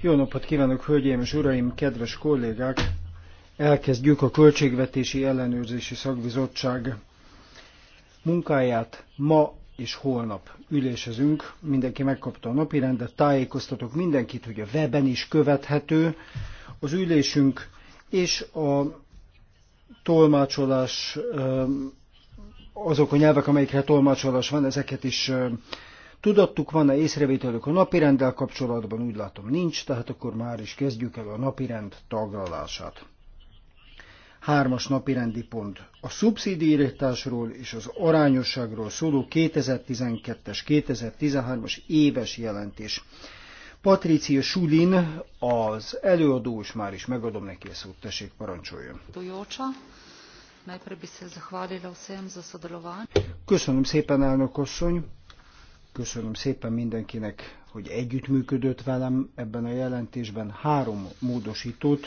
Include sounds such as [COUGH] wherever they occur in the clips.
Jó napot kívánok, hölgyeim és uraim, kedves kollégák! Elkezdjük a Költségvetési Ellenőrzési Szakbizottság munkáját. Ma és holnap ülésezünk, mindenki megkapta a napirendet, tájékoztatok mindenkit, hogy a weben is követhető az ülésünk, és a tolmácsolás azok a nyelvek, amelyikre tolmácsolás van, ezeket is Tudattuk van-e észrevételük a napirenddel kapcsolatban? Úgy látom nincs, tehát akkor már is kezdjük el a napirend taglalását. Hármas napirendi pont. A szubszidiírtásról és az arányosságról szóló 2012-es, 2013-as éves jelentés. Patricia Sulin, az előadó, és már is megadom neki a szót, tessék, parancsoljon. Köszönöm szépen, elnök asszony. Köszönöm szépen mindenkinek, hogy együttműködött velem ebben a jelentésben. Három módosítót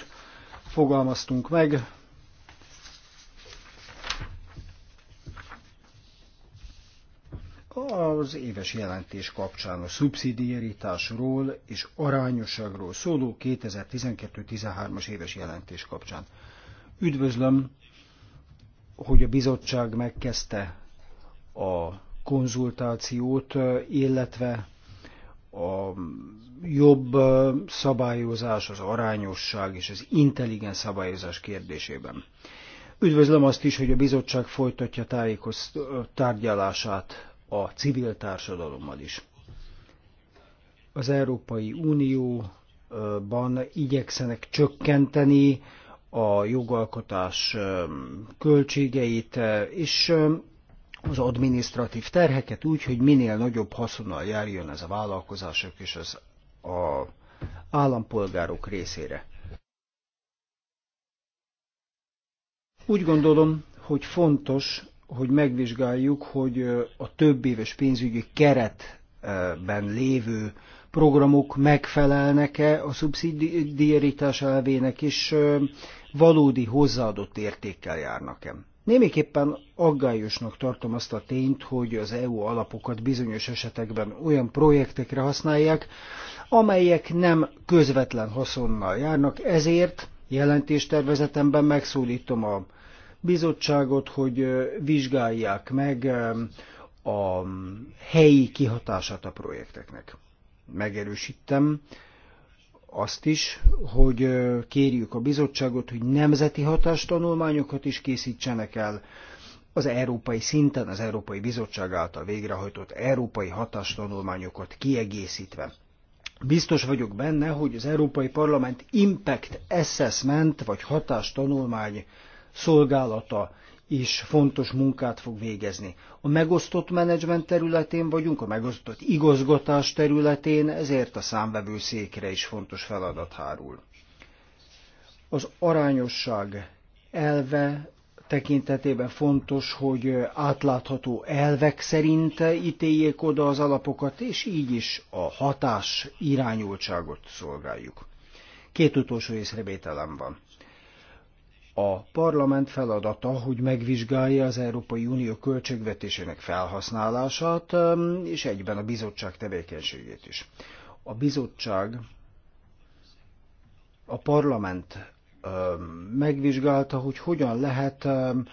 fogalmaztunk meg. Az éves jelentés kapcsán a szubszidiaritásról és arányosságról szóló 2012-13-as éves jelentés kapcsán. Üdvözlöm, hogy a bizottság megkezdte a konzultációt, illetve a jobb szabályozás, az arányosság és az intelligens szabályozás kérdésében. Üdvözlöm azt is, hogy a bizottság folytatja tájékoz tárgyalását a civil társadalommal is. Az Európai Unióban igyekszenek csökkenteni a jogalkotás költségeit, és az adminisztratív terheket úgy, hogy minél nagyobb haszonnal járjon ez a vállalkozások és az a állampolgárok részére. Úgy gondolom, hogy fontos, hogy megvizsgáljuk, hogy a több éves pénzügyi keretben lévő programok megfelelnek-e a szubszidiaritás elvének, és valódi hozzáadott értékkel járnak-e. Némiképpen aggályosnak tartom azt a tényt, hogy az EU alapokat bizonyos esetekben olyan projektekre használják, amelyek nem közvetlen haszonnal járnak, ezért jelentéstervezetemben megszólítom a bizottságot, hogy vizsgálják meg a helyi kihatását a projekteknek. Megerősítem, azt is, hogy kérjük a bizottságot, hogy nemzeti hatástanulmányokat is készítsenek el az európai szinten, az Európai Bizottság által végrehajtott európai hatástanulmányokat kiegészítve. Biztos vagyok benne, hogy az Európai Parlament Impact Assessment vagy hatástanulmány szolgálata is fontos munkát fog végezni. A megosztott menedzsment területén vagyunk, a megosztott igazgatás területén, ezért a számvevőszékre is fontos feladat hárul. Az arányosság elve tekintetében fontos, hogy átlátható elvek szerint ítéljék oda az alapokat, és így is a hatás irányultságot szolgáljuk. Két utolsó észrevételem van. A parlament feladata, hogy megvizsgálja az Európai Unió költségvetésének felhasználását, um, és egyben a bizottság tevékenységét is. A bizottság a parlament um, megvizsgálta, hogy hogyan lehet um,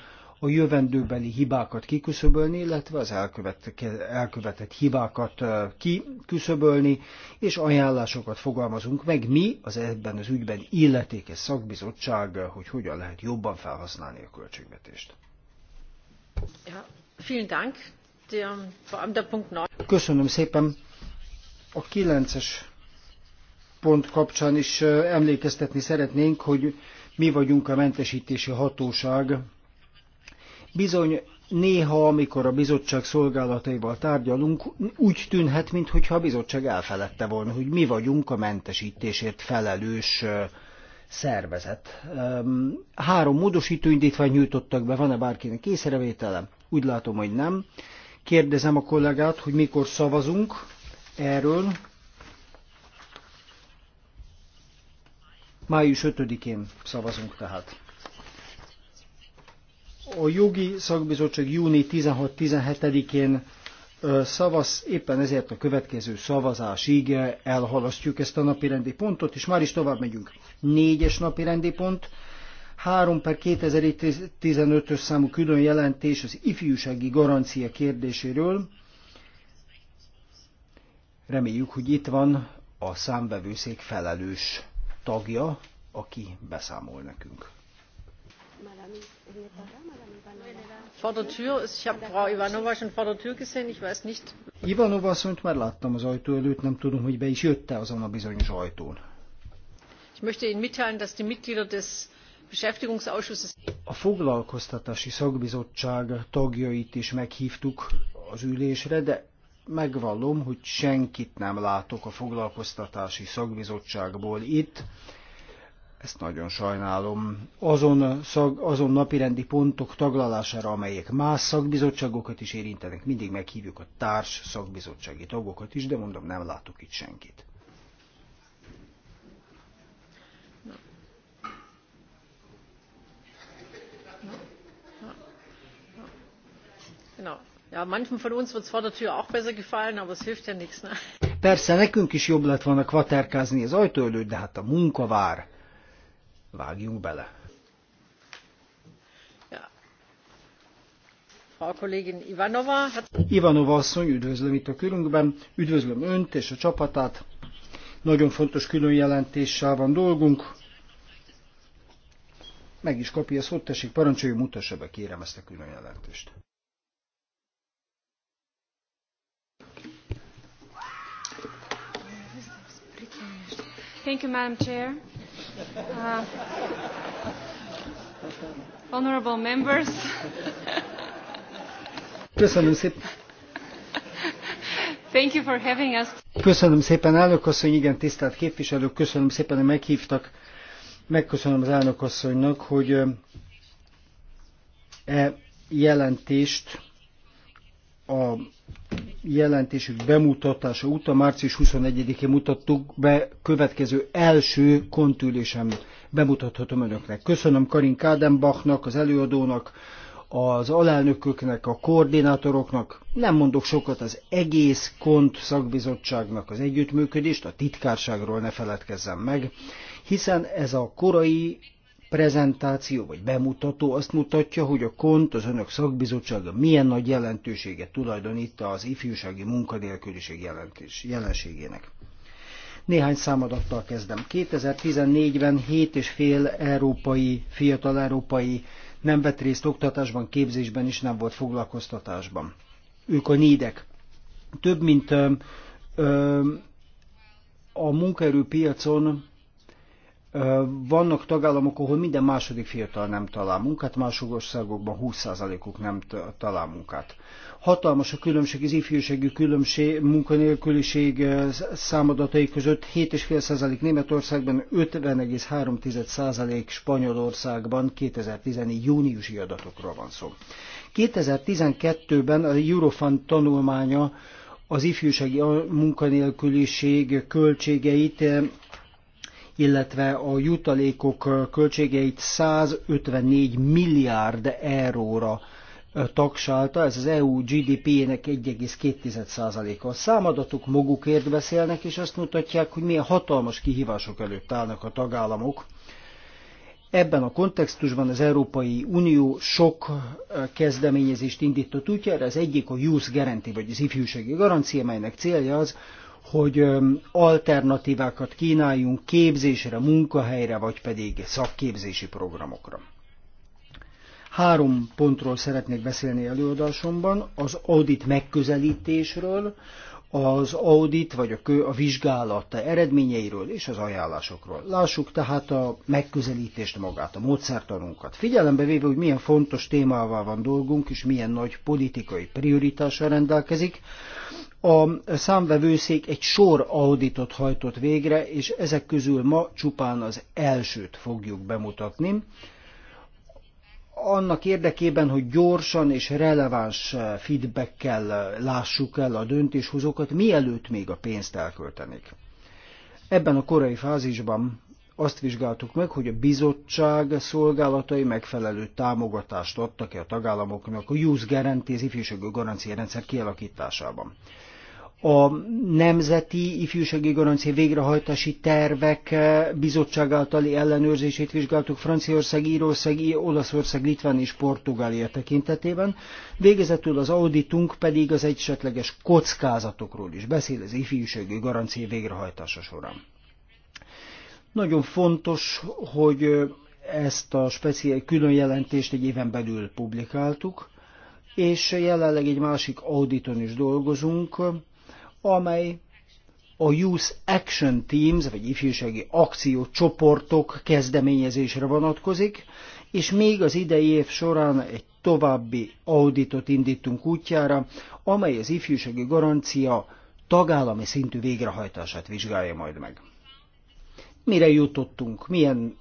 a jövendőbeli hibákat kiküszöbölni, illetve az elkövetett, elkövetett hibákat kiküszöbölni, és ajánlásokat fogalmazunk meg mi az ebben az ügyben illetékes szakbizottság, hogy hogyan lehet jobban felhasználni a költségvetést. Köszönöm szépen. A 9-es pont kapcsán is emlékeztetni szeretnénk, hogy mi vagyunk a mentesítési hatóság, Bizony néha, amikor a bizottság szolgálataival tárgyalunk, úgy tűnhet, mintha a bizottság elfeledte volna, hogy mi vagyunk a mentesítésért felelős szervezet. Három módosító indítvány nyújtottak be, van-e bárkinek észrevétele? Úgy látom, hogy nem. Kérdezem a kollégát, hogy mikor szavazunk erről. Május 5-én szavazunk tehát. A jogi szakbizottság júni 16-17-én szavaz, éppen ezért a következő szavazásig elhalasztjuk ezt a napirendi pontot, és már is tovább megyünk. Négyes napirendi pont, 3 per 2015-ös számú külön jelentés az ifjúsági garancia kérdéséről. Reméljük, hogy itt van a számbevőszék felelős tagja, aki beszámol nekünk. Vor der Tür, ich habe Frau Ivanova schon vor der Tür gesehen, ich weiß nicht. Ivanova már láttam az ajtó előtt, nem tudom, hogy be is jött-e azon a bizonyos ajtón. Ich möchte Ihnen mitteilen, dass die Mitglieder des Beschäftigungsausschusses... A foglalkoztatási szakbizottság tagjait is meghívtuk az ülésre, de megvallom, hogy senkit nem látok a foglalkoztatási szakbizottságból itt, ezt nagyon sajnálom, azon, szag, azon napirendi pontok taglalására, amelyek más szakbizottságokat is érintenek, mindig meghívjuk a társ szakbizottsági tagokat is, de mondom, nem látok itt senkit. Ja, Persze, nekünk is jobb lett volna kvaterkázni az ajtó előtt, de hát a munka vár vágjunk bele. A kollégin Ivanova. Hát- Ivanova asszony, üdvözlöm itt a körünkben, üdvözlöm önt és a csapatát. Nagyon fontos külön jelentéssel van dolgunk. Meg is kapja a szót, tessék, parancsoljon, mutassa be, kérem ezt a külön jelentést. Thank you, Madam Chair. Uh, honorable members. Köszönöm szépen. Thank you for having us. Köszönöm szépen, elnök asszony, igen, tisztelt képviselők, köszönöm szépen, hogy meghívtak. Megköszönöm az elnök asszonynak, hogy e jelentést a jelentésük bemutatása után március 21-én mutattuk be következő első kontülésem bemutathatom önöknek. Köszönöm Karin Kádenbachnak, az előadónak, az alelnököknek, a koordinátoroknak, nem mondok sokat az egész kont szakbizottságnak az együttműködést, a titkárságról ne feledkezzem meg, hiszen ez a korai prezentáció vagy bemutató azt mutatja, hogy a KONT, az önök szakbizottsága milyen nagy jelentőséget tulajdonít az ifjúsági munkanélküliség jelenségének. Néhány számadattal kezdem. 2014-ben 7,5 európai, fiatal európai nem vett részt oktatásban, képzésben és nem volt foglalkoztatásban. Ők a nédek. Több mint ö, ö, a munkaerőpiacon vannak tagállamok, ahol minden második fiatal nem talál munkát, mások országokban 20%-uk nem talál munkát. Hatalmas a különbség az ifjúsági különbség, munkanélküliség számadatai között 7,5% Németországban, 50,3% Spanyolországban 2014 júniusi adatokról van szó. 2012-ben a Eurofund tanulmánya az ifjúsági munkanélküliség költségeit illetve a jutalékok költségeit 154 milliárd euróra taksálta, ez az EU GDP-jének 1,2%-a. A számadatok magukért beszélnek, és azt mutatják, hogy milyen hatalmas kihívások előtt állnak a tagállamok. Ebben a kontextusban az Európai Unió sok kezdeményezést indított útjára, az egyik a Youth Guarantee, vagy az ifjúsági garancia, melynek célja az, hogy alternatívákat kínáljunk képzésre, munkahelyre, vagy pedig szakképzési programokra. Három pontról szeretnék beszélni előadásomban, az audit megközelítésről, az audit vagy a, kö, a vizsgálata eredményeiről és az ajánlásokról. Lássuk tehát a megközelítést magát, a módszertanunkat. Figyelembe véve, hogy milyen fontos témával van dolgunk és milyen nagy politikai prioritással rendelkezik, a számvevőszék egy sor auditot hajtott végre, és ezek közül ma csupán az elsőt fogjuk bemutatni annak érdekében, hogy gyorsan és releváns feedbackkel lássuk el a döntéshozókat, mielőtt még a pénzt elköltenék. Ebben a korai fázisban azt vizsgáltuk meg, hogy a bizottság szolgálatai megfelelő támogatást adtak-e a tagállamoknak a Youth Guarantee, az ifjúsági garancia rendszer kialakításában a Nemzeti Ifjúsági Garancia Végrehajtási Tervek bizottság általi ellenőrzését vizsgáltuk Franciaország, Írország, Olaszország, Litván és Portugália tekintetében. Végezetül az auditunk pedig az egysetleges kockázatokról is beszél az ifjúsági garancia végrehajtása során. Nagyon fontos, hogy ezt a speciális külön jelentést egy éven belül publikáltuk, és jelenleg egy másik auditon is dolgozunk, amely a Youth Action Teams, vagy ifjúsági akciócsoportok kezdeményezésre vonatkozik, és még az idei év során egy további auditot indítunk útjára, amely az ifjúsági garancia tagállami szintű végrehajtását vizsgálja majd meg. Mire jutottunk? Milyen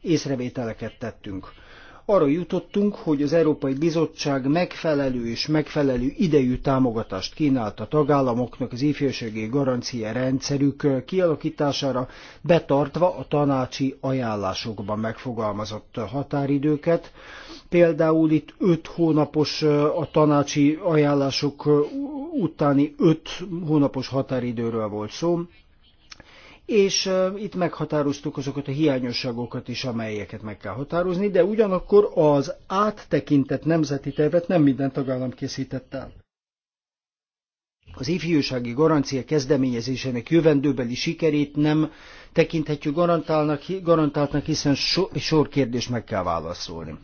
észrevételeket tettünk? arra jutottunk, hogy az Európai Bizottság megfelelő és megfelelő idejű támogatást kínált a tagállamoknak az ifjúsági garancia rendszerük kialakítására, betartva a tanácsi ajánlásokban megfogalmazott határidőket. Például itt 5 hónapos a tanácsi ajánlások utáni 5 hónapos határidőről volt szó, és itt meghatároztuk azokat a hiányosságokat is, amelyeket meg kell határozni, de ugyanakkor az áttekintett nemzeti tervet nem minden tagállam készített el. Az ifjúsági garancia kezdeményezésének jövendőbeli sikerét nem tekinthetjük garantálnak, garantáltnak, hiszen so, sor kérdést meg kell válaszolni.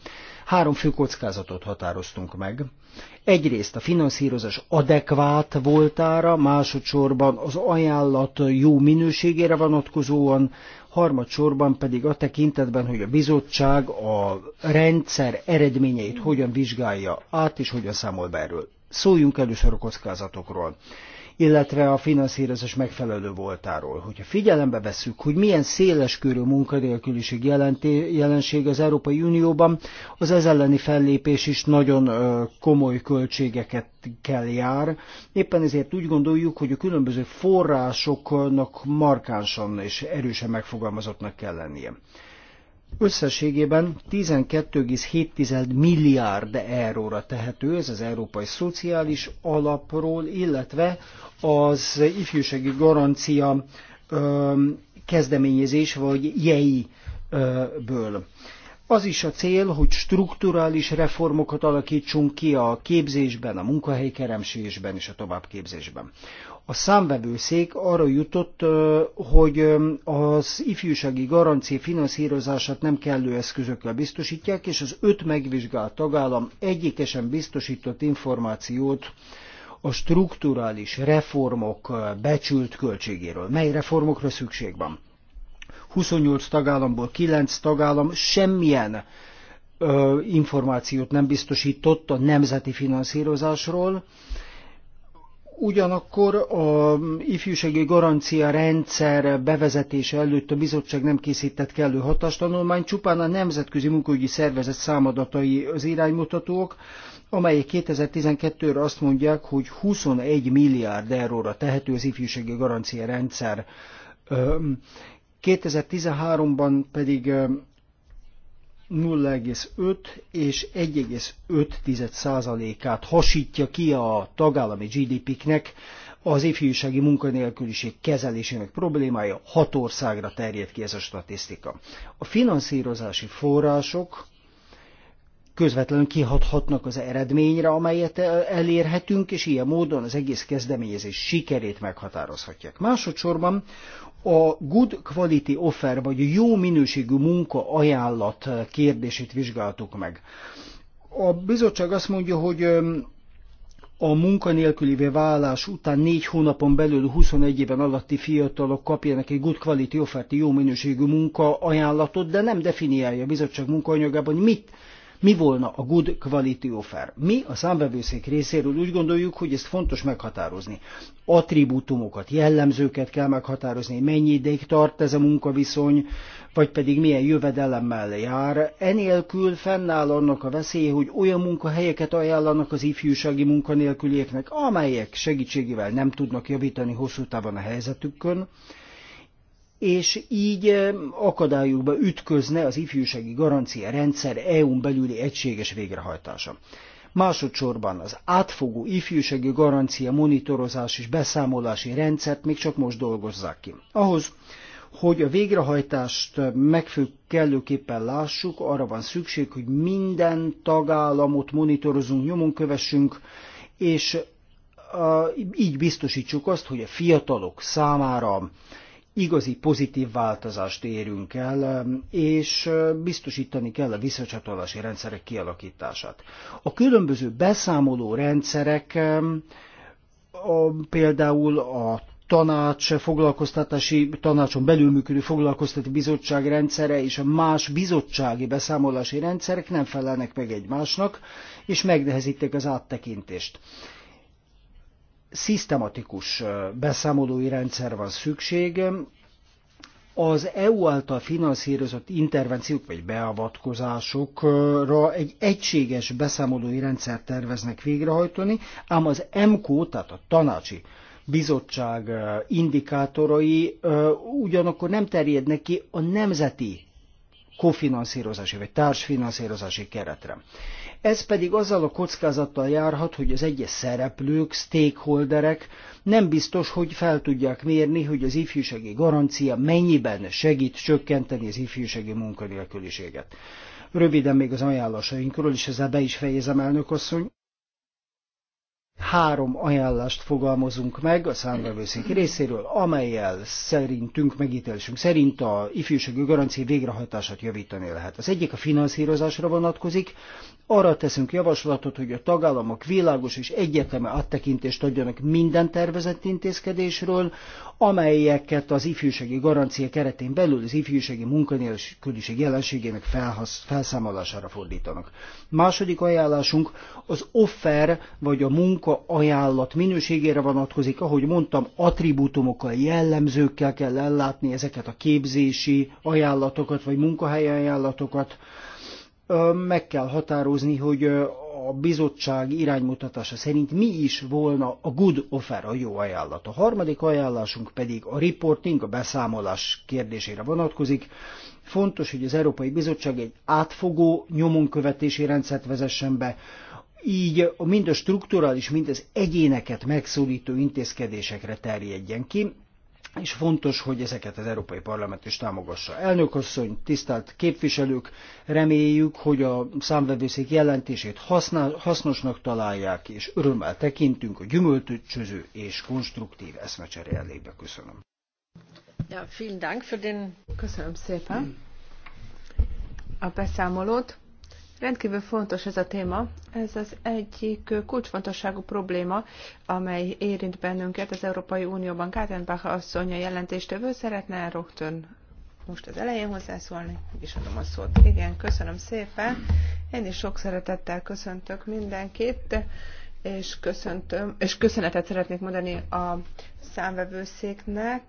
Három fő kockázatot határoztunk meg. Egyrészt a finanszírozás adekvát voltára, másodszorban az ajánlat jó minőségére vonatkozóan, harmadsorban pedig a tekintetben, hogy a bizottság a rendszer eredményeit hogyan vizsgálja át és hogyan számol be erről. Szóljunk először a kockázatokról illetve a finanszírozás megfelelő voltáról. Hogyha figyelembe veszük, hogy milyen széleskörű munkanélküliség jelenség az Európai Unióban, az ez elleni fellépés is nagyon komoly költségeket kell jár. Éppen ezért úgy gondoljuk, hogy a különböző forrásoknak markánsan és erősen megfogalmazottnak kell lennie. Összességében 12,7 milliárd euróra tehető ez az Európai Szociális Alapról, illetve az ifjúsági garancia kezdeményezés vagy JEI-ből. Az is a cél, hogy strukturális reformokat alakítsunk ki a képzésben, a munkahelykeremsésben és a továbbképzésben a számbevőszék arra jutott, hogy az ifjúsági garancia finanszírozását nem kellő eszközökkel biztosítják, és az öt megvizsgált tagállam egyikesen biztosított információt a strukturális reformok becsült költségéről. Mely reformokra szükség van? 28 tagállamból 9 tagállam semmilyen ö, információt nem biztosított a nemzeti finanszírozásról, Ugyanakkor a ifjúsági garancia rendszer bevezetése előtt a bizottság nem készített kellő hatástanulmány, csupán a Nemzetközi Munkaügyi Szervezet számadatai az iránymutatók, amelyek 2012-re azt mondják, hogy 21 milliárd euróra tehető az ifjúsági garancia rendszer. 2013-ban pedig 0,5 és 1,5 százalékát hasítja ki a tagállami GDP-knek az ifjúsági munkanélküliség kezelésének problémája, hat országra terjed ki ez a statisztika. A finanszírozási források közvetlenül kihathatnak az eredményre, amelyet elérhetünk, és ilyen módon az egész kezdeményezés sikerét meghatározhatják. Másodszorban a good quality offer, vagy a jó minőségű munka ajánlat kérdését vizsgáltuk meg. A bizottság azt mondja, hogy a munkanélküli vállás után négy hónapon belül 21 éven alatti fiatalok kapjanak egy good quality offerti jó minőségű munka ajánlatot, de nem definiálja a bizottság munkaanyagában, hogy mit mi volna a good quality offer. Mi a számbevőszék részéről úgy gondoljuk, hogy ezt fontos meghatározni. Attribútumokat, jellemzőket kell meghatározni, mennyi ideig tart ez a munkaviszony, vagy pedig milyen jövedelemmel jár. Enélkül fennáll annak a veszélye, hogy olyan munkahelyeket ajánlanak az ifjúsági munkanélkülieknek, amelyek segítségével nem tudnak javítani hosszú távon a helyzetükön, és így akadályokba ütközne az ifjúsági garancia rendszer EU-n belüli egységes végrehajtása. Másodszorban az átfogó ifjúsági garancia monitorozás és beszámolási rendszert még csak most dolgozzák ki. Ahhoz, hogy a végrehajtást megfő kellőképpen lássuk, arra van szükség, hogy minden tagállamot monitorozunk, nyomon kövessünk, és így biztosítsuk azt, hogy a fiatalok számára igazi pozitív változást érünk el, és biztosítani kell a visszacsatolási rendszerek kialakítását. A különböző beszámoló rendszerek, a, például a tanács, foglalkoztatási tanácson belül működő foglalkoztatási bizottság rendszere és a más bizottsági beszámolási rendszerek nem felelnek meg egymásnak, és megnehezítik az áttekintést szisztematikus beszámolói rendszer van szükség, az EU által finanszírozott intervenciók vagy beavatkozásokra egy egységes beszámolói rendszer terveznek végrehajtani, ám az MKO, tehát a tanácsi bizottság indikátorai ugyanakkor nem terjednek ki a nemzeti kofinanszírozási vagy társfinanszírozási keretre. Ez pedig azzal a kockázattal járhat, hogy az egyes szereplők, stakeholderek nem biztos, hogy fel tudják mérni, hogy az ifjúsági garancia mennyiben segít csökkenteni az ifjúsági munkanélküliséget. Röviden még az ajánlásainkról, és ezzel be is fejezem, elnök asszony három ajánlást fogalmazunk meg a számvevőszék részéről, amelyel szerintünk, megítélésünk szerint a ifjúsági garancia végrehajtását javítani lehet. Az egyik a finanszírozásra vonatkozik, arra teszünk javaslatot, hogy a tagállamok világos és egyetemi áttekintést adjanak minden tervezett intézkedésről, amelyeket az ifjúsági garancia keretén belül az ifjúsági munkanélküliség jelenségének felhasz, felszámolására fordítanak. Második ajánlásunk az offer vagy a munka ajánlat minőségére vonatkozik, ahogy mondtam, attribútumokkal, jellemzőkkel kell ellátni ezeket a képzési ajánlatokat vagy munkahelyi ajánlatokat, meg kell határozni, hogy a bizottság iránymutatása szerint mi is volna a good offer, a jó ajánlat. A harmadik ajánlásunk pedig a reporting, a beszámolás kérdésére vonatkozik. Fontos, hogy az Európai Bizottság egy átfogó nyomonkövetési rendszert vezessen be, így mind a strukturális, mind az egyéneket megszólító intézkedésekre terjedjen ki, és fontos, hogy ezeket az Európai Parlament is támogassa. Elnök asszony, tisztelt képviselők, reméljük, hogy a számvevőszék jelentését használ, hasznosnak találják, és örömmel tekintünk a gyümölcsöző és konstruktív eszmecsere elébe. Köszönöm. Ja, vielen Dank für den... Köszönöm szépen a beszámolót. Rendkívül fontos ez a téma. Ez az egyik kulcsfontosságú probléma, amely érint bennünket az Európai Unióban. Kátenbach asszony a jelentéstevő szeretne rögtön most az elején hozzászólni, és adom a szót. Igen, köszönöm szépen. Én is sok szeretettel köszöntök mindenkit és köszöntöm, és köszönetet szeretnék mondani a számvevőszéknek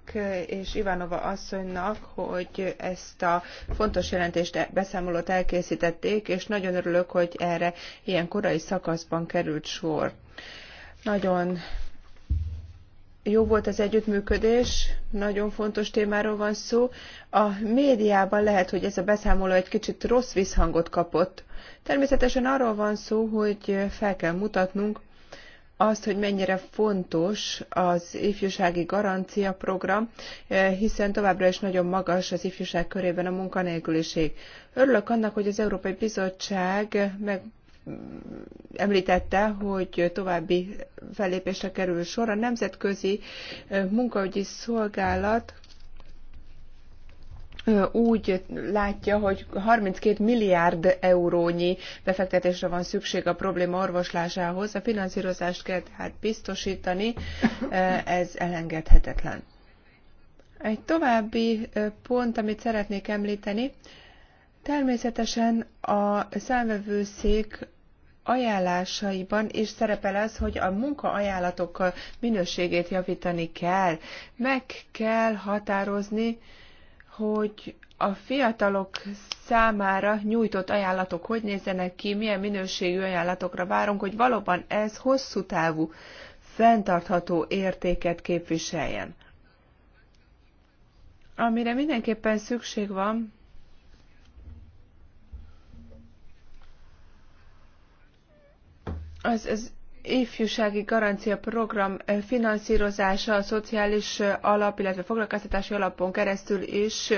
és Ivanova asszonynak, hogy ezt a fontos jelentést, beszámolót elkészítették, és nagyon örülök, hogy erre ilyen korai szakaszban került sor. Nagyon jó volt az együttműködés, nagyon fontos témáról van szó. A médiában lehet, hogy ez a beszámoló egy kicsit rossz visszhangot kapott. Természetesen arról van szó, hogy fel kell mutatnunk azt, hogy mennyire fontos az ifjúsági garancia program, hiszen továbbra is nagyon magas az ifjúság körében a munkanélküliség. Örülök annak, hogy az Európai Bizottság meg említette, hogy további fellépésre kerül sor. A Nemzetközi Munkaügyi Szolgálat úgy látja, hogy 32 milliárd eurónyi befektetésre van szükség a probléma orvoslásához. A finanszírozást kell tehát biztosítani, ez elengedhetetlen. Egy további pont, amit szeretnék említeni, Természetesen a számvevőszék ajánlásaiban is szerepel az, hogy a munkaajánlatok minőségét javítani kell. Meg kell határozni, hogy a fiatalok számára nyújtott ajánlatok hogy nézzenek ki, milyen minőségű ajánlatokra várunk, hogy valóban ez hosszú távú, fenntartható értéket képviseljen. Amire mindenképpen szükség van, az, az ifjúsági garancia program finanszírozása a szociális alap, illetve foglalkoztatási alapon keresztül is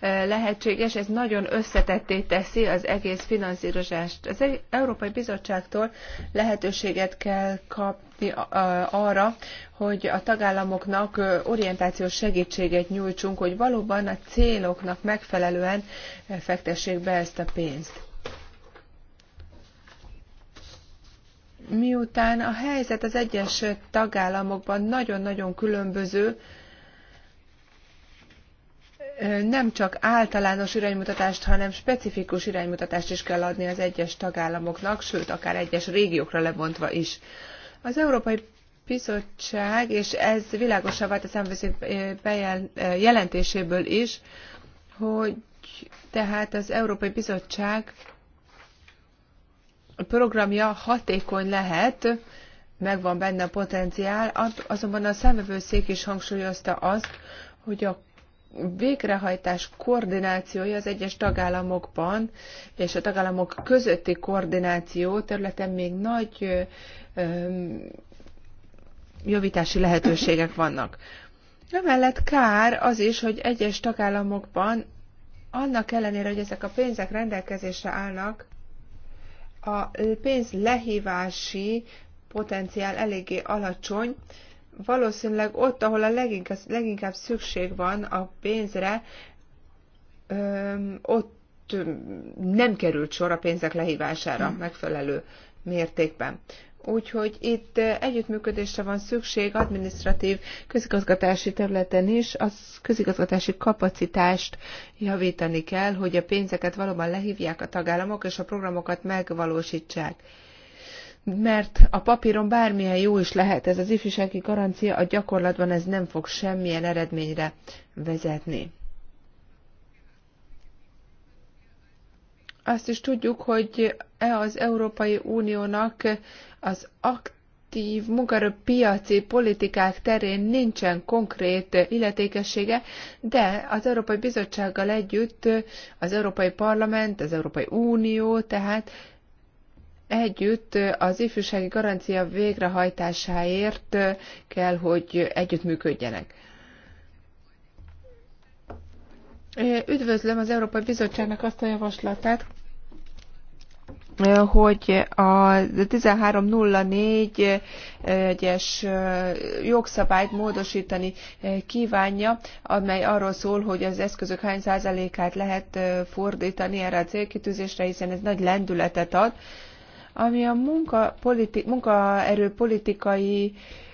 lehetséges. Ez nagyon összetetté teszi az egész finanszírozást. Az e- Európai Bizottságtól lehetőséget kell kapni arra, hogy a tagállamoknak orientációs segítséget nyújtsunk, hogy valóban a céloknak megfelelően fektessék be ezt a pénzt miután a helyzet az egyes tagállamokban nagyon-nagyon különböző, nem csak általános iránymutatást, hanem specifikus iránymutatást is kell adni az egyes tagállamoknak, sőt, akár egyes régiókra lebontva is. Az Európai Bizottság, és ez világosabb vált a számveszély jelentéséből is, hogy tehát az Európai Bizottság programja hatékony lehet, megvan benne a potenciál, azonban a szemvevőszék is hangsúlyozta azt, hogy a végrehajtás koordinációja az egyes tagállamokban és a tagállamok közötti koordináció területen még nagy javítási lehetőségek vannak. Emellett kár az is, hogy egyes tagállamokban annak ellenére, hogy ezek a pénzek rendelkezésre állnak, a pénz lehívási potenciál eléggé alacsony, valószínűleg ott, ahol a leginkább, leginkább szükség van a pénzre, ott nem került sor a pénzek lehívására hmm. megfelelő mértékben. Úgyhogy itt együttműködésre van szükség administratív közigazgatási területen is, az közigazgatási kapacitást javítani kell, hogy a pénzeket valóban lehívják a tagállamok, és a programokat megvalósítsák. Mert a papíron bármilyen jó is lehet ez az ifjúsági garancia, a gyakorlatban ez nem fog semmilyen eredményre vezetni. azt is tudjuk, hogy e az Európai Uniónak az aktív munkaerőpiaci politikák terén nincsen konkrét illetékessége, de az Európai Bizottsággal együtt az Európai Parlament, az Európai Unió, tehát együtt az ifjúsági garancia végrehajtásáért kell, hogy együttműködjenek. Üdvözlöm az Európai Bizottságnak azt a javaslatát, hogy a 1304-es eh, eh, jogszabályt módosítani eh, kívánja, amely arról szól, hogy az eszközök hány százalékát lehet fordítani erre a célkitűzésre, hiszen ez nagy lendületet ad. Ami a munkaerőpolitikai munka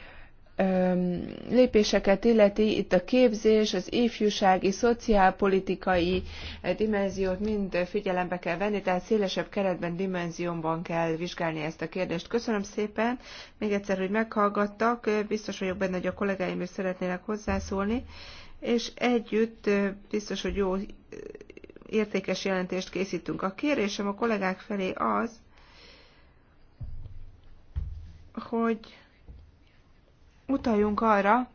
lépéseket illeti, itt a képzés, az ifjúsági, szociálpolitikai eh, dimenziót mind figyelembe kell venni, tehát szélesebb keretben, dimenziómban kell vizsgálni ezt a kérdést. Köszönöm szépen, még egyszer, hogy meghallgattak, eh, biztos vagyok benne, hogy a kollégáim is szeretnének hozzászólni, és együtt eh, biztos, hogy jó értékes jelentést készítünk. A kérésem a kollégák felé az, hogy utaljunk arra,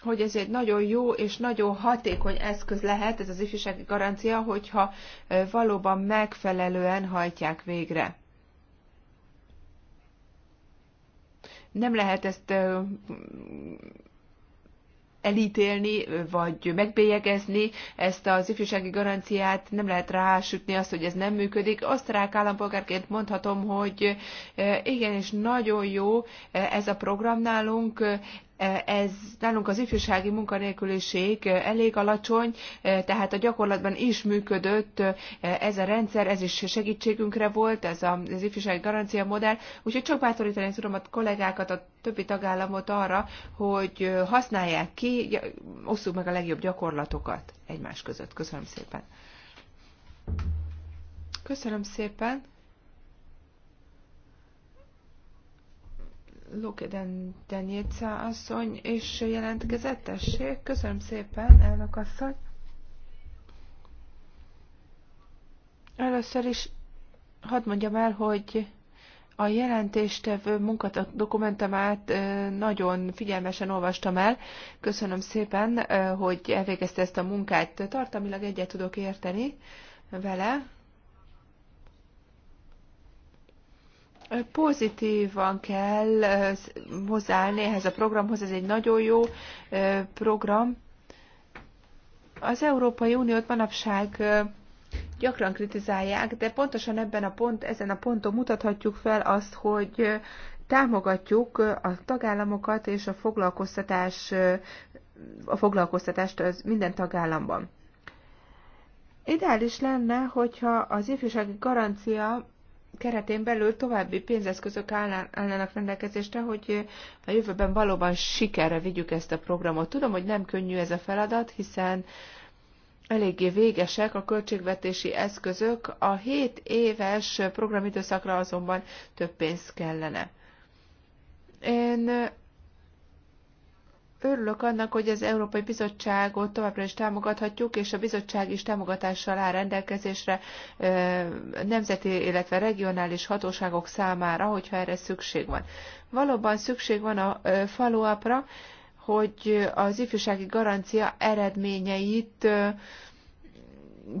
hogy ez egy nagyon jó és nagyon hatékony eszköz lehet, ez az ifjúsági garancia, hogyha valóban megfelelően hajtják végre. Nem lehet ezt elítélni, vagy megbélyegezni ezt az ifjúsági garanciát, nem lehet rásütni azt, hogy ez nem működik. Osztrák állampolgárként mondhatom, hogy eh, igenis nagyon jó eh, ez a program nálunk, ez nálunk az ifjúsági munkanélküliség elég alacsony, tehát a gyakorlatban is működött ez a rendszer, ez is segítségünkre volt, ez az ifjúsági garancia modell, úgyhogy csak bátorítani tudom a kollégákat, a többi tagállamot arra, hogy használják ki, osszuk meg a legjobb gyakorlatokat egymás között. Köszönöm szépen. Köszönöm szépen. Lukeden Denica asszony és jelentkezett, tessék. Köszönöm szépen, elnök asszony. Először is hadd mondjam el, hogy a jelentéstevő munkat, dokumentumát nagyon figyelmesen olvastam el. Köszönöm szépen, hogy elvégezte ezt a munkát. Tartamilag egyet tudok érteni vele. Pozitívan kell hozzáállni ehhez a programhoz, ez egy nagyon jó program. Az Európai Uniót manapság gyakran kritizálják, de pontosan ebben a pont, ezen a ponton mutathatjuk fel azt, hogy támogatjuk a tagállamokat és a foglalkoztatás, a foglalkoztatást az minden tagállamban. Ideális lenne, hogyha az ifjúsági garancia keretén belül további pénzeszközök állnának rendelkezésre, hogy a jövőben valóban sikerre vigyük ezt a programot. Tudom, hogy nem könnyű ez a feladat, hiszen eléggé végesek a költségvetési eszközök, a 7 éves programidőszakra azonban több pénz kellene. Én Örülök annak, hogy az Európai Bizottságot továbbra is támogathatjuk, és a bizottság is támogatással áll rendelkezésre nemzeti, illetve regionális hatóságok számára, hogyha erre szükség van. Valóban szükség van a follow hogy az ifjúsági garancia eredményeit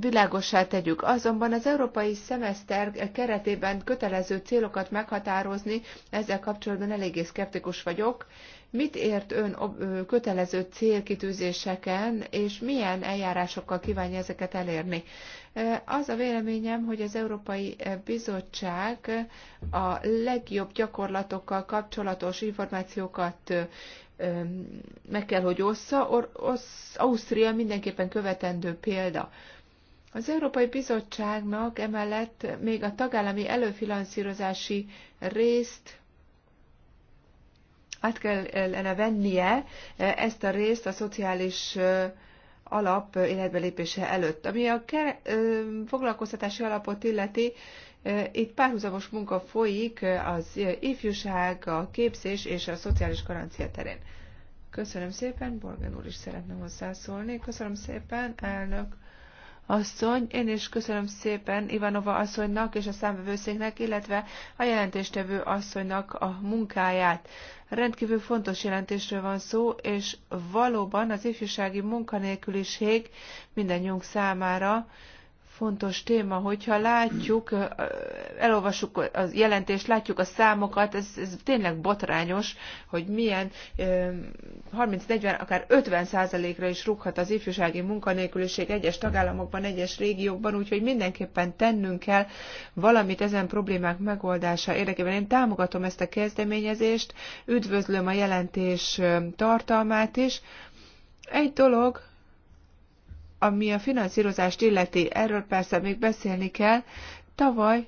világossá tegyük. Azonban az európai szemeszter keretében kötelező célokat meghatározni, ezzel kapcsolatban eléggé szkeptikus vagyok, Mit ért ön kötelező célkitűzéseken, és milyen eljárásokkal kívánja ezeket elérni? Az a véleményem, hogy az Európai Bizottság a legjobb gyakorlatokkal kapcsolatos információkat meg kell, hogy ossza. Ausztria mindenképpen követendő példa. Az Európai Bizottságnak emellett még a tagállami előfinanszírozási részt át kellene vennie e, ezt a részt a szociális e, alap életbelépése előtt. Ami a e, foglalkoztatási alapot illeti, itt párhuzamos munka folyik az ifjúság, a képzés és a szociális garancia terén. Köszönöm szépen, Borgen úr is szeretne hozzászólni. Köszönöm szépen, elnök asszony. Én is köszönöm szépen Ivanova asszonynak és a számvevőszéknek, illetve a jelentéstevő asszonynak a munkáját. Rendkívül fontos jelentésről van szó, és valóban az ifjúsági munkanélküliség mindannyiunk számára fontos téma, hogyha látjuk, elolvassuk a jelentést, látjuk a számokat, ez, ez tényleg botrányos, hogy milyen 30-40, akár 50 százalékra is rúghat az ifjúsági munkanélküliség egyes tagállamokban, egyes régiókban, úgyhogy mindenképpen tennünk kell valamit ezen problémák megoldása érdekében. Én támogatom ezt a kezdeményezést, üdvözlöm a jelentés tartalmát is. Egy dolog, ami a finanszírozást illeti, erről persze még beszélni kell. Tavaly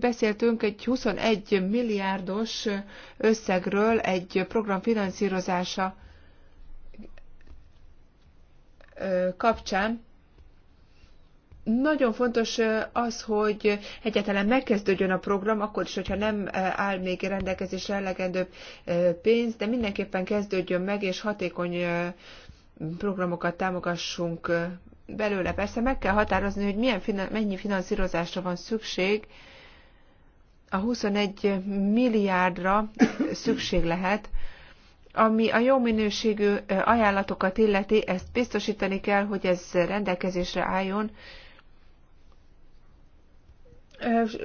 beszéltünk egy 21 milliárdos összegről egy program finanszírozása kapcsán. Nagyon fontos az, hogy egyáltalán megkezdődjön a program, akkor is, hogyha nem áll még rendelkezésre elegendő pénz, de mindenképpen kezdődjön meg, és hatékony programokat támogassunk belőle. Persze meg kell határozni, hogy milyen, mennyi finanszírozásra van szükség. A 21 milliárdra szükség lehet, ami a jó minőségű ajánlatokat illeti, ezt biztosítani kell, hogy ez rendelkezésre álljon.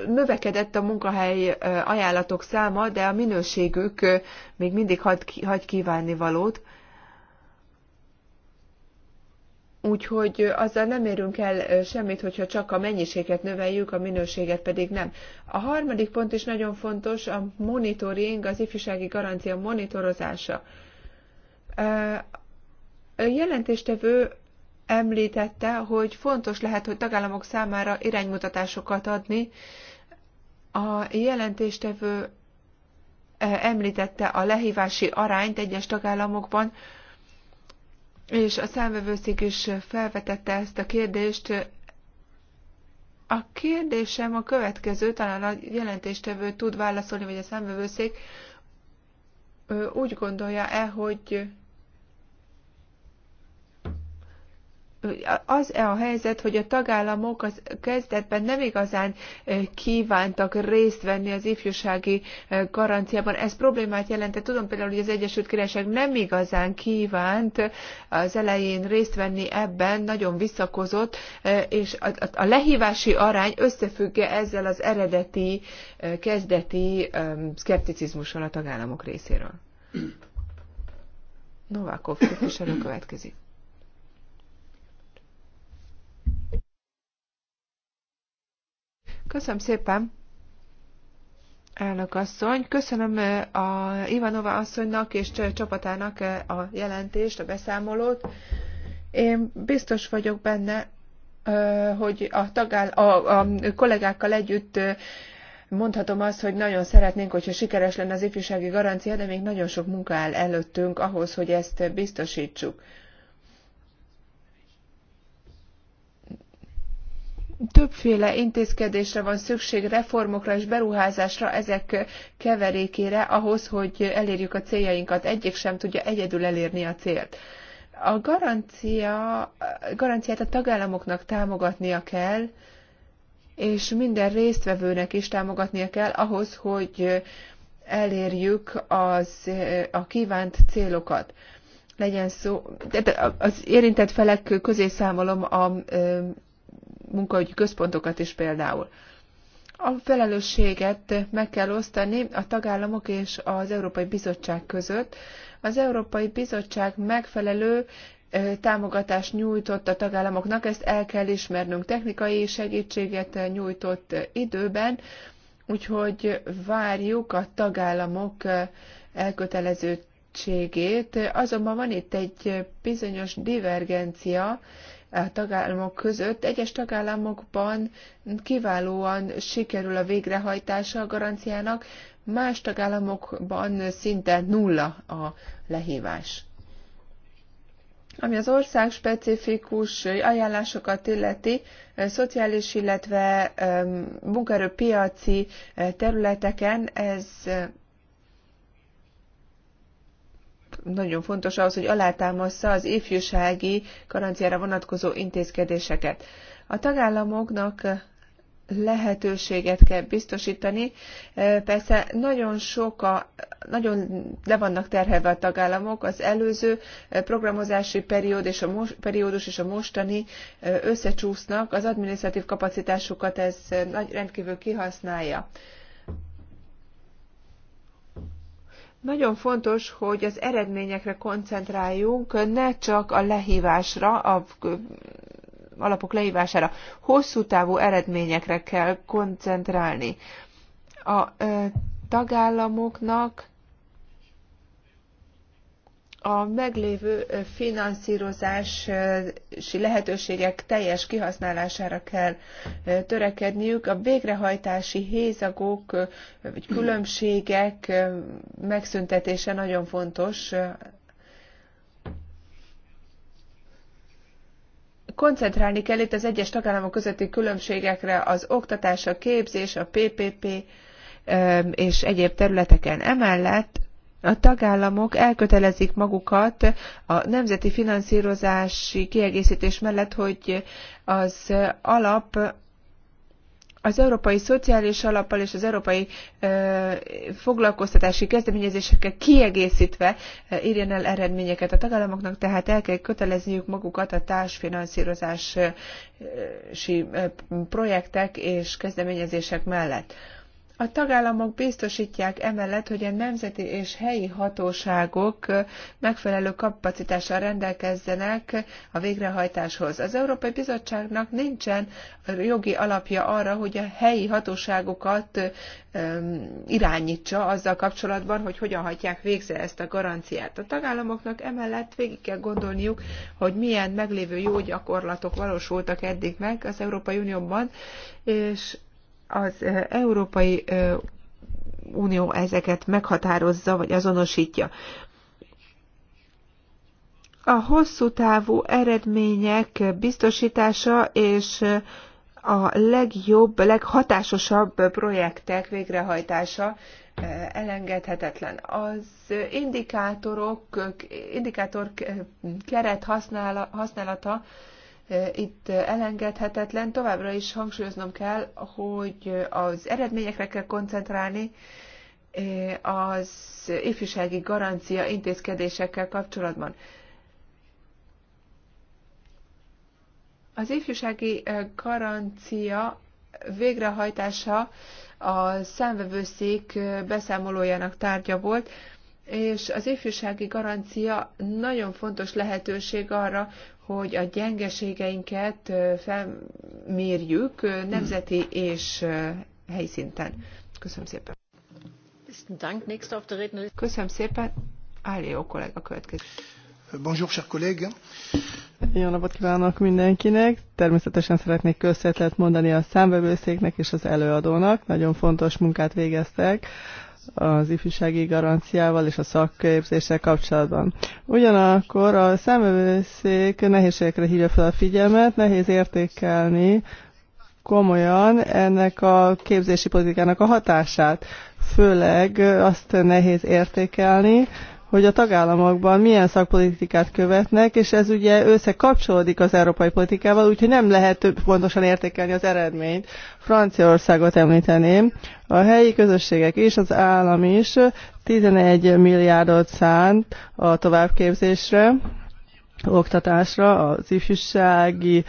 Növekedett a munkahely ajánlatok száma, de a minőségük még mindig hagy kívánni valót. Úgyhogy azzal nem érünk el semmit, hogyha csak a mennyiséget növeljük, a minőséget pedig nem. A harmadik pont is nagyon fontos, a monitoring, az ifjúsági garancia monitorozása. A jelentéstevő említette, hogy fontos lehet, hogy tagállamok számára iránymutatásokat adni. A jelentéstevő említette a lehívási arányt egyes tagállamokban, és a számvevőszék is felvetette ezt a kérdést. A kérdésem a következő, talán a jelentéstevő tud válaszolni, vagy a számvevőszék úgy gondolja-e, hogy az-e a helyzet, hogy a tagállamok az kezdetben nem igazán kívántak részt venni az ifjúsági garanciában? Ez problémát jelentett. Tudom például, hogy az Egyesült Királyság nem igazán kívánt az elején részt venni ebben, nagyon visszakozott, és a lehívási arány összefügge ezzel az eredeti, kezdeti szkepticizmussal a tagállamok részéről. Novákov képviselő következik. Köszönöm szépen, elnök asszony. Köszönöm a Ivanova asszonynak és csapatának a jelentést, a beszámolót. Én biztos vagyok benne, hogy a, tagáll, a, a kollégákkal együtt mondhatom azt, hogy nagyon szeretnénk, hogyha sikeres lenne az ifjúsági garancia, de még nagyon sok munka áll előttünk ahhoz, hogy ezt biztosítsuk. többféle intézkedésre van szükség, reformokra és beruházásra, ezek keverékére ahhoz, hogy elérjük a céljainkat. Egyik sem tudja egyedül elérni a célt. A garancia, garanciát a tagállamoknak támogatnia kell, és minden résztvevőnek is támogatnia kell ahhoz, hogy elérjük az, a kívánt célokat legyen szó, az érintett felek közé számolom a munkaügyi központokat is például. A felelősséget meg kell osztani a tagállamok és az Európai Bizottság között. Az Európai Bizottság megfelelő támogatást nyújtott a tagállamoknak, ezt el kell ismernünk. Technikai segítséget nyújtott időben, úgyhogy várjuk a tagállamok elköteleződését. Azonban van itt egy bizonyos divergencia, tagállamok között. Egyes tagállamokban kiválóan sikerül a végrehajtása a garanciának, más tagállamokban szinte nulla a lehívás. Ami az ország specifikus ajánlásokat illeti, szociális, illetve munkaerőpiaci eh, területeken ez nagyon fontos ahhoz, hogy alátámassza az ifjúsági garanciára vonatkozó intézkedéseket. A tagállamoknak lehetőséget kell biztosítani. Persze nagyon sok a, nagyon le vannak terhelve a tagállamok, az előző programozási periód és a most, periódus és a mostani összecsúsznak, az adminisztratív kapacitásukat ez rendkívül kihasználja. Nagyon fontos, hogy az eredményekre koncentráljunk, ne csak a lehívásra, a alapok lehívására. Hosszú távú eredményekre kell koncentrálni. A tagállamoknak a meglévő finanszírozási lehetőségek teljes kihasználására kell törekedniük. A végrehajtási hézagok vagy különbségek megszüntetése nagyon fontos. Koncentrálni kell itt az egyes tagállamok közötti különbségekre az oktatás, a képzés, a PPP és egyéb területeken. Emellett a tagállamok elkötelezik magukat a nemzeti finanszírozási kiegészítés mellett, hogy az alap az Európai Szociális Alappal és az Európai ö, Foglalkoztatási Kezdeményezésekkel kiegészítve írjon el eredményeket a tagállamoknak, tehát el kell kötelezniük magukat a társfinanszírozási projektek és kezdeményezések mellett. Ö, a tagállamok biztosítják emellett, hogy a nemzeti és helyi hatóságok megfelelő kapacitással rendelkezzenek a végrehajtáshoz. Az Európai Bizottságnak nincsen jogi alapja arra, hogy a helyi hatóságokat irányítsa azzal kapcsolatban, hogy hogyan hajtják végre ezt a garanciát. A tagállamoknak emellett végig kell gondolniuk, hogy milyen meglévő jó gyakorlatok valósultak eddig meg az Európai Unióban, és az Európai Unió ezeket meghatározza, vagy azonosítja. A hosszú távú eredmények biztosítása és a legjobb, leghatásosabb projektek végrehajtása elengedhetetlen. Az indikátorok, indikátor keret használata itt elengedhetetlen. Továbbra is hangsúlyoznom kell, hogy az eredményekre kell koncentrálni, az ifjúsági garancia intézkedésekkel kapcsolatban. Az ifjúsági eh, garancia végrehajtása a számvevőszék eh, beszámolójának tárgya volt és az ifjúsági garancia nagyon fontos lehetőség arra, hogy a gyengeségeinket felmérjük nemzeti és helyszinten. Köszönöm szépen. Köszönöm szépen. jó kollega következő. Bonjour, chers collègues. Jó napot kívánok mindenkinek! Természetesen szeretnék köszönetet mondani a számvevőszéknek és az előadónak. Nagyon fontos munkát végeztek az ifjúsági garanciával és a szakképzéssel kapcsolatban. Ugyanakkor a számövőszék nehézségekre hívja fel a figyelmet, nehéz értékelni komolyan ennek a képzési politikának a hatását. Főleg azt nehéz értékelni, hogy a tagállamokban milyen szakpolitikát követnek, és ez ugye összekapcsolódik az európai politikával, úgyhogy nem lehet több pontosan értékelni az eredményt. Franciaországot említeném. A helyi közösségek és az állam is 11 milliárdot szánt a továbbképzésre, oktatásra, az ifjúsági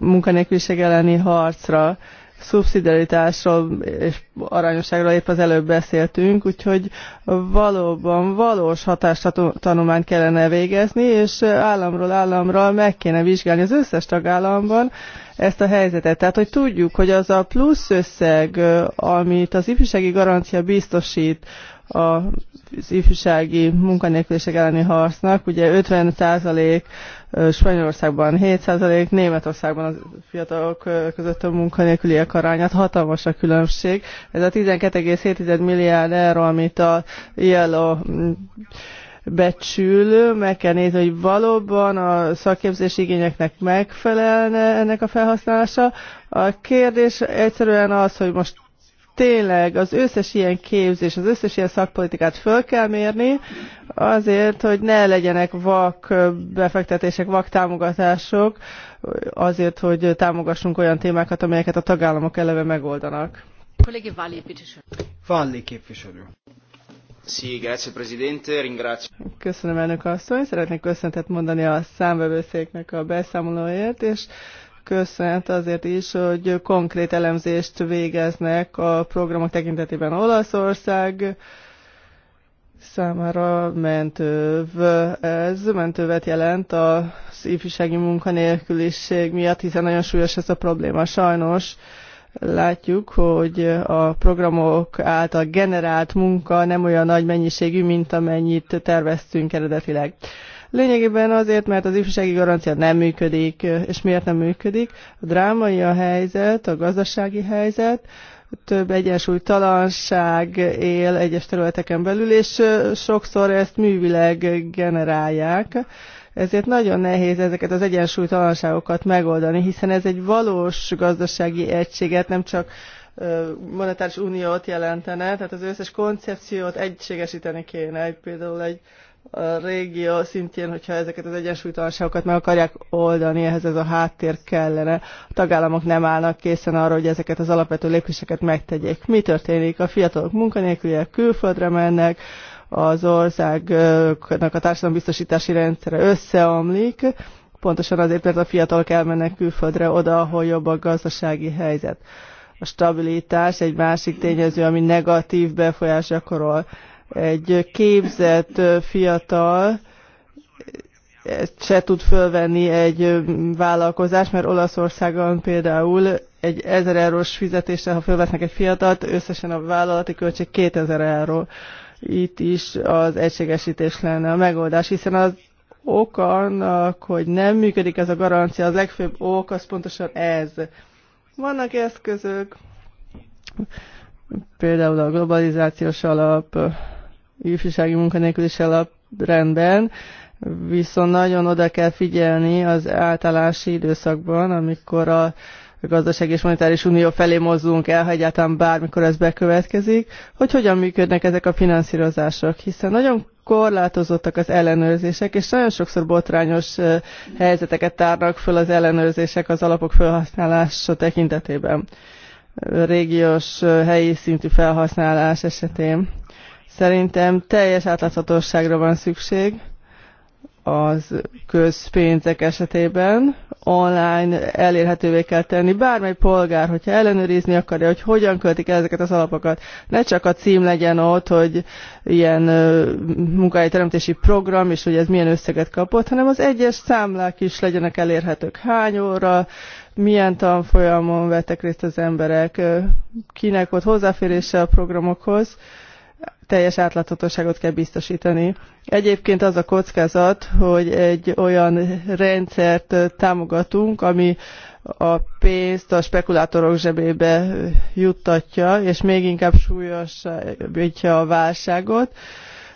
munkanélküliség elleni harcra szubszidiaritásról és arányosságról épp az előbb beszéltünk, úgyhogy valóban valós hatástanulmányt kellene végezni, és államról államra meg kéne vizsgálni az összes tagállamban ezt a helyzetet. Tehát, hogy tudjuk, hogy az a plusz összeg, amit az ifjúsági garancia biztosít, az ifjúsági munkanélküliség elleni harcnak, ugye 50 Spanyolországban 7%, Németországban a fiatalok között a munkanélküliek arányát hatalmas a különbség. Ez a 12,7 milliárd euró, amit a ILO mm, becsül, meg kell nézni, hogy valóban a szakképzés igényeknek megfelelne ennek a felhasználása. A kérdés egyszerűen az, hogy most tényleg az összes ilyen képzés, az összes ilyen szakpolitikát föl kell mérni, azért, hogy ne legyenek vak befektetések, vak támogatások, azért, hogy támogassunk olyan témákat, amelyeket a tagállamok eleve megoldanak. Kollégi Valli, Valli képviselő. Sí, grazie Presidente, ringrazio. Köszönöm elnök asszony, szeretnék köszöntet mondani a számvevőszéknek a beszámolóért, és köszönt azért is, hogy konkrét elemzést végeznek a programok tekintetében Olaszország számára mentőv. Ez mentővet jelent a ifjúsági munkanélküliség miatt, hiszen nagyon súlyos ez a probléma. Sajnos látjuk, hogy a programok által generált munka nem olyan nagy mennyiségű, mint amennyit terveztünk eredetileg. Lényegében azért, mert az ifjúsági garancia nem működik. És miért nem működik? A drámai a helyzet, a gazdasági helyzet, több egyensúlytalanság él egyes területeken belül, és sokszor ezt művileg generálják. Ezért nagyon nehéz ezeket az egyensúlytalanságokat megoldani, hiszen ez egy valós gazdasági egységet, nem csak monetáris uniót jelentene, tehát az összes koncepciót egységesíteni kéne, egy, például egy a régió szintjén, hogyha ezeket az egyensúlytalanságokat meg akarják oldani, ehhez ez a háttér kellene. A tagállamok nem állnak készen arra, hogy ezeket az alapvető lépéseket megtegyék. Mi történik? A fiatalok munkanélküliek külföldre mennek, az országnak a társadalombiztosítási rendszere összeomlik, pontosan azért, mert a fiatalok elmennek külföldre oda, ahol jobb a gazdasági helyzet. A stabilitás egy másik tényező, ami negatív befolyás gyakorol egy képzett fiatal e, se tud fölvenni egy vállalkozást, mert Olaszországon például egy 1000 eurós fizetése, ha fölvesznek egy fiatalt, összesen a vállalati költség 2000 euró. Itt is az egységesítés lenne a megoldás, hiszen az ok annak, hogy nem működik ez a garancia, az legfőbb ok az pontosan ez. Vannak eszközök, például a globalizációs alap, ifjúsági munkanélkülési alaprendben, viszont nagyon oda kell figyelni az általási időszakban, amikor a gazdaság és monetáris unió felé mozdulunk el, ha egyáltalán bármikor ez bekövetkezik, hogy hogyan működnek ezek a finanszírozások, hiszen nagyon korlátozottak az ellenőrzések, és nagyon sokszor botrányos helyzeteket tárnak föl az ellenőrzések az alapok felhasználása tekintetében régiós helyi szintű felhasználás esetén. Szerintem teljes átláthatóságra van szükség az közpénzek esetében. Online elérhetővé kell tenni bármely polgár, hogyha ellenőrizni akarja, hogy hogyan költik el ezeket az alapokat. Ne csak a cím legyen ott, hogy ilyen munkahelyteremtési program, és hogy ez milyen összeget kapott, hanem az egyes számlák is legyenek elérhetők. Hány óra, milyen tanfolyamon vettek részt az emberek, kinek volt hozzáférése a programokhoz, teljes átláthatóságot kell biztosítani. Egyébként az a kockázat, hogy egy olyan rendszert támogatunk, ami a pénzt a spekulátorok zsebébe juttatja, és még inkább súlyosítja a válságot,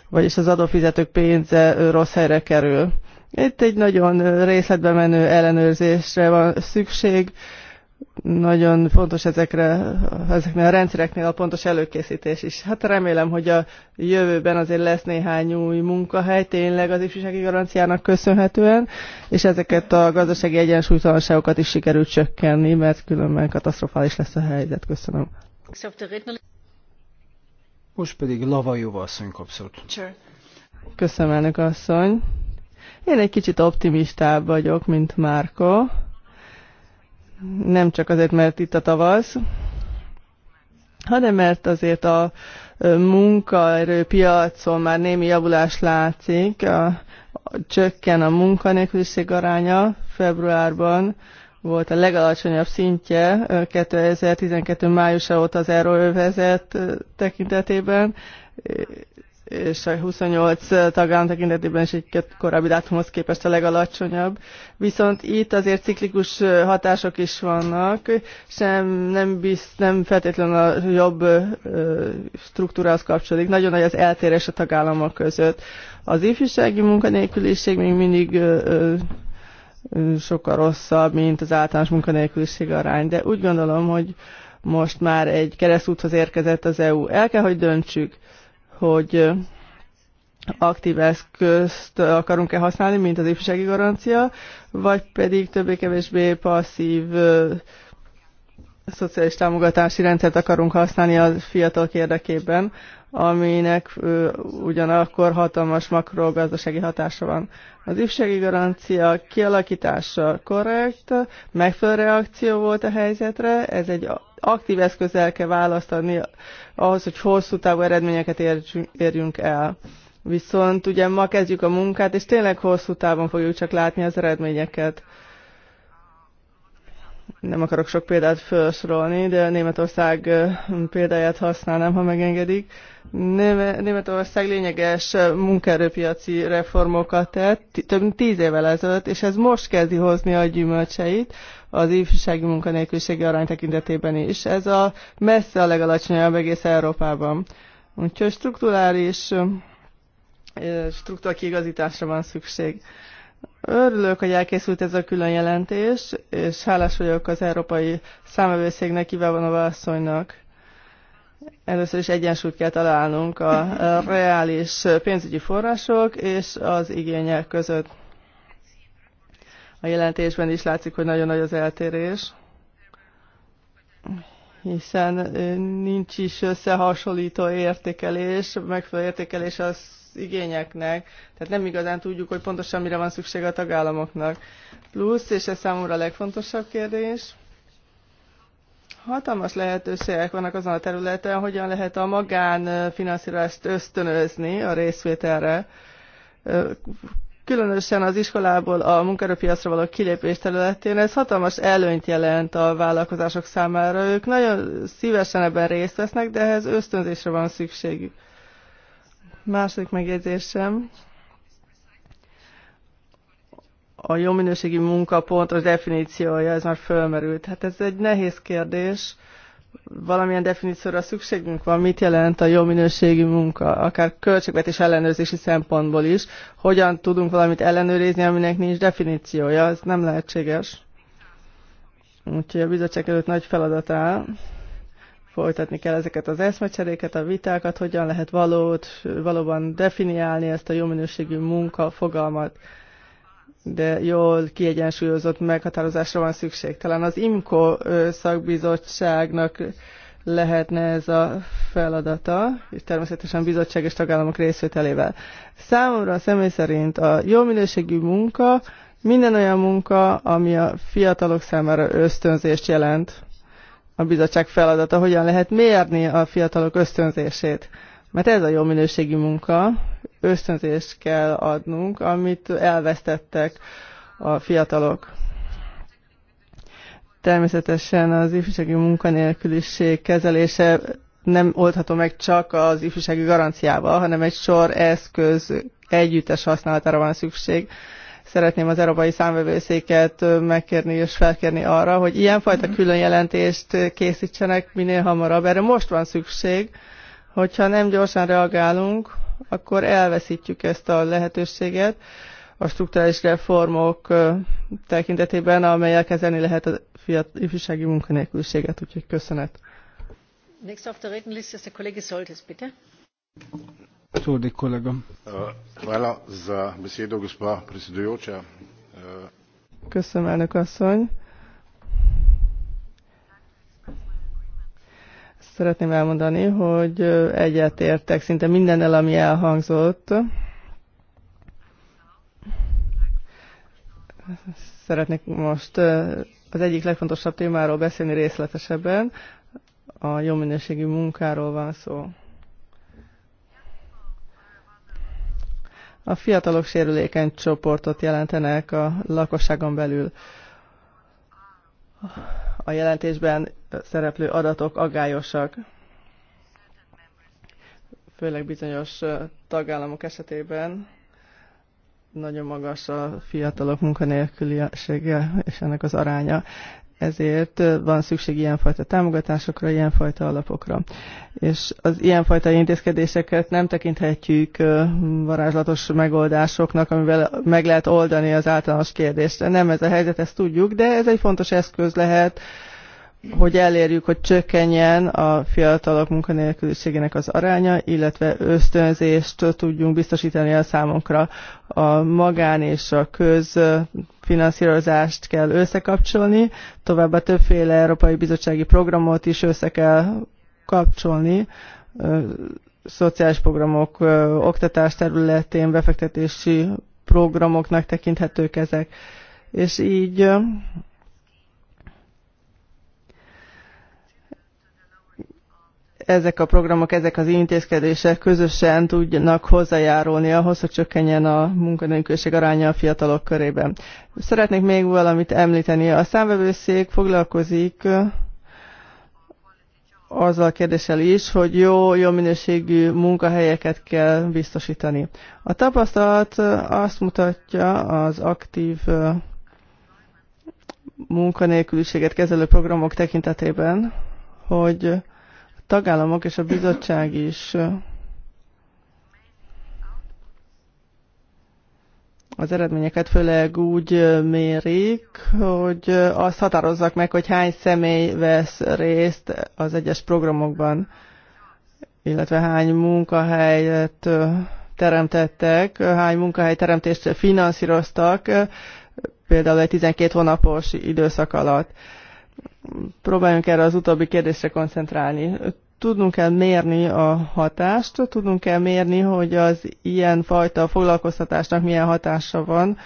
vagyis az adófizetők pénze rossz helyre kerül. Itt egy nagyon részletbe menő ellenőrzésre van szükség, nagyon fontos ezekre, ezeknél a rendszereknél a pontos előkészítés is. Hát remélem, hogy a jövőben azért lesz néhány új munkahely, tényleg az ifjúsági garanciának köszönhetően, és ezeket a gazdasági egyensúlytalanságokat is sikerült csökkenni, mert különben katasztrofális lesz a helyzet. Köszönöm. Most pedig Lavajova asszony kapszott. Köszönöm, elnök asszony. Én egy kicsit optimistább vagyok, mint Márko nem csak azért, mert itt a tavasz, hanem mert azért a munkaerőpiacon már némi javulás látszik, a, a, csökken a munkanélküliség aránya februárban, volt a legalacsonyabb szintje 2012. májusa óta az euróövezet tekintetében, és a 28 tagállam tekintetében is egy korábbi dátumhoz képest a legalacsonyabb. Viszont itt azért ciklikus hatások is vannak, sem nem, bizt, nem feltétlenül a jobb struktúrához kapcsolódik. Nagyon nagy az eltérés a tagállamok között. Az ifjúsági munkanélküliség még mindig sokkal rosszabb, mint az általános munkanélküliség arány, de úgy gondolom, hogy most már egy keresztúthoz érkezett az EU. El kell, hogy döntsük hogy aktív eszközt akarunk-e használni, mint az ifjúsági garancia, vagy pedig többé-kevésbé passzív szociális támogatási rendszert akarunk használni a fiatalok érdekében, aminek ugyanakkor hatalmas makrogazdasági hatása van. Az ifjúsági garancia kialakítása korrekt, megfelelő reakció volt a helyzetre, ez egy aktív eszközzel kell választani ahhoz, hogy hosszú távú eredményeket érjünk el. Viszont ugye ma kezdjük a munkát, és tényleg hosszú távon fogjuk csak látni az eredményeket. Nem akarok sok példát felsorolni, de Németország példáját használnám, ha megengedik. Németország lényeges munkaerőpiaci reformokat tett több mint tíz évvel ezelőtt, és ez most kezdi hozni a gyümölcseit az ifjúsági munkanélküliségi arány tekintetében is. Ez a messze a legalacsonyabb egész Európában. Úgyhogy strukturális struktúra kiigazításra van szükség. Örülök, hogy elkészült ez a külön jelentés, és hálás vagyok az Európai Számövőszégnek, a asszonynak. Először is egyensúlyt kell találnunk a reális pénzügyi források és az igények között. A jelentésben is látszik, hogy nagyon nagy az eltérés, hiszen nincs is összehasonlító értékelés, megfelelő értékelés az igényeknek, tehát nem igazán tudjuk, hogy pontosan mire van szükség a tagállamoknak. Plusz, és ez számomra a legfontosabb kérdés, hatalmas lehetőségek vannak azon a területen, hogyan lehet a magánfinanszírozást ösztönözni a részvételre különösen az iskolából a munkaerőpiacra való kilépés területén ez hatalmas előnyt jelent a vállalkozások számára. Ők nagyon szívesen ebben részt vesznek, de ehhez ösztönzésre van szükségük. Második megjegyzésem. A jó minőségi munka pontos definíciója, ez már fölmerült. Hát ez egy nehéz kérdés valamilyen definícióra szükségünk van, mit jelent a jó minőségű munka, akár költségvetés ellenőrzési szempontból is, hogyan tudunk valamit ellenőrizni, aminek nincs definíciója, ez nem lehetséges. Úgyhogy a bizottság előtt nagy feladat áll. Folytatni kell ezeket az eszmecseréket, a vitákat, hogyan lehet valót, valóban definiálni ezt a jó minőségű munka fogalmat de jól kiegyensúlyozott meghatározásra van szükség. Talán az IMCO szakbizottságnak lehetne ez a feladata, és természetesen bizottság és tagállamok részvételével. Számomra személy szerint a jó minőségű munka minden olyan munka, ami a fiatalok számára ösztönzést jelent. A bizottság feladata, hogyan lehet mérni a fiatalok ösztönzését. Mert ez a jó minőségű munka, ösztönzést kell adnunk, amit elvesztettek a fiatalok. Természetesen az ifjúsági munkanélküliség kezelése nem oldható meg csak az ifjúsági garanciával, hanem egy sor eszköz együttes használatára van szükség. Szeretném az Európai Számvevőszéket megkérni és felkérni arra, hogy ilyenfajta külön jelentést készítsenek minél hamarabb. Erre most van szükség, hogyha nem gyorsan reagálunk, akkor elveszítjük ezt a lehetőséget a strukturális reformok tekintetében, amelyel kezelni lehet a fiatal, ifjúsági munkanélküliséget. Úgyhogy köszönet. Next auf der Rednerliste ist der Kollege Soltes, bitte. Szordi kollega. Hvala za besedo, gospa predsedujoča. Köszönöm, elnök asszony. szeretném elmondani, hogy egyetértek szinte mindennel, ami elhangzott. Szeretnék most az egyik legfontosabb témáról beszélni részletesebben. A jó minőségű munkáról van szó. A fiatalok sérülékeny csoportot jelentenek a lakosságon belül a jelentésben szereplő adatok agályosak, főleg bizonyos tagállamok esetében nagyon magas a fiatalok munkanélkülisége és ennek az aránya ezért van szükség ilyenfajta támogatásokra, ilyenfajta alapokra. És az ilyenfajta intézkedéseket nem tekinthetjük varázslatos megoldásoknak, amivel meg lehet oldani az általános kérdést. Nem ez a helyzet, ezt tudjuk, de ez egy fontos eszköz lehet, hogy elérjük, hogy csökkenjen a fiatalok munkanélküliségének az aránya, illetve ösztönzést tudjunk biztosítani a számunkra a magán és a köz finanszírozást kell összekapcsolni, továbbá többféle Európai Bizottsági programot is össze kell kapcsolni, szociális programok, oktatás területén befektetési programoknak tekinthetők ezek. És így ezek a programok, ezek az intézkedések közösen tudjanak hozzájárulni ahhoz, hogy csökkenjen a munkanélküliség aránya a fiatalok körében. Szeretnék még valamit említeni. A számvevőszék foglalkozik azzal a kérdéssel is, hogy jó, jó minőségű munkahelyeket kell biztosítani. A tapasztalat azt mutatja az aktív munkanélküliséget kezelő programok tekintetében, hogy tagállamok és a bizottság is az eredményeket főleg úgy mérik, hogy azt határozzak meg, hogy hány személy vesz részt az egyes programokban, illetve hány munkahelyet teremtettek, hány munkahely teremtést finanszíroztak, például egy 12 hónapos időszak alatt próbáljunk erre az utóbbi kérdésre koncentrálni. Tudnunk kell mérni a hatást, tudnunk kell mérni, hogy az ilyen fajta foglalkoztatásnak milyen hatása van,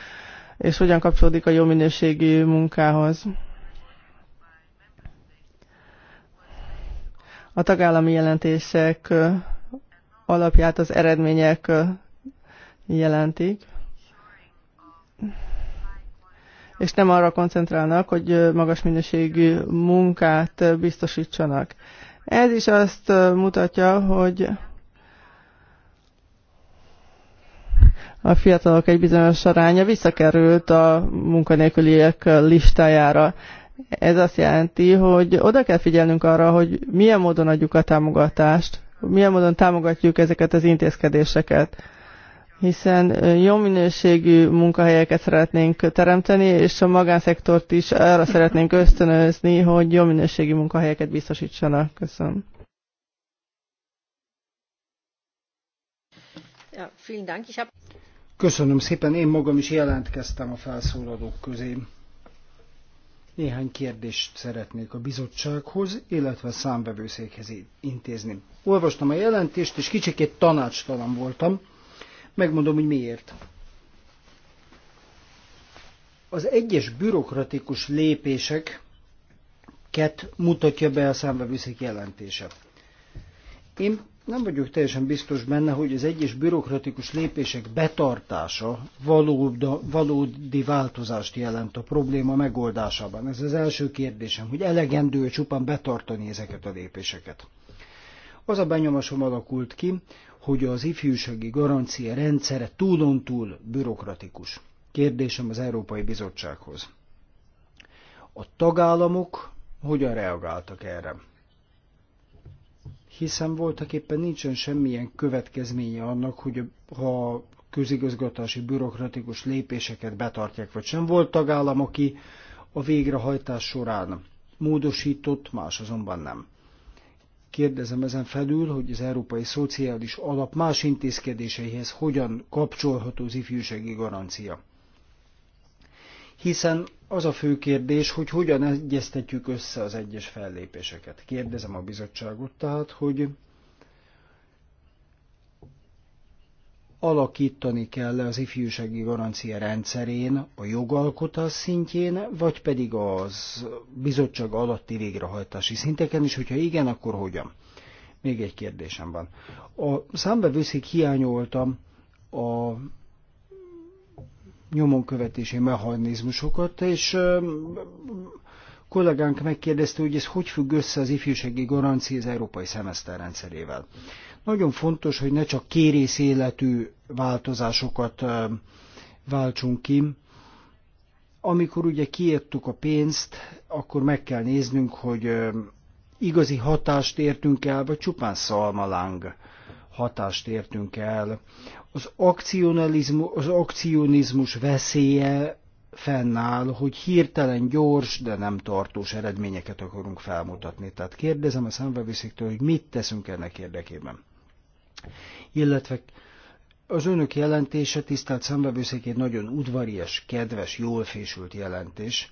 és hogyan kapcsolódik a jó minőségű munkához. A tagállami jelentések alapját az eredmények jelentik és nem arra koncentrálnak, hogy magas minőségű munkát biztosítsanak. Ez is azt mutatja, hogy a fiatalok egy bizonyos aránya visszakerült a munkanélküliek listájára. Ez azt jelenti, hogy oda kell figyelnünk arra, hogy milyen módon adjuk a támogatást, milyen módon támogatjuk ezeket az intézkedéseket hiszen jó minőségű munkahelyeket szeretnénk teremteni, és a magánszektort is arra szeretnénk ösztönözni, hogy jó minőségű munkahelyeket biztosítsanak. Köszönöm. Köszönöm szépen, én magam is jelentkeztem a felszólalók közé. Néhány kérdést szeretnék a bizottsághoz, illetve a számbevőszékhez intézni. Olvastam a jelentést, és kicsikét tanácstalan voltam, Megmondom, hogy miért. Az egyes bürokratikus lépéseket mutatja be a számbevőszék jelentése. Én nem vagyok teljesen biztos benne, hogy az egyes bürokratikus lépések betartása valóda, valódi változást jelent a probléma megoldásában. Ez az első kérdésem, hogy elegendő csupán betartani ezeket a lépéseket. Az a benyomásom alakult ki, hogy az ifjúsági garancia rendszere túlon túl bürokratikus. Kérdésem az Európai Bizottsághoz. A tagállamok hogyan reagáltak erre? Hiszen voltak éppen nincsen semmilyen következménye annak, hogy ha a közigazgatási bürokratikus lépéseket betartják, vagy sem volt tagállam, aki a végrehajtás során módosított, más azonban nem. Kérdezem ezen felül, hogy az Európai Szociális Alap más intézkedéseihez hogyan kapcsolható az ifjúsági garancia. Hiszen az a fő kérdés, hogy hogyan egyeztetjük össze az egyes fellépéseket. Kérdezem a bizottságot tehát, hogy alakítani kell az ifjúsági garancia rendszerén, a jogalkotás szintjén, vagy pedig az bizottság alatti végrehajtási szinteken, is, hogyha igen, akkor hogyan? Még egy kérdésem van. A számbevőszék hiányoltam a nyomonkövetési mechanizmusokat, és kollégánk megkérdezte, hogy ez hogy függ össze az ifjúsági garancia az európai szemeszter rendszerével. Nagyon fontos, hogy ne csak kérész életű változásokat váltsunk ki. Amikor ugye kiírtuk a pénzt, akkor meg kell néznünk, hogy igazi hatást értünk el, vagy csupán szalmaláng hatást értünk el. Az, az akcionizmus veszélye fennáll, hogy hirtelen, gyors, de nem tartós eredményeket akarunk felmutatni. Tehát kérdezem a szembeviszéktől, hogy mit teszünk ennek érdekében illetve az önök jelentése, tisztelt szembevőszék, egy nagyon udvarias, kedves, jól fésült jelentés,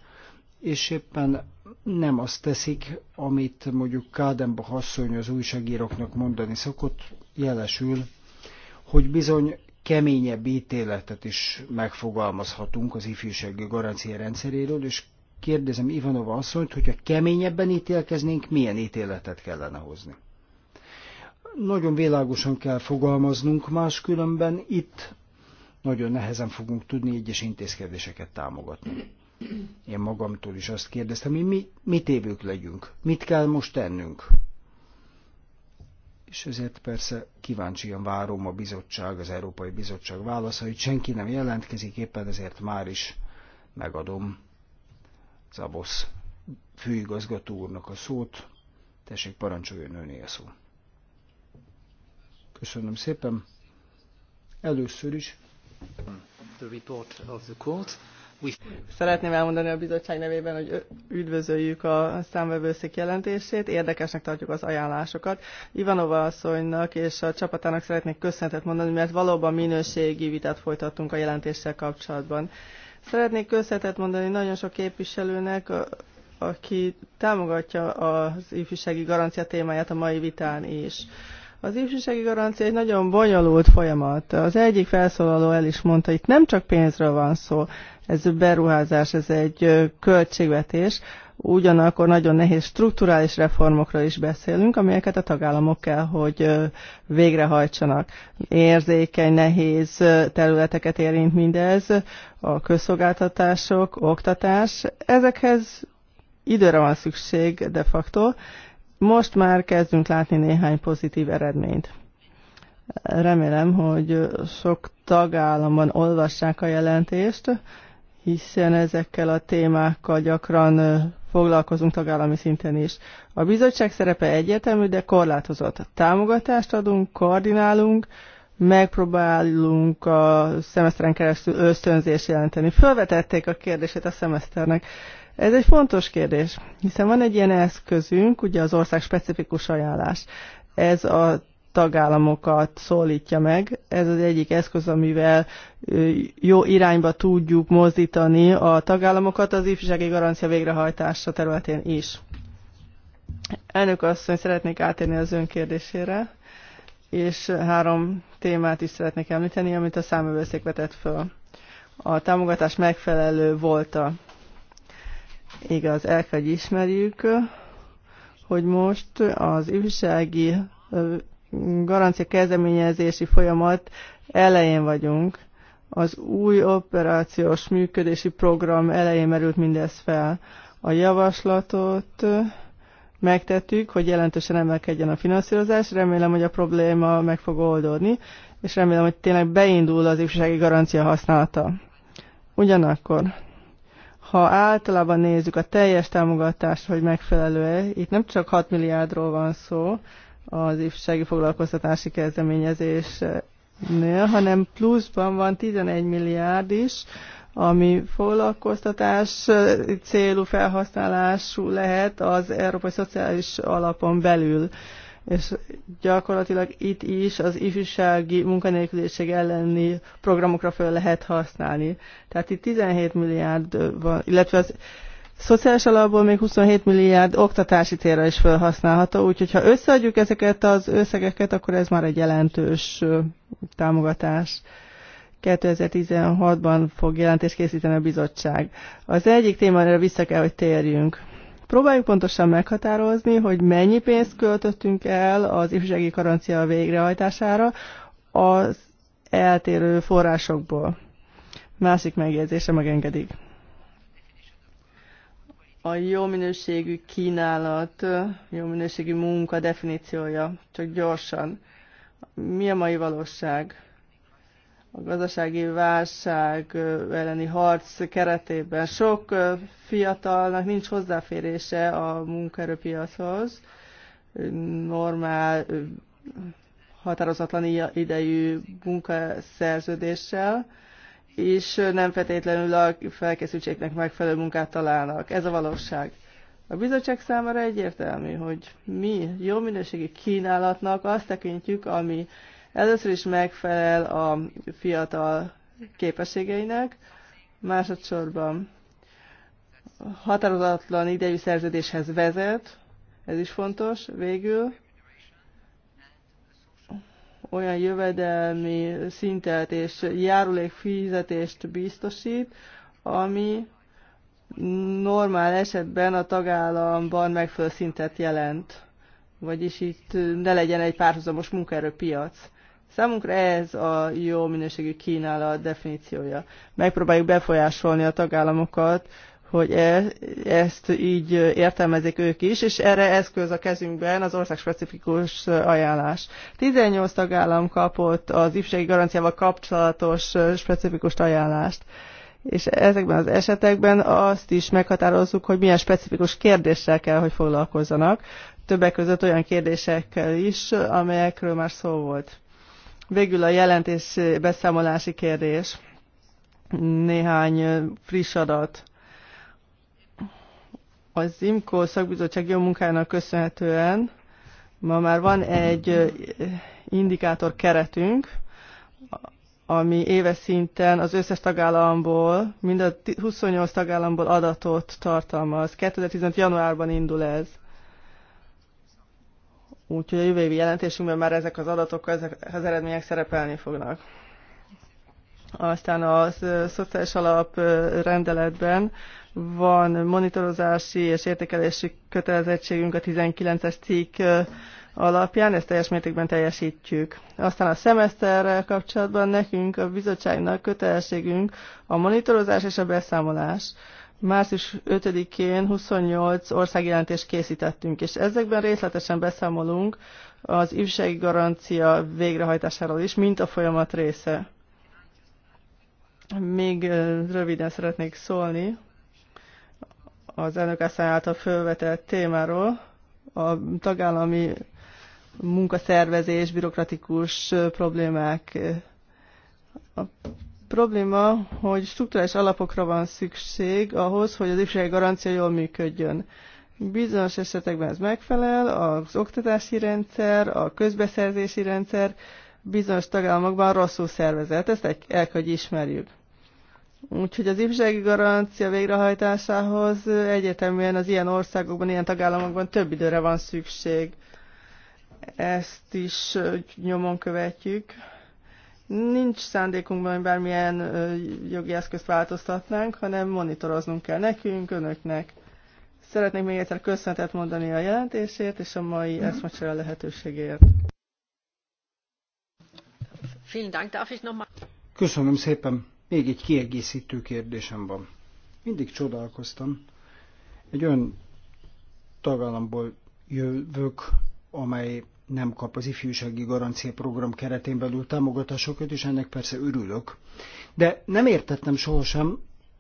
és éppen nem azt teszik, amit mondjuk Kádemba asszony az újságíróknak mondani szokott, jelesül, hogy bizony keményebb ítéletet is megfogalmazhatunk az ifjúsági garancia rendszeréről, és kérdezem Ivanova asszonyt, hogyha keményebben ítélkeznénk, milyen ítéletet kellene hozni nagyon világosan kell fogalmaznunk, máskülönben itt nagyon nehezen fogunk tudni egyes intézkedéseket támogatni. Én magamtól is azt kérdeztem, hogy mi, mit évők legyünk, mit kell most tennünk. És ezért persze kíváncsian várom a bizottság, az Európai Bizottság válasza, hogy senki nem jelentkezik, éppen ezért már is megadom Zabosz főigazgató úrnak a szót. Tessék, parancsoljon öné a szót. Köszönöm szépen. Először is. The report of the court. Szeretném elmondani a bizottság nevében, hogy üdvözöljük a számvevőszék jelentését, érdekesnek tartjuk az ajánlásokat. Ivanova asszonynak és a csapatának szeretnék köszönetet mondani, mert valóban minőségi vitát folytattunk a jelentéssel kapcsolatban. Szeretnék köszönetet mondani nagyon sok képviselőnek, aki támogatja az ifjúsági garancia témáját a mai vitán is. Az ifjúsági garancia egy nagyon bonyolult folyamat. Az egyik felszólaló el is mondta, itt nem csak pénzről van szó, ez beruházás, ez egy költségvetés, ugyanakkor nagyon nehéz strukturális reformokra is beszélünk, amelyeket a tagállamok kell, hogy végrehajtsanak. Érzékeny, nehéz területeket érint mindez, a közszolgáltatások, oktatás, ezekhez időre van szükség de facto, most már kezdünk látni néhány pozitív eredményt. Remélem, hogy sok tagállamban olvassák a jelentést, hiszen ezekkel a témákkal gyakran foglalkozunk tagállami szinten is. A bizottság szerepe egyértelmű, de korlátozott. Támogatást adunk, koordinálunk, megpróbálunk a szemeszteren keresztül ösztönzést jelenteni. Fölvetették a kérdését a szemeszternek. Ez egy fontos kérdés, hiszen van egy ilyen eszközünk, ugye az ország specifikus ajánlás. Ez a tagállamokat szólítja meg. Ez az egyik eszköz, amivel jó irányba tudjuk mozdítani a tagállamokat az ifjúsági garancia végrehajtása területén is. Elnök asszony, szeretnék átérni az ön kérdésére, és három témát is szeretnék említeni, amit a számövőszék vetett föl. A támogatás megfelelő volt a Igaz, el kell, hogy ismerjük, hogy most az ifjúsági garancia kezdeményezési folyamat elején vagyunk. Az új operációs működési program elején merült mindez fel. A javaslatot megtettük, hogy jelentősen emelkedjen a finanszírozás. Remélem, hogy a probléma meg fog oldódni, és remélem, hogy tényleg beindul az ifjúsági garancia használata. Ugyanakkor ha általában nézzük a teljes támogatást, hogy megfelelő-e, itt nem csak 6 milliárdról van szó az ifjúsági foglalkoztatási kezdeményezésnél, hanem pluszban van 11 milliárd is, ami foglalkoztatás célú felhasználású lehet az Európai Szociális Alapon belül és gyakorlatilag itt is az ifjúsági munkanélküliség elleni programokra föl lehet használni. Tehát itt 17 milliárd van, illetve az szociális alapból még 27 milliárd oktatási térre is felhasználható, úgyhogy ha összeadjuk ezeket az összegeket, akkor ez már egy jelentős támogatás. 2016-ban fog jelentést készíteni a bizottság. Az egyik témára vissza kell, hogy térjünk Próbáljuk pontosan meghatározni, hogy mennyi pénzt költöttünk el az ifjúsági garancia végrehajtására az eltérő forrásokból. Másik megjegyzése megengedik. A jó minőségű kínálat, jó minőségű munka definíciója, csak gyorsan. Mi a mai valóság? a gazdasági válság elleni harc keretében. Sok fiatalnak nincs hozzáférése a munkaerőpiachoz, normál, határozatlan idejű munkaszerződéssel, és nem feltétlenül a felkészültségnek megfelelő munkát találnak. Ez a valóság. A bizottság számára egyértelmű, hogy mi jó minőségi kínálatnak azt tekintjük, ami Először is megfelel a fiatal képességeinek, másodszorban határozatlan idejű szerződéshez vezet, ez is fontos, végül olyan jövedelmi szintet és járulékfizetést biztosít, ami normál esetben a tagállamban megfelelő szintet jelent. Vagyis itt ne legyen egy párhuzamos munkaerőpiac. Számunkra ez a jó minőségű kínálat definíciója. Megpróbáljuk befolyásolni a tagállamokat, hogy e, ezt így értelmezik ők is, és erre eszköz a kezünkben az országspecifikus ajánlás. 18 tagállam kapott az ifjúsági garanciával kapcsolatos specifikus ajánlást és ezekben az esetekben azt is meghatározzuk, hogy milyen specifikus kérdéssel kell, hogy foglalkozzanak, többek között olyan kérdésekkel is, amelyekről már szó volt. Végül a jelentés beszámolási kérdés. Néhány friss adat. Az IMCO szakbizottság jó munkájának köszönhetően ma már van egy indikátor keretünk, ami éves szinten az összes tagállamból, mind a 28 tagállamból adatot tartalmaz. 2015. januárban indul ez. Úgyhogy a jövő évi jelentésünkben már ezek az adatok, ezek az eredmények szerepelni fognak. Aztán a szociális alap rendeletben van monitorozási és értékelési kötelezettségünk a 19-es cikk alapján, ezt teljes mértékben teljesítjük. Aztán a szemeszterrel kapcsolatban nekünk, a bizottságnak kötelességünk a monitorozás és a beszámolás március 5-én 28 országjelentést készítettünk, és ezekben részletesen beszámolunk az ifjúsági garancia végrehajtásáról is, mint a folyamat része. Még röviden szeretnék szólni az elnök asszony által felvetett témáról, a tagállami munkaszervezés, bürokratikus problémák. A probléma, hogy struktúrás alapokra van szükség ahhoz, hogy az ifjúsági garancia jól működjön. Bizonyos esetekben ez megfelel, az oktatási rendszer, a közbeszerzési rendszer bizonyos tagállamokban rosszul szervezett, ezt el kell, hogy ismerjük. Úgyhogy az ifjúsági garancia végrehajtásához egyértelműen az ilyen országokban, ilyen tagállamokban több időre van szükség. Ezt is nyomon követjük Nincs szándékunkban, hogy bármilyen jogi eszközt változtatnánk, hanem monitoroznunk kell nekünk, önöknek. Szeretnék még egyszer köszönetet mondani a jelentésért és a mai mhm. eszmecsere lehetőségért. Köszönöm szépen. Még egy kiegészítő kérdésem van. Mindig csodálkoztam. Egy olyan tagállamból jövök, amely nem kap az ifjúsági garancia program keretén belül támogatásokat, és ennek persze örülök. De nem értettem sohasem,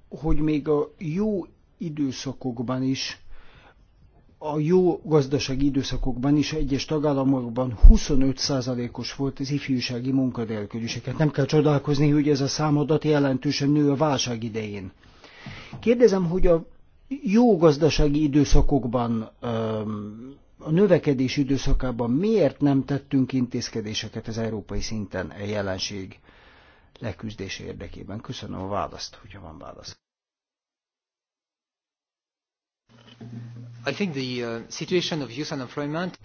hogy még a jó időszakokban is, a jó gazdasági időszakokban is egyes tagállamokban 25%-os volt az ifjúsági munkanélküliség. Hát nem kell csodálkozni, hogy ez a számodat jelentősen nő a válság idején. Kérdezem, hogy a jó gazdasági időszakokban öm, a növekedés időszakában miért nem tettünk intézkedéseket az európai szinten a jelenség leküzdése érdekében? Köszönöm a választ, hogyha van válasz. I think the uh, situation of youth unemployment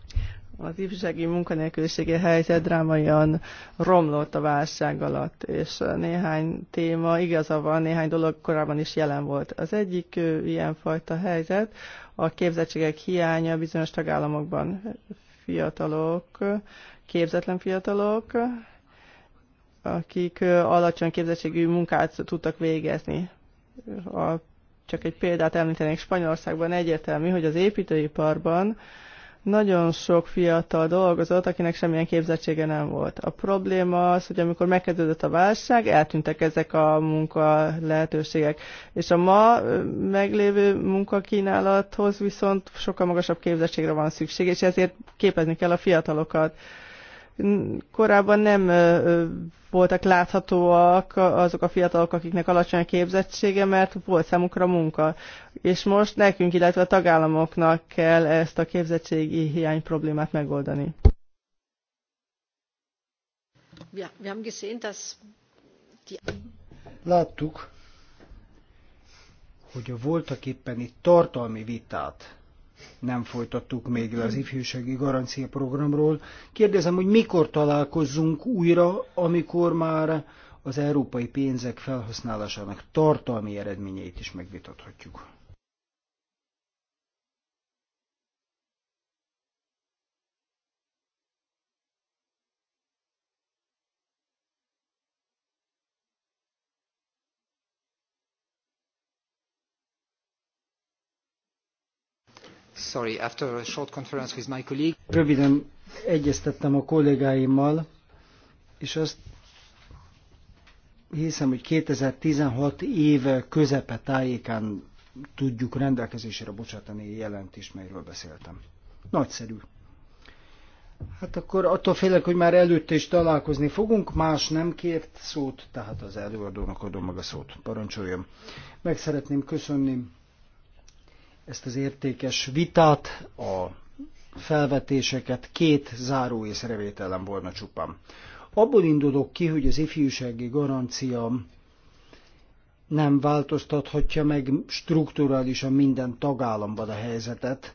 az ifjúsági munkanélküliségi helyzet drámaian romlott a válság alatt, és néhány téma igaza van, néhány dolog korábban is jelen volt. Az egyik ilyenfajta helyzet a képzettségek hiánya bizonyos tagállamokban fiatalok, képzetlen fiatalok, akik alacsony képzettségű munkát tudtak végezni. A, csak egy példát említenék, Spanyolországban egyértelmű, hogy az építőiparban nagyon sok fiatal dolgozott, akinek semmilyen képzettsége nem volt. A probléma az, hogy amikor megkezdődött a válság, eltűntek ezek a munka lehetőségek. És a ma meglévő munkakínálathoz viszont sokkal magasabb képzettségre van szükség, és ezért képezni kell a fiatalokat korábban nem voltak láthatóak azok a fiatalok, akiknek alacsony a képzettsége, mert volt számukra munka. És most nekünk, illetve a tagállamoknak kell ezt a képzettségi hiány problémát megoldani. Láttuk, hogy a voltak éppen itt tartalmi vitát nem folytattuk még le az ifjúsági garancia programról. Kérdezem, hogy mikor találkozzunk újra, amikor már az európai pénzek felhasználásának tartalmi eredményeit is megvitathatjuk. Sorry, after a short conference with my colleague. Röviden egyeztettem a kollégáimmal, és azt hiszem, hogy 2016 éve közepe tájékán tudjuk rendelkezésre bocsátani a jelentést, melyről beszéltem. Nagyszerű. Hát akkor attól félek, hogy már előtte is találkozni fogunk, más nem kért szót, tehát az előadónak adom meg a szót. Parancsoljon. Meg szeretném köszönni ezt az értékes vitát, a felvetéseket két záró észrevételem volna csupán. Abból indulok ki, hogy az ifjúsági garancia nem változtathatja meg strukturálisan minden tagállamban a helyzetet.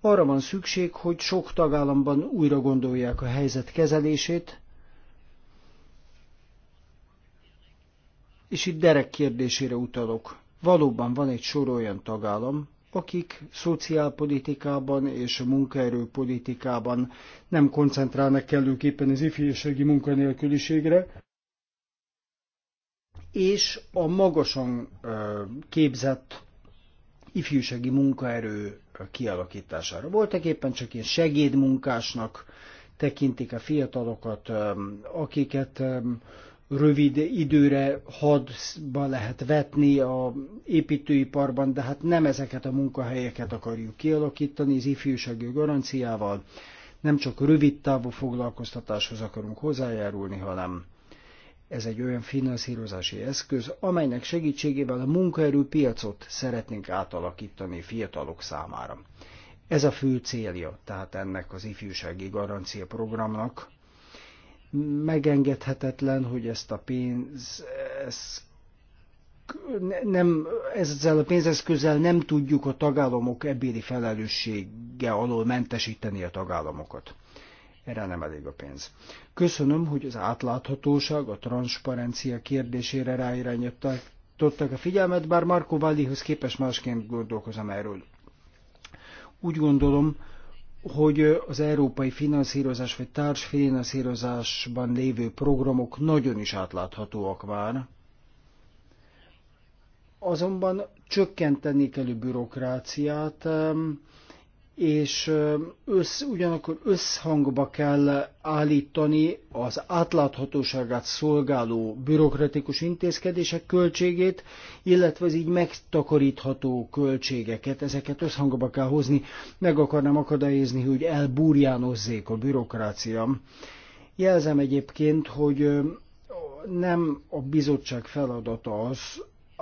Arra van szükség, hogy sok tagállamban újra gondolják a helyzet kezelését, és itt derek kérdésére utalok. Valóban van egy sor olyan tagállam, akik szociálpolitikában és munkaerőpolitikában nem koncentrálnak kellőképpen az ifjúsági munkanélküliségre, és a magasan képzett ifjúsági munkaerő kialakítására. Voltak éppen csak ilyen segédmunkásnak tekintik a fiatalokat, akiket rövid időre hadba lehet vetni a építőiparban, de hát nem ezeket a munkahelyeket akarjuk kialakítani az ifjúsági garanciával. Nem csak rövid távú foglalkoztatáshoz akarunk hozzájárulni, hanem ez egy olyan finanszírozási eszköz, amelynek segítségével a munkaerőpiacot szeretnénk átalakítani fiatalok számára. Ez a fő célja tehát ennek az ifjúsági garancia programnak, megengedhetetlen, hogy ezt a pénz, ez, nem, ezzel a pénzeszközzel nem tudjuk a tagállamok ebbéli felelőssége alól mentesíteni a tagállamokat. Erre nem elég a pénz. Köszönöm, hogy az átláthatóság, a transzparencia kérdésére ráirányítottak a figyelmet, bár Marco Vallihoz képes másként gondolkozom erről. Úgy gondolom, hogy az európai finanszírozás vagy társfinanszírozásban lévő programok nagyon is átláthatóak már. Azonban csökkenteni kell a bürokráciát, és össz, ugyanakkor összhangba kell állítani az átláthatóságát szolgáló bürokratikus intézkedések költségét, illetve az így megtakarítható költségeket, ezeket összhangba kell hozni, meg akarnám akadályozni, hogy elbúrjánozzék a bürokrácia. Jelzem egyébként, hogy nem a bizottság feladata az,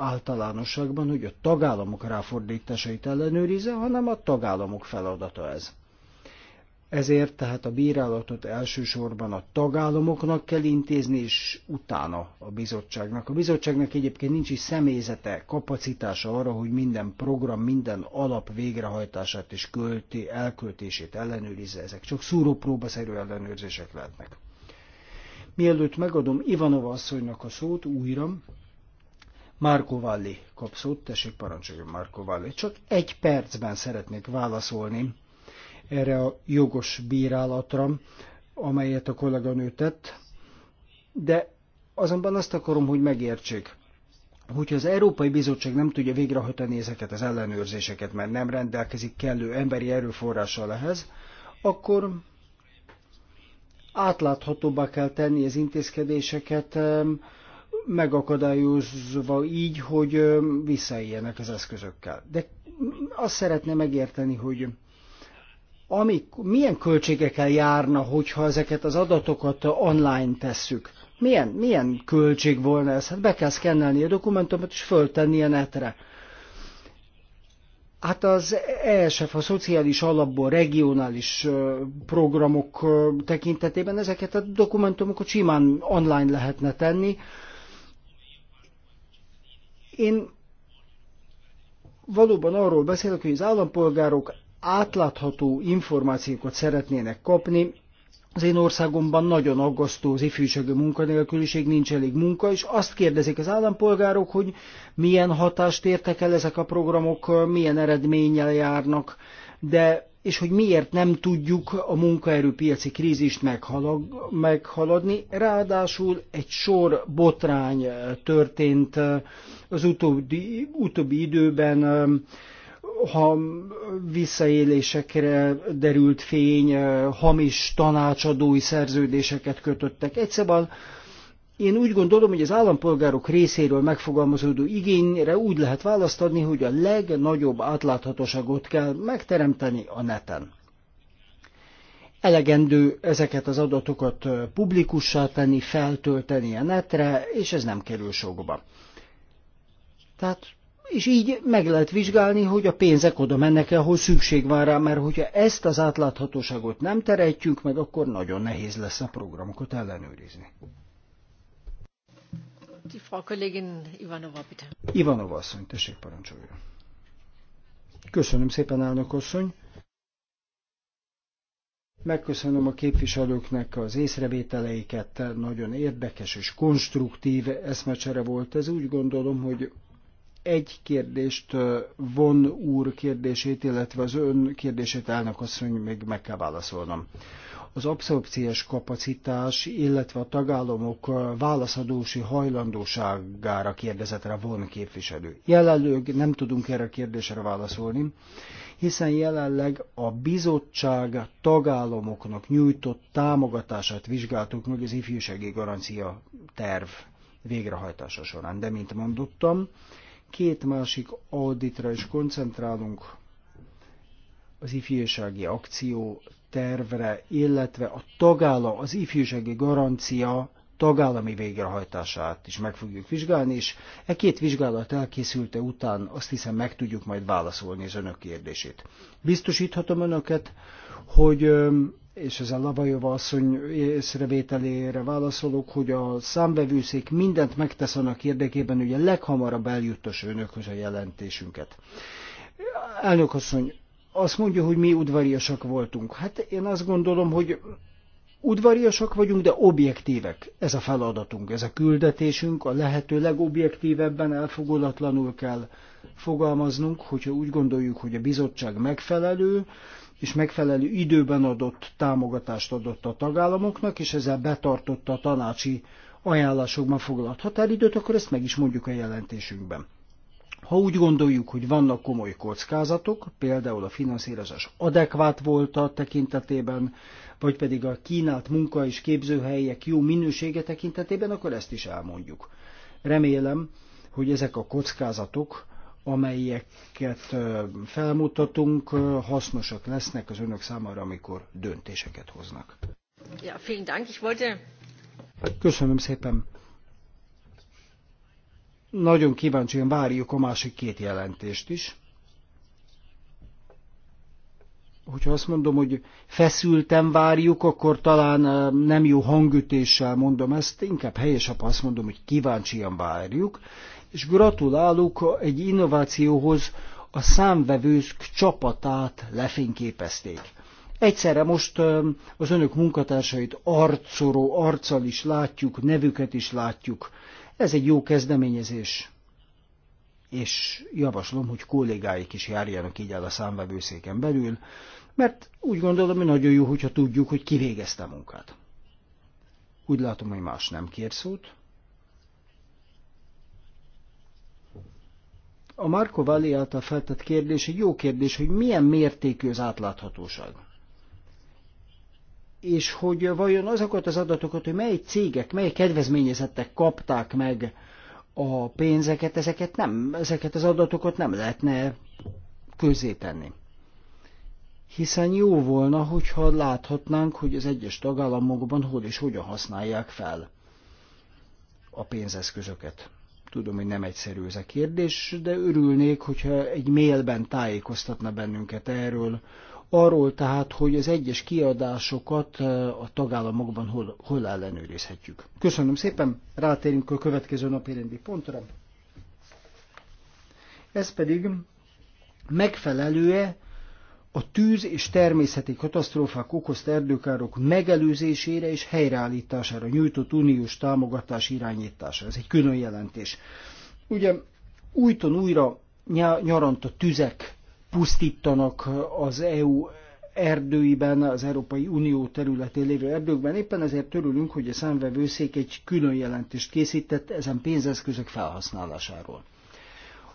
általánosságban, hogy a tagállamok ráfordításait ellenőrize, hanem a tagállamok feladata ez. Ezért tehát a bírálatot elsősorban a tagállamoknak kell intézni, és utána a bizottságnak. A bizottságnak egyébként nincs is személyzete, kapacitása arra, hogy minden program, minden alap végrehajtását és költi, elköltését ellenőrizze. Ezek csak szúrópróbaszerű ellenőrzések lehetnek. Mielőtt megadom Ivanova asszonynak a szót újra, Márko Valli kap szót, tessék parancsoljon Márko Valli. Csak egy percben szeretnék válaszolni erre a jogos bírálatra, amelyet a kolléganő tett, de azonban azt akarom, hogy megértsék, hogyha az Európai Bizottság nem tudja végrehajtani ezeket az ellenőrzéseket, mert nem rendelkezik kellő emberi erőforrással ehhez, akkor átláthatóbbá kell tenni az intézkedéseket, megakadályozva így, hogy visszaéljenek az eszközökkel. De azt szeretném megérteni, hogy amik, milyen költségekkel járna, hogyha ezeket az adatokat online tesszük? Milyen, milyen költség volna ez? Hát be kell szkennelni a dokumentumot, és föltenni a netre. Hát az ESF, a szociális alapból regionális programok tekintetében ezeket a dokumentumokat simán online lehetne tenni, én valóban arról beszélek, hogy az állampolgárok átlátható információkat szeretnének kapni. Az én országomban nagyon aggasztó az ifjúsági munkanélküliség, nincs elég munka, és azt kérdezik az állampolgárok, hogy milyen hatást értek el ezek a programok, milyen eredménnyel járnak, de és hogy miért nem tudjuk a munkaerőpiaci krízist meghalag, meghaladni. Ráadásul egy sor botrány eh, történt eh, az utóbbi, utóbbi időben, eh, ha visszaélésekre derült fény, hamis tanácsadói szerződéseket kötöttek. Egyszerűen szóval, én úgy gondolom, hogy az állampolgárok részéről megfogalmazódó igényre úgy lehet választ adni, hogy a legnagyobb átláthatóságot kell megteremteni a neten. Elegendő ezeket az adatokat publikussá tenni, feltölteni a netre, és ez nem kerül sokba. Tehát és így meg lehet vizsgálni, hogy a pénzek oda mennek e ahol szükség van rá, mert hogyha ezt az átláthatóságot nem teretjük meg, akkor nagyon nehéz lesz a programokat ellenőrizni. Die Frau Kollegin Ivanova, bitte. Ivanova asszony, tessék parancsolja. Köszönöm szépen, elnök asszony. Megköszönöm a képviselőknek az észrevételeiket, nagyon érdekes és konstruktív eszmecsere volt ez. Úgy gondolom, hogy egy kérdést, von úr kérdését, illetve az ön kérdését elnök asszony még meg kell válaszolnom az abszorpciós kapacitás, illetve a tagállamok eh, válaszadósi hajlandóságára kérdezetre von képviselő. Jelenleg nem tudunk erre a kérdésre válaszolni, hiszen jelenleg a bizottság tagállamoknak nyújtott támogatását vizsgáltuk meg az ifjúsági garancia terv végrehajtása során. De, mint mondottam, két másik auditra is koncentrálunk, az ifjúsági akció tervre, illetve a tagállam, az ifjúsági garancia tagállami végrehajtását is meg fogjuk vizsgálni, és e két vizsgálat elkészülte után azt hiszem meg tudjuk majd válaszolni az önök kérdését. Biztosíthatom önöket, hogy és ezzel Lavajova asszony észrevételére válaszolok, hogy a számbevőszék mindent megtesz annak érdekében, hogy a leghamarabb eljuttas önökhöz a jelentésünket. Elnök asszony, azt mondja, hogy mi udvariasak voltunk. Hát én azt gondolom, hogy udvariasak vagyunk, de objektívek. Ez a feladatunk, ez a küldetésünk, a lehető legobjektívebben elfogulatlanul kell fogalmaznunk, hogyha úgy gondoljuk, hogy a bizottság megfelelő, és megfelelő időben adott támogatást adott a tagállamoknak, és ezzel betartotta a tanácsi ajánlásokban foglalt határidőt, akkor ezt meg is mondjuk a jelentésünkben. Ha úgy gondoljuk, hogy vannak komoly kockázatok, például a finanszírozás adekvát volt a tekintetében, vagy pedig a kínált munka és képzőhelyek jó minősége tekintetében, akkor ezt is elmondjuk. Remélem, hogy ezek a kockázatok, amelyeket felmutatunk, hasznosak lesznek az önök számára, amikor döntéseket hoznak. Ja, vielen Dank. Ich wollte... Köszönöm szépen. Nagyon kíváncsian várjuk a másik két jelentést is. Hogyha azt mondom, hogy feszülten várjuk, akkor talán eh, nem jó hangütéssel mondom ezt, inkább helyesebb, ha azt mondom, hogy kíváncsian várjuk, és gratulálok egy innovációhoz, a számvevők csapatát lefényképezték. Egyszerre most eh, az önök munkatársait arcoró arccal is látjuk, nevüket is látjuk, ez egy jó kezdeményezés, és javaslom, hogy kollégáik is járjanak így el a számvevőszéken belül, mert úgy gondolom, hogy nagyon jó, hogyha tudjuk, hogy ki végezte a munkát. Úgy látom, hogy más nem kér szót. A Marco Valli által feltett kérdés egy jó kérdés, hogy milyen mértékű az átláthatóság és hogy vajon azokat az adatokat, hogy mely cégek, mely kedvezményezettek kapták meg a pénzeket, ezeket, nem, ezeket az adatokat nem lehetne közzétenni. Hiszen jó volna, hogyha láthatnánk, hogy az egyes tagállamokban hol és hogyan használják fel a pénzeszközöket. Tudom, hogy nem egyszerű ez a kérdés, de örülnék, hogyha egy mailben tájékoztatna bennünket erről, arról tehát, hogy az egyes kiadásokat eh, a tagállamokban hol, hol ellenőrizhetjük. Köszönöm szépen, rátérünk a következő napi rendi pontra. Ez pedig megfelelőe a tűz és természeti katasztrófák okozta erdőkárok megelőzésére és helyreállítására nyújtott uniós támogatás irányítása. Ez egy külön jelentés. Ugye újton újra nyaranta tüzek pusztítanak az EU erdőiben, az Európai Unió területén lévő erdőkben. Éppen ezért törülünk, hogy a számvevőszék egy külön jelentést készített ezen pénzeszközök felhasználásáról.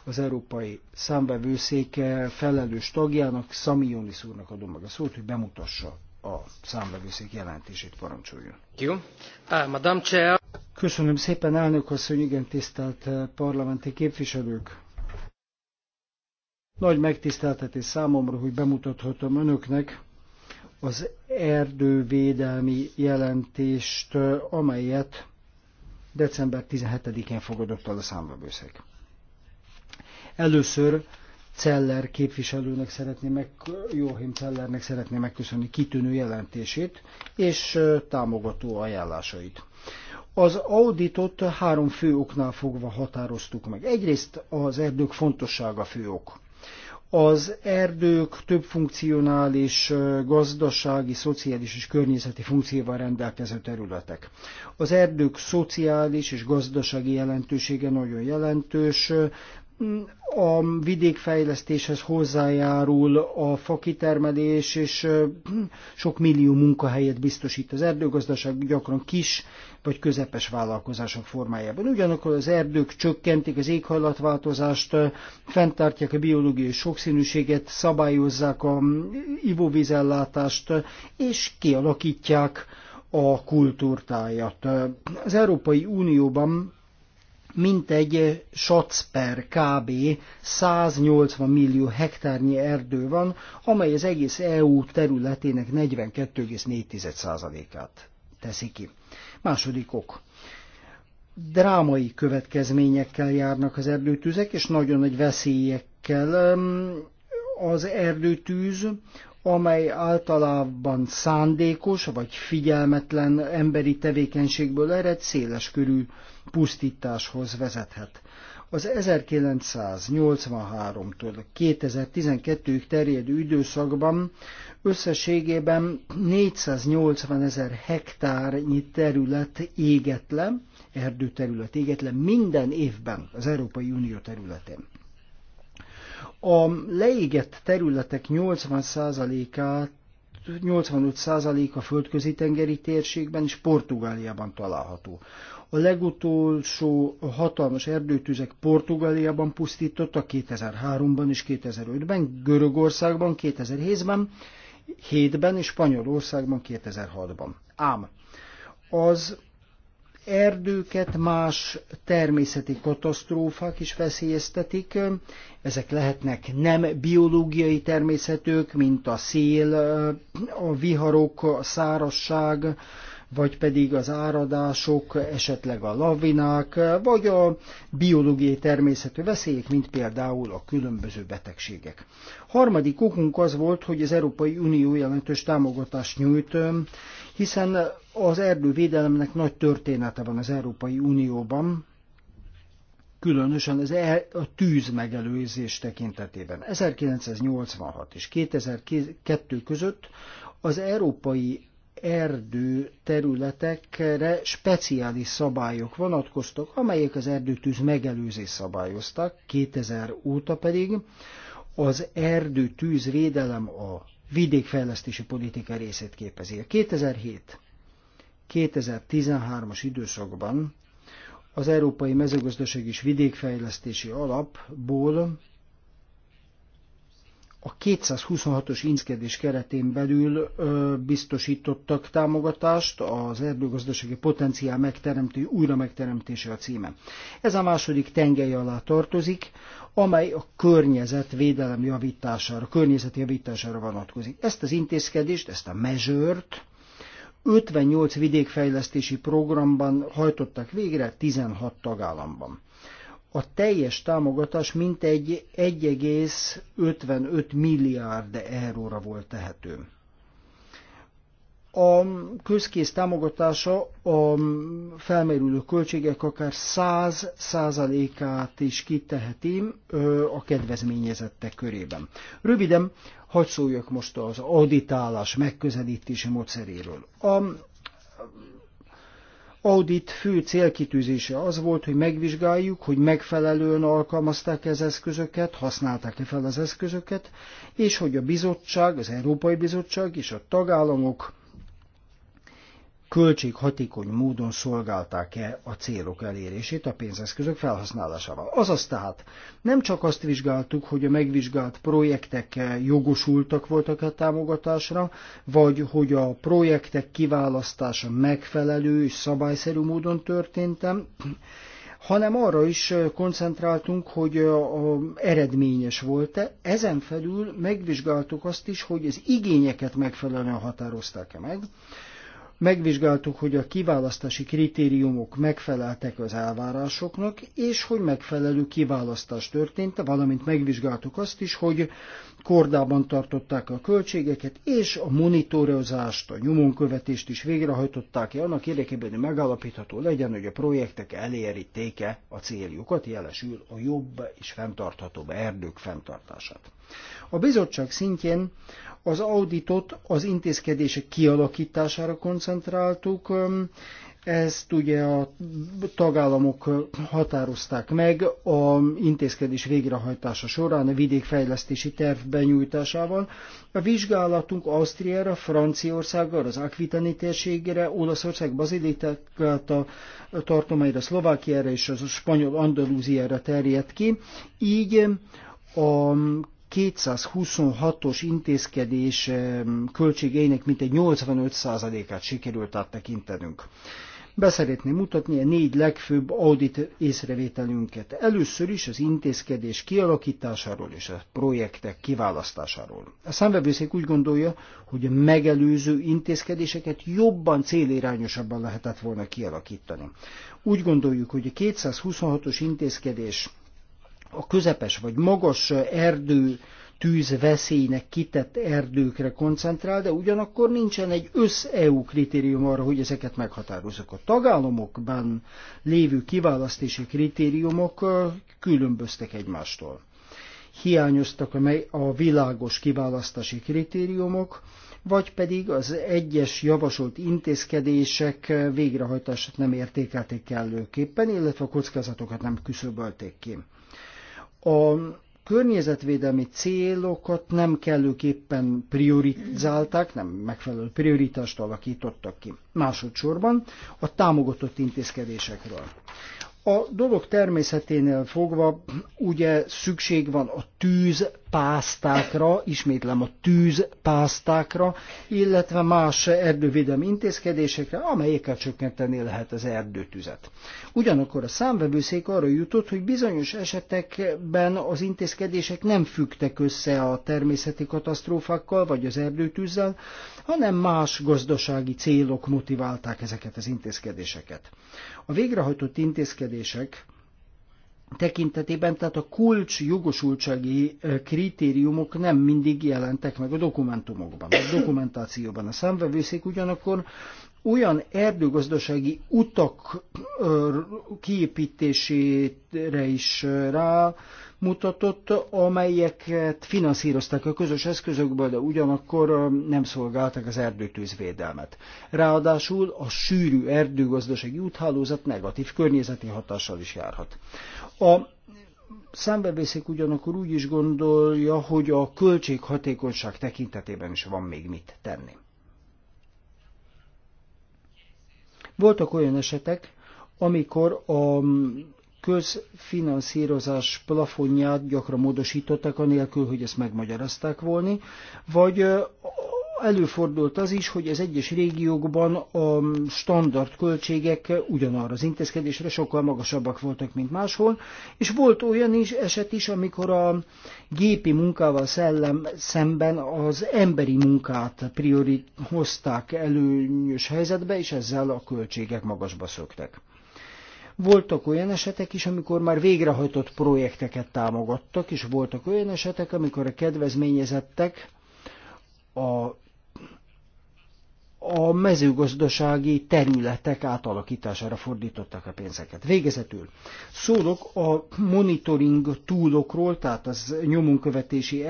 Az Európai Számvevőszék felelős tagjának, Szami Jónisz úrnak adom meg a szót, hogy bemutassa a számvevőszék jelentését parancsoljon. Uh, Köszönöm szépen, elnök asszony, igen tisztelt uh, parlamenti képviselők! Nagy megtiszteltetés számomra, hogy bemutathatom önöknek az erdővédelmi jelentést, amelyet december 17-én fogadott el a számvevőszék. Először Celler képviselőnek szeretném meg, Joachim Cellernek szeretném megköszönni kitűnő jelentését és támogató ajánlásait. Az auditot három fő oknál fogva határoztuk meg. Egyrészt az erdők fontossága fő ok az erdők több funkcionális gazdasági, szociális és környezeti funkcióval rendelkező területek. Az erdők szociális és gazdasági jelentősége nagyon jelentős, a vidékfejlesztéshez hozzájárul a fakitermelés, és sok millió munkahelyet biztosít az erdőgazdaság, gyakran kis vagy közepes vállalkozások formájában. Ugyanakkor az erdők csökkentik az éghajlatváltozást, fenntartják a biológiai sokszínűséget, szabályozzák a ivóvízellátást, és kialakítják a kultúrtájat. Az Európai Unióban mintegy egy per kb. 180 millió hektárnyi erdő van, amely az egész EU területének 42,4%-át teszi ki. Második ok. Drámai következményekkel járnak az erdőtüzek, és nagyon nagy veszélyekkel az erdőtűz, amely általában szándékos vagy figyelmetlen emberi tevékenységből ered, széles körű pusztításhoz vezethet. Az 1983-tól 2012-ig terjedő időszakban összességében 480 ezer hektárnyi terület égett le, erdőterület égett le minden évben az Európai Unió területén. A leégett területek 80%-át 85% a földközi tengeri térségben és Portugáliában található. A legutolsó hatalmas erdőtüzek Portugáliában pusztítottak 2003-ban és 2005-ben, Görögországban 2007-ben, 7-ben és Spanyolországban 2006-ban. Ám az erdőket más természeti katasztrófák is veszélyeztetik. Ezek lehetnek nem biológiai természetők, mint a szél, a viharok, a szárazság, vagy pedig az áradások, esetleg a lavinák, vagy a biológiai természetű veszélyek, mint például a különböző betegségek. Harmadik okunk az volt, hogy az Európai Unió jelentős támogatást nyújt, hiszen az erdővédelemnek nagy története van az Európai Unióban, különösen az el, a tűz megelőzés tekintetében. 1986 és 2002 között az Európai erdő területekre speciális szabályok vonatkoztak, amelyek az erdőtűz megelőzés szabályoztak, 2000 óta pedig az erdőtűz védelem a vidékfejlesztési politika részét képezi. A 2007-2013-as időszakban az Európai Mezőgazdaság és Vidékfejlesztési Alapból a 226-os inszkedés keretén belül ö, biztosítottak támogatást az erdőgazdasági potenciál megteremtő, újra megteremtése a címe. Ez a második tengely alá tartozik, amely a környezetvédelem javítására, környezet javítására vonatkozik. Ezt az intézkedést, ezt a mezőrt 58 vidékfejlesztési programban hajtottak végre 16 tagállamban a teljes támogatás mintegy 1,55 milliárd euróra volt tehető. A közkész támogatása a felmerülő költségek akár 100 át is kiteheti a kedvezményezettek körében. Röviden, hagyd szóljak most az auditálás megközelítési módszeréről. A audit fő célkitűzése az volt, hogy megvizsgáljuk, hogy megfelelően alkalmazták -e az eszközöket, használták-e fel az eszközöket, és hogy a bizottság, az Európai Bizottság és a tagállamok költséghatékony módon szolgálták-e a célok elérését a pénzeszközök felhasználásával. Azaz tehát nem csak azt vizsgáltuk, hogy a megvizsgált projektek jogosultak voltak a támogatásra, vagy hogy a projektek kiválasztása megfelelő és szabályszerű módon történtem, hanem arra is koncentráltunk, hogy a eredményes volt-e. Ezen felül megvizsgáltuk azt is, hogy az igényeket megfelelően határozták-e meg, Megvizsgáltuk, hogy a kiválasztási kritériumok megfeleltek az elvárásoknak, és hogy megfelelő kiválasztás történt, valamint megvizsgáltuk azt is, hogy kordában tartották a költségeket, és a monitorozást, a nyomonkövetést is végrehajtották, -e, annak érdekében, hogy megállapítható legyen, hogy a projektek elérítéke a céljukat, jelesül a jobb és fenntarthatóbb erdők fenntartását. A bizottság szintjén az auditot az intézkedések kialakítására koncentráltuk, ezt ugye a tagállamok határozták meg a intézkedés végrehajtása során a vidékfejlesztési terv benyújtásával. A vizsgálatunk Ausztriára, Franciaországra, az Akvitani térségére, Olaszország, Bazilitákat a tartományra, Szlovákiára és az a spanyol Andalúziára terjedt ki. Így a 226-os intézkedés költségeinek mintegy 85%-át sikerült áttekintenünk. Beszeretném mutatni a négy legfőbb audit észrevételünket. Először is az intézkedés kialakításáról és a projektek kiválasztásáról. A számvevőszék úgy gondolja, hogy a megelőző intézkedéseket jobban célirányosabban lehetett volna kialakítani. Úgy gondoljuk, hogy a 226-os intézkedés a közepes vagy magas erdő tűz veszélynek kitett erdőkre koncentrál, de ugyanakkor nincsen egy össz-EU kritérium arra, hogy ezeket meghatározzuk. A tagállamokban lévő kiválasztási kritériumok különböztek egymástól. Hiányoztak a világos kiválasztási kritériumok, vagy pedig az egyes javasolt intézkedések végrehajtását nem értékelték kellőképpen, illetve a kockázatokat nem küszöbölték ki. A környezetvédelmi célokat nem kellőképpen priorizálták, nem megfelelő prioritást alakítottak ki. Másodszorban a támogatott intézkedésekről. A dolog természeténél fogva ugye szükség van a tűz pásztákra, ismétlem a tűz pásztákra, illetve más erdővédelmi intézkedésekre, amelyekkel csökkenteni lehet az erdőtüzet. Ugyanakkor a számvevőszék arra jutott, hogy bizonyos esetekben az intézkedések nem fügtek össze a természeti katasztrófákkal vagy az erdőtűzzel, hanem más gazdasági célok motiválták ezeket az intézkedéseket. A végrehajtott intézkedések tekintetében, tehát a kulcs jogosultsági kritériumok nem mindig jelentek meg a dokumentumokban, a dokumentációban. A számvevőszék ugyanakkor olyan erdőgazdasági utak kiépítésére is rá mutatott, amelyeket finanszíroztak a közös eszközökből, de ugyanakkor nem szolgálták az erdőtűzvédelmet. Ráadásul a sűrű erdőgazdasági úthálózat negatív környezeti hatással is járhat. A számbevészék ugyanakkor úgy is gondolja, hogy a költséghatékonyság tekintetében is van még mit tenni. Voltak olyan esetek, amikor a közfinanszírozás plafonját gyakran módosították, anélkül, hogy ezt megmagyarázták volna, vagy előfordult az is, hogy az egyes régiókban a standard költségek ugyanarra az intézkedésre sokkal magasabbak voltak, mint máshol, és volt olyan is eset is, amikor a gépi munkával szellem szemben az emberi munkát priori hozták előnyös helyzetbe, és ezzel a költségek magasba szöktek. Voltak olyan esetek is, amikor már végrehajtott projekteket támogattak, és voltak olyan esetek, amikor a kedvezményezettek a, a mezőgazdasági területek átalakítására fordították a pénzeket. Végezetül szólok a monitoring túlokról, tehát az nyomunkövetési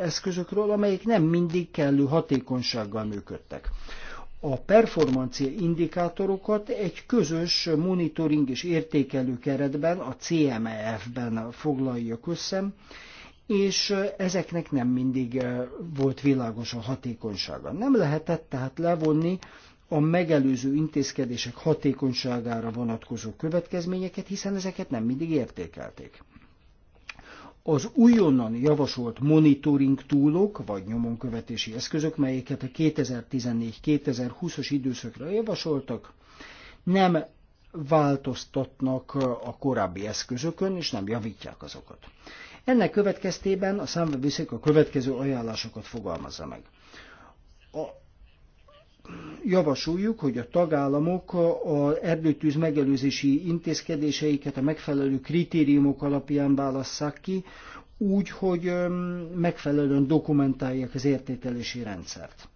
eszközökről, amelyek nem mindig kellő hatékonysággal működtek a performancia indikátorokat egy közös monitoring és értékelő keretben, a CMEF-ben foglaljuk össze, és ezeknek nem mindig volt világos a hatékonysága. Nem lehetett tehát levonni a megelőző intézkedések hatékonyságára vonatkozó következményeket, hiszen ezeket nem mindig értékelték az újonnan javasolt monitoring túlok vagy nyomonkövetési eszközök, melyeket a 2014-2020-os időszakra javasoltak, nem változtatnak a korábbi eszközökön, és nem javítják azokat. Ennek következtében a számvevőszék a következő ajánlásokat fogalmazza meg. A javasoljuk, hogy a tagállamok az erdőtűz megelőzési intézkedéseiket a megfelelő kritériumok alapján válasszák ki, úgy, hogy megfelelően dokumentálják az értékelési rendszert.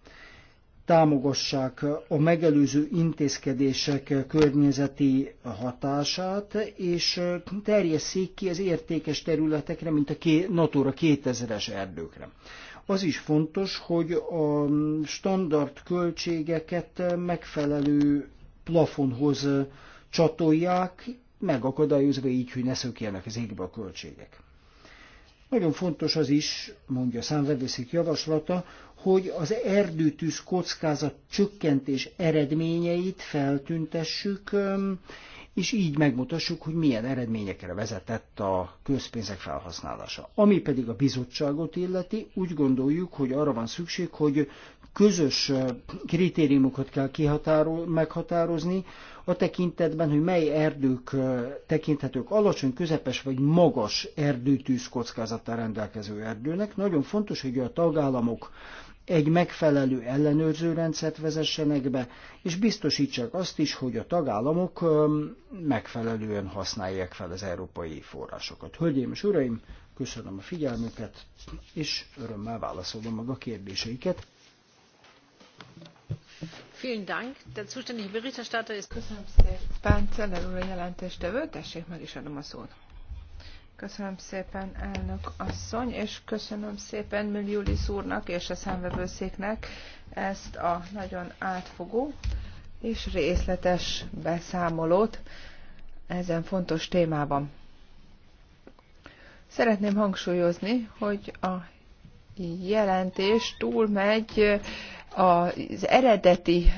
Támogassák a megelőző intézkedések környezeti hatását, és terjesszék ki az értékes területekre, mint a Natura 2000-es erdőkre. Az is fontos, hogy a standard költségeket megfelelő plafonhoz csatolják, megakadályozva így, hogy ne szökjenek az égbe a költségek. Nagyon fontos az is, mondja a számvevőszék javaslata, hogy az erdőtűz kockázat csökkentés eredményeit feltüntessük, és így megmutassuk, hogy milyen eredményekre vezetett a közpénzek felhasználása. Ami pedig a bizottságot illeti, úgy gondoljuk, hogy arra van szükség, hogy közös kritériumokat kell meghatározni a tekintetben, hogy mely erdők tekinthetők alacsony, közepes vagy magas erdőtűz kockázattal rendelkező erdőnek. Nagyon fontos, hogy a tagállamok egy megfelelő ellenőrző rendszert vezessenek be, és biztosítsák azt is, hogy a tagállamok megfelelően használják fel az európai forrásokat. Hölgyeim és uraim, köszönöm a figyelmüket, és örömmel válaszolom meg a kérdéseiket. Vielen Dank. Der zuständige Berichterstatter ist... Köszönöm szépen, Celler úr a jelentéstevő, tessék meg is adom a szót. Köszönöm szépen, elnök asszony, és köszönöm szépen Milliulis úrnak és a szemvevőszéknek ezt a nagyon átfogó és részletes beszámolót ezen fontos témában. Szeretném hangsúlyozni, hogy a jelentés túlmegy az eredeti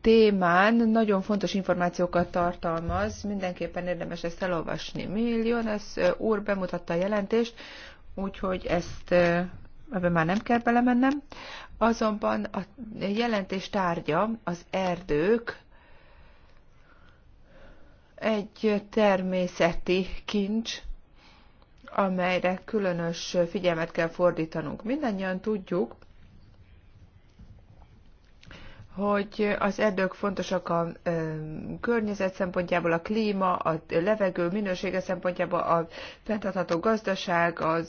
témán nagyon fontos információkat tartalmaz, mindenképpen érdemes ezt elolvasni. Millión, ez úr bemutatta a jelentést, úgyhogy ezt ebben már nem kell belemennem. Azonban a jelentés tárgya az erdők egy természeti kincs, amelyre különös figyelmet kell fordítanunk. Mindannyian tudjuk, hogy az erdők fontosak a környezet szempontjából, a klíma, a levegő minősége szempontjából, a fenntartható gazdaság, az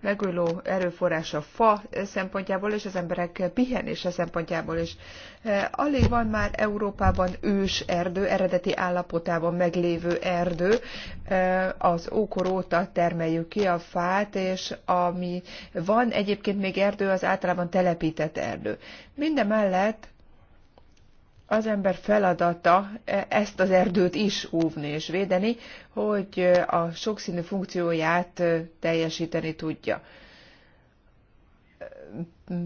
megújuló erőforrás a fa szempontjából, és az emberek pihenése szempontjából is. Alig van már Európában ős erdő, eredeti állapotában meglévő erdő. Az ókor óta termeljük ki a fát, és ami van egyébként még erdő, az általában telepített erdő. Mindemellett az ember feladata e, ezt az erdőt is óvni és védeni, hogy a sokszínű funkcióját teljesíteni tudja.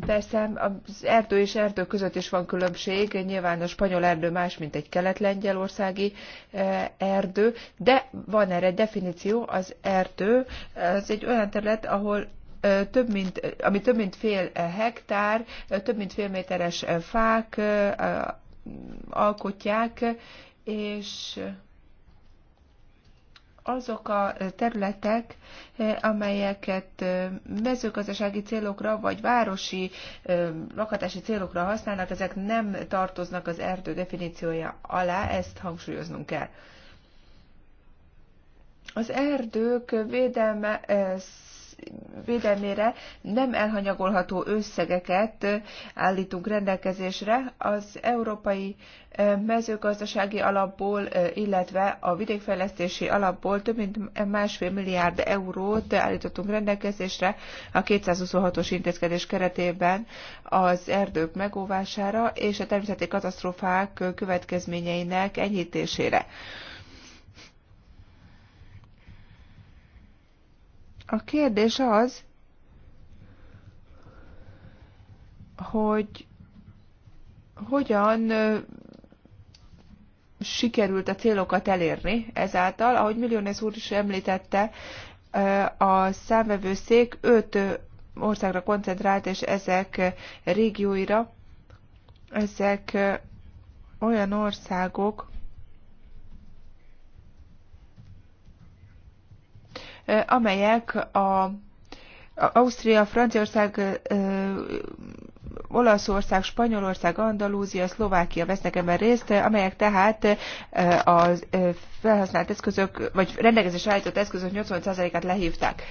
Persze az erdő és erdő között is van különbség, nyilván a spanyol erdő más, mint egy kelet-lengyelországi eh, erdő, de van erre egy definíció, az erdő, az egy olyan terület, ahol eh, több mint, ami több mint fél eh, hektár, több mint fél méteres fák alkotják, és azok a területek, eh, amelyeket eh, mezőgazdasági célokra vagy városi eh, lakatási célokra használnak, ezek nem tartoznak az erdő definíciója alá, ezt hangsúlyoznunk kell. Az erdők védelme védelmére nem elhanyagolható összegeket állítunk rendelkezésre az Európai Mezőgazdasági Alapból, illetve a Vidékfejlesztési Alapból több mint másfél milliárd eurót állítottunk rendelkezésre a 226-os intézkedés keretében az erdők megóvására és a természeti katasztrófák következményeinek enyhítésére. A kérdés az, hogy hogyan sikerült a célokat elérni ezáltal. Ahogy Millionész úr is említette, a számvevőszék öt országra koncentrált, és ezek régióira, ezek olyan országok, amelyek a Ausztria, Franciaország, Olaszország, Spanyolország, Andalúzia, Szlovákia vesznek ebben részt, amelyek tehát a felhasznált eszközök, vagy rendelkezésre állított eszközök 80%-át lehívták.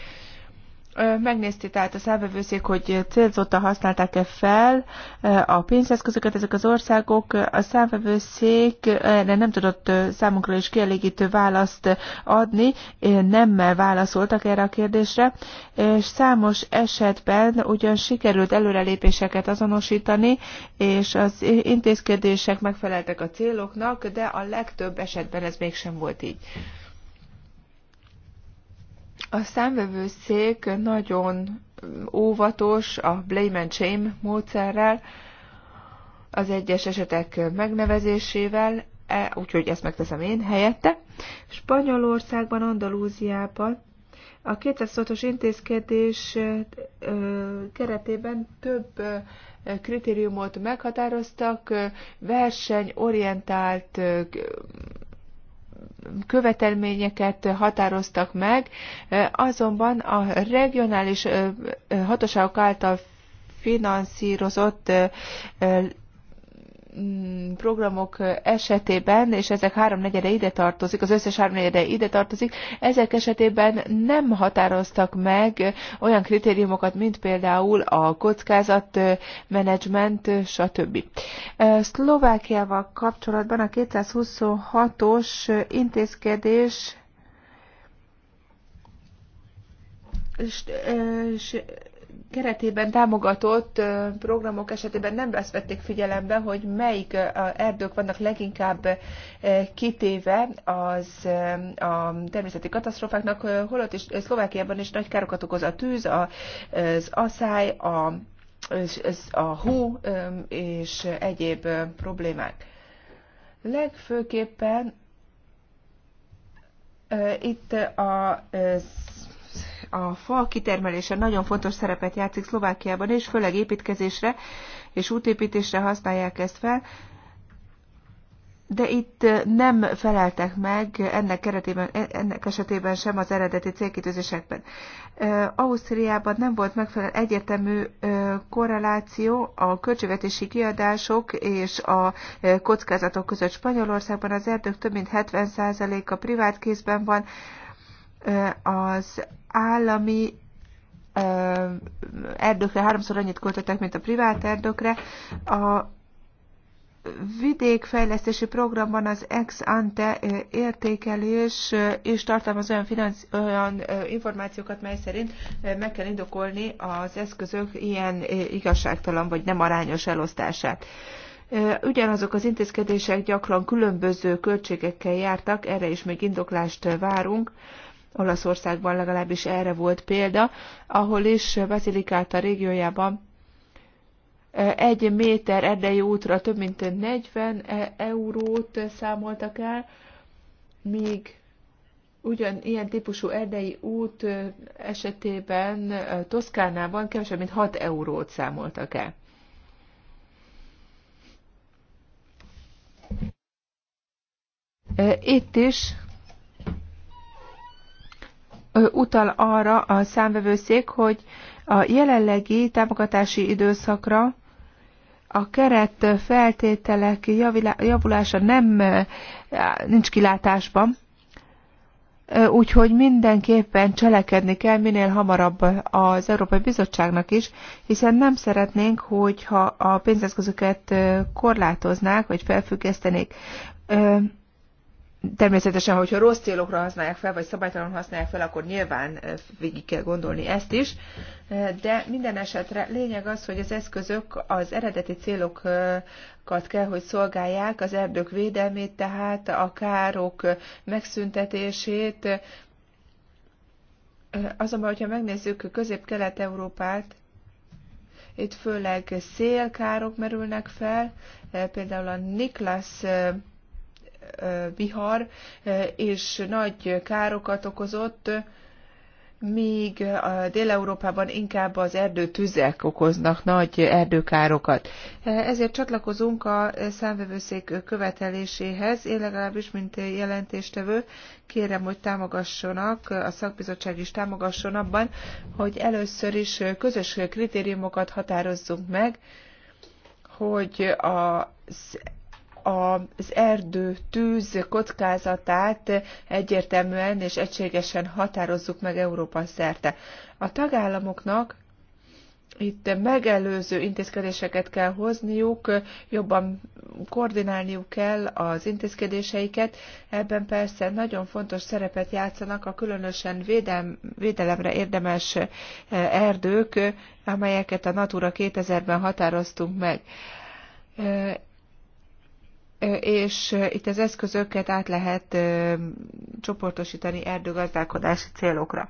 Megnézti tehát a számvevőszék, hogy célzottan használták-e fel a pénzeszközöket ezek az országok. A erre nem tudott számunkra is kielégítő választ adni, nem válaszoltak erre a kérdésre, és számos esetben ugyan sikerült előrelépéseket azonosítani, és az intézkedések megfeleltek a céloknak, de a legtöbb esetben ez mégsem volt így. A számvevőszék nagyon óvatos a blame and shame módszerrel, az egyes esetek megnevezésével, e, úgyhogy ezt megteszem én helyette. Spanyolországban, Andalúziában a 200-os intézkedés keretében több kritériumot meghatároztak, versenyorientált követelményeket határoztak meg, azonban a regionális hatóságok által finanszírozott Mm, programok esetében, és ezek háromnegyede ide tartozik, az összes háromnegyede ide tartozik, ezek esetében nem határoztak meg olyan kritériumokat, mint például a menedzsment, stb. Szlovákiával kapcsolatban a 226-os intézkedés és, és keretében támogatott programok esetében nem azt vették figyelembe, hogy melyik erdők vannak leginkább kitéve az a természeti katasztrófáknak, holott is Szlovákiában is nagy károkat okoz a tűz, az aszály, a, a hú és egyéb problémák. Legfőképpen itt a a fa kitermelése nagyon fontos szerepet játszik Szlovákiában, és főleg építkezésre és útépítésre használják ezt fel, de itt nem feleltek meg ennek, keretében, e, ennek esetében sem az eredeti célkitűzésekben. Ausztriában nem volt megfelelő egyértelmű korreláció a költségvetési kiadások és a kockázatok között. Spanyolországban az erdők több mint 70%-a privát kézben van, az állami erdőkre háromszor annyit költöttek, mint a privát erdőkre. A vidékfejlesztési programban az ex ante értékelés is tartalmaz olyan, finansz, olyan információkat, mely szerint meg kell indokolni az eszközök ilyen igazságtalan vagy nem arányos elosztását. Ugyanazok az intézkedések gyakran különböző költségekkel jártak, erre is még indoklást várunk. Olaszországban legalábbis erre volt példa, ahol is Basilikáta régiójában egy méter erdei útra több mint 40 eurót számoltak el, míg ugyan ilyen típusú erdei út esetében Toszkánában kevesebb, mint 6 eurót számoltak el. Itt is utal arra a számvevőszék, hogy a jelenlegi támogatási időszakra a keret feltételek javulása nem nincs kilátásban, úgyhogy mindenképpen cselekedni kell minél hamarabb az Európai Bizottságnak is, hiszen nem szeretnénk, hogyha a pénzeszközöket korlátoznák, vagy felfüggesztenék Természetesen, hogyha rossz célokra használják fel, vagy szabálytalanul használják fel, akkor nyilván végig kell gondolni ezt is. De minden esetre lényeg az, hogy az eszközök az eredeti célokat kell, hogy szolgálják, az erdők védelmét, tehát a károk megszüntetését. Azonban, hogyha megnézzük Közép-Kelet-Európát, itt főleg szélkárok merülnek fel, például a Niklas vihar, és nagy károkat okozott, míg Dél-Európában inkább az erdőtüzek okoznak nagy erdőkárokat. Ezért csatlakozunk a számvevőszék követeléséhez. Én legalábbis, mint jelentéstevő, kérem, hogy támogassonak a szakbizottság is támogasson abban, hogy először is közös kritériumokat határozzunk meg, hogy az az erdő tűz kockázatát egyértelműen és egységesen határozzuk meg Európa szerte. A tagállamoknak itt megelőző intézkedéseket kell hozniuk, jobban koordinálniuk kell az intézkedéseiket. Ebben persze nagyon fontos szerepet játszanak a különösen védelm, védelemre érdemes eh, erdők, amelyeket a Natura 2000-ben határoztunk meg. Eh, és itt az eszközöket át lehet csoportosítani erdőgazdálkodási célokra.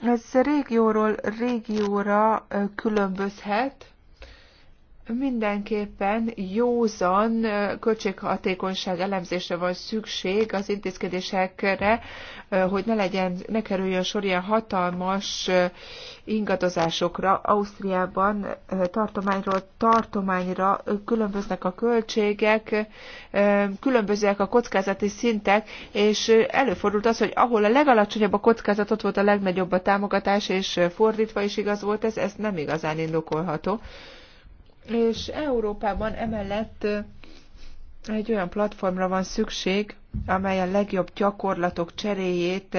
Ez régióról régióra különbözhet, Mindenképpen józan költséghatékonyság elemzésre van szükség az intézkedésekre, hogy ne legyen, ne kerüljön sor ilyen hatalmas ingadozásokra. Ausztriában tartományról tartományra különböznek a költségek, különbözőek a kockázati szintek, és előfordult az, hogy ahol a legalacsonyabb a kockázat, ott volt a legnagyobb a támogatás, és fordítva is igaz volt ez, ez nem igazán indokolható. És Európában emellett egy olyan platformra van szükség, amely a legjobb gyakorlatok cseréjét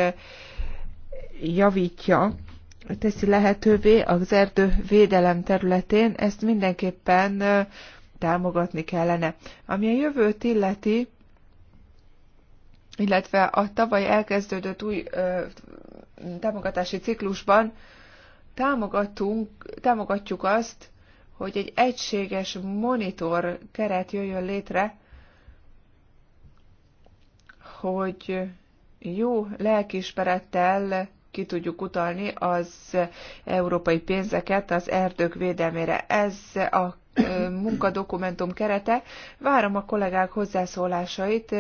javítja, teszi lehetővé az védelem területén, ezt mindenképpen támogatni kellene. Ami a jövőt illeti, illetve a tavaly elkezdődött új ö, támogatási ciklusban támogatunk, támogatjuk azt, hogy egy egységes monitor keret jöjjön létre, hogy jó lelkismerettel ki tudjuk utalni az európai pénzeket az erdők védelmére. Ez a munkadokumentum kerete. Várom a kollégák hozzászólásait,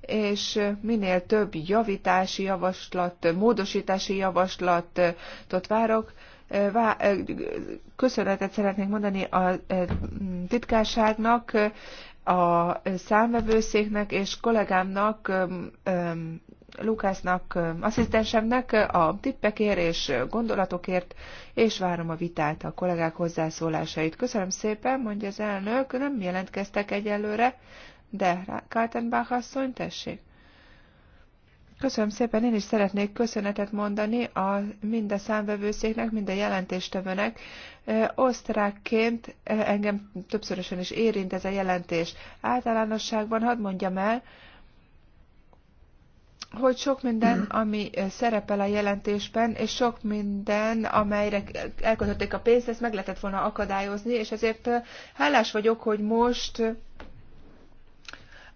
és minél több javítási javaslat, módosítási javaslatot várok, köszönetet szeretnék mondani a titkárságnak, a számvevőszéknek és kollégámnak, Lukásznak, asszisztensemnek a tippekért és gondolatokért, és várom a vitát, a kollégák hozzászólásait. Köszönöm szépen, mondja az elnök, nem jelentkeztek egyelőre, de Kaltenbach asszony, tessék. Köszönöm szépen, én is szeretnék köszönetet mondani a, mind a számvevőszéknek, mind a jelentéstevőnek. Osztrákként engem többszörösen is érint ez a jelentés. Általánosságban hadd mondjam el, hogy sok minden, ami szerepel a jelentésben, és sok minden, amelyre elkötötték a pénzt, ezt meg lehetett volna akadályozni, és ezért hálás vagyok, hogy most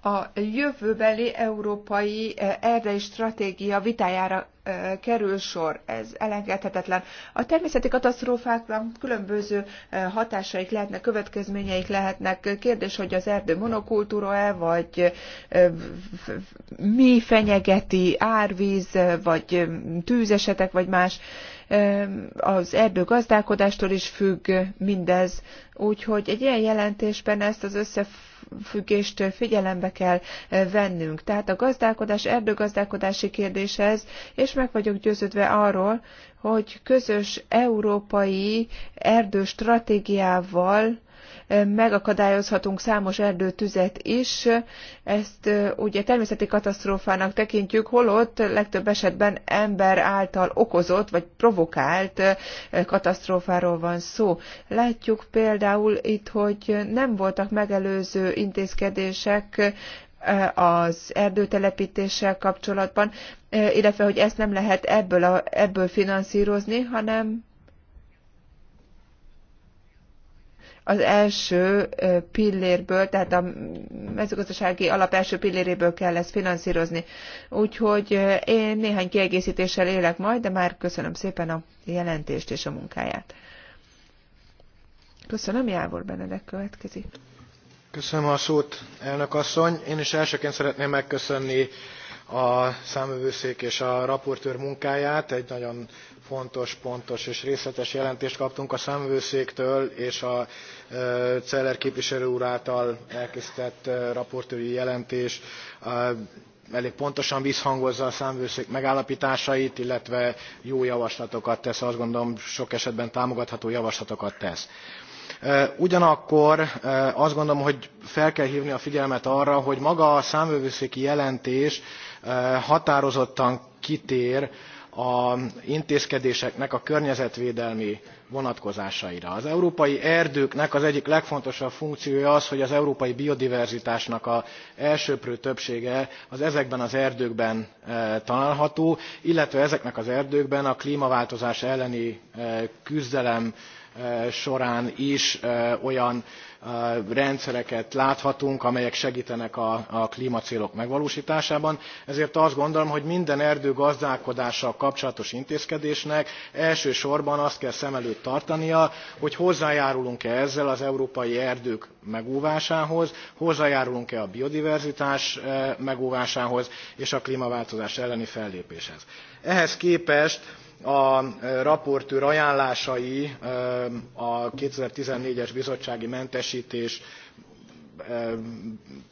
a jövőbeli európai eh, erdei stratégia vitájára eh, kerül sor. Ez elengedhetetlen. A természeti katasztrófáknak különböző eh, hatásaik lehetnek, következményeik lehetnek. Kérdés, hogy az erdő monokultúra-e, vagy mi fenyegeti árvíz, vagy tűzesetek, vagy más az erdőgazdálkodástól is függ mindez, úgyhogy egy ilyen jelentésben ezt az összefüggést figyelembe kell vennünk. Tehát a gazdálkodás, erdőgazdálkodási kérdés ez, és meg vagyok győződve arról, hogy közös európai erdőstratégiával megakadályozhatunk számos erdőtüzet is. Ezt ugye természeti katasztrófának tekintjük, holott legtöbb esetben ember által okozott vagy provokált katasztrófáról van szó. Látjuk például itt, hogy nem voltak megelőző intézkedések, az erdőtelepítéssel kapcsolatban, illetve hogy ezt nem lehet ebből, a, ebből finanszírozni, hanem az első pillérből, tehát a mezőgazdasági alap első pilléréből kell ezt finanszírozni. Úgyhogy én néhány kiegészítéssel élek majd, de már köszönöm szépen a jelentést és a munkáját. Köszönöm, Jávor Benedek következik. Köszönöm a szót, elnök asszony. Én is elsőként szeretném megköszönni a számvevőszék és a raportőr munkáját. Egy nagyon fontos, pontos és részletes jelentést kaptunk a számvevőszéktől és a Celler képviselő úr által elkészített raportőri jelentés elég pontosan visszhangozza a számvőszék megállapításait, illetve jó javaslatokat tesz, azt gondolom sok esetben támogatható javaslatokat tesz. Ugyanakkor azt gondolom, hogy fel kell hívni a figyelmet arra, hogy maga a számvevőszéki jelentés határozottan kitér a intézkedéseknek a környezetvédelmi vonatkozásaira. az európai erdőknek az egyik legfontosabb funkciója az hogy az európai biodiverzitásnak a elsöprő többsége az ezekben az erdőkben található illetve ezeknek az erdőkben a klmaváltozás elleni küzdelem során is olyan rendszereket láthatunk amelyek segtenek a, klmacélok megvalóstásában ezért azt gondolom hogy minden erdőgazdálkodással kapcsolatos intézkedésnek elsősorban azt kell szem előtt tartania hogy hozzájárulunk e ezzel az európai erdők megóvásához hozzájárulunk e a biodiverzitás megóvásához és a klmaváltozás elleni fellépéshez. ehhez képest a raportőr ajánlásai a two thousand and fourteen es bizottsági mentestés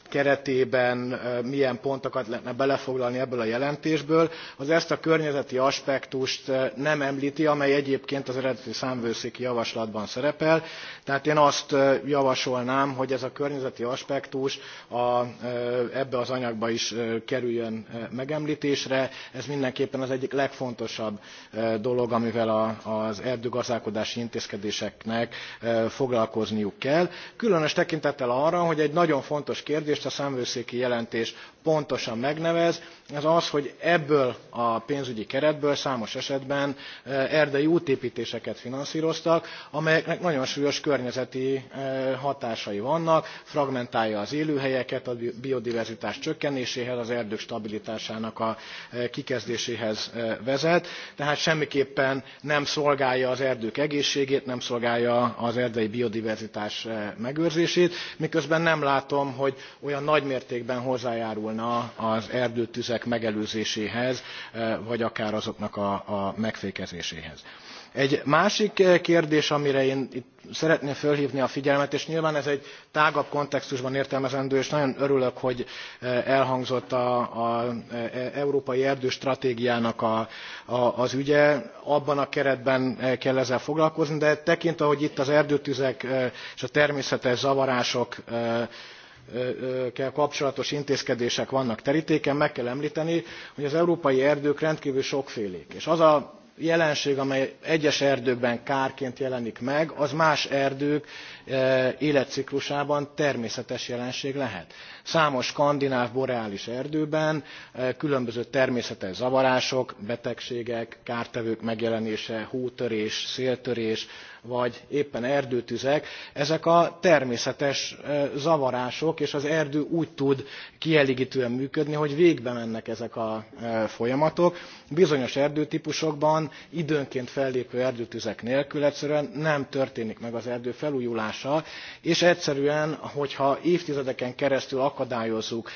keretében milyen pontokat lehetne belefoglalni ebből a jelentésből az ezt a környezeti aspektust nem emlti amely egyébként az eredeti számvevőszéki javaslatban szerepel tehát én azt javasolnám hogy ez a környezeti aspektus a, ebbe az anyagba is kerüljön megemltésre ez mindenképpen az egyik legfontosabb dolog amivel az erdőgazdálkodási intézkedéseknek foglalkozniuk kell különös tekintettel arra hogy egy nagyon fontos kérdés jelentést a számvőszéki jelentés pontosan megnevez Ez az hogy ebből a pénzügyi keretből számos esetben e, erdei útéptéseket finanszroztak amelyeknek nagyon súlyos környezeti e, hatásai vannak fragmentálja az élőhelyeket a biodiverzitás csökkenéséhez az erdők stabilitásának a e, kikezdéséhez vezet tehát semmiképpen nem szolgálja az erdők egészségét nem szolgálja az erdei biodiverzitás megőrzését miközben nem látom hogy olyan nagy mértékben hozzájárulna az erdőtüzek megelőzéséhez eh, vagy akár azoknak a, a megfékezéséhez. Egy másik eh, kérdés, amire én itt szeretném fölhívni a figyelmet, és nyilván ez egy tágabb kontextusban értelmezendő, és nagyon örülök, hogy eh, elhangzott az e, e, Európai Erdőstratégiának a, a, az ügye. Abban a keretben kell ezzel foglalkozni, de tekintve, hogy itt az erdőtüzek és a természetes zavarások erdőkkel kapcsolatos intézkedések vannak tertéken meg kell emlteni hogy az európai erdők rendkvül sokfélék és az a jelenség amely egyes erdőkben kárként jelenik meg az más erdők életciklusában természetes jelenség lehet számos skandináv boreális erdőben e, különböző természetes zavarások betegségek kártevők megjelenése hótörés széltörés vagy éppen erdőtüzek ezek a természetes e, zavarások és az erdő úgy tud kielégtően működni hogy végbe mennek ezek a e, folyamatok. bizonyos erdőtpusokban időnként fellépő erdőtüzek nélkül egyszerűen nem történik meg az erdő felújulása és egyszerűen hogyha évtizedeken keresztül akadályozzuk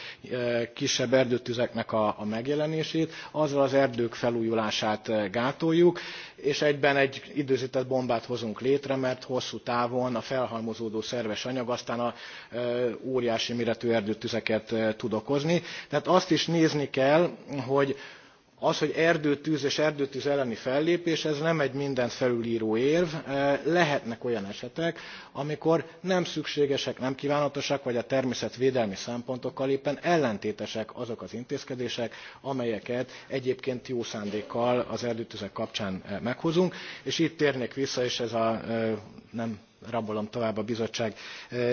kisebb erdőtüzeknek a, megjelenését, azzal az erdők felújulását gátoljuk, és egyben egy időzített bombát hozunk létre, mert hosszú távon a felhalmozódó szerves anyag aztán a óriási méretű erdőtüzeket tud okozni. Tehát azt is nézni kell, hogy az, hogy erdőtűz és erdőtűz elleni fellépés, ez nem egy mindent felülró érv. E, lehetnek olyan esetek, amikor nem szükségesek, nem kívánatosak, vagy a természetvédelmi szempontokkal éppen ellentétesek azok az intézkedések, amelyeket egyébként jó szándékkal az erdőtűzek kapcsán e, meghozunk. És itt térnék vissza, és ez a e, nem rabolom tovább a bizottság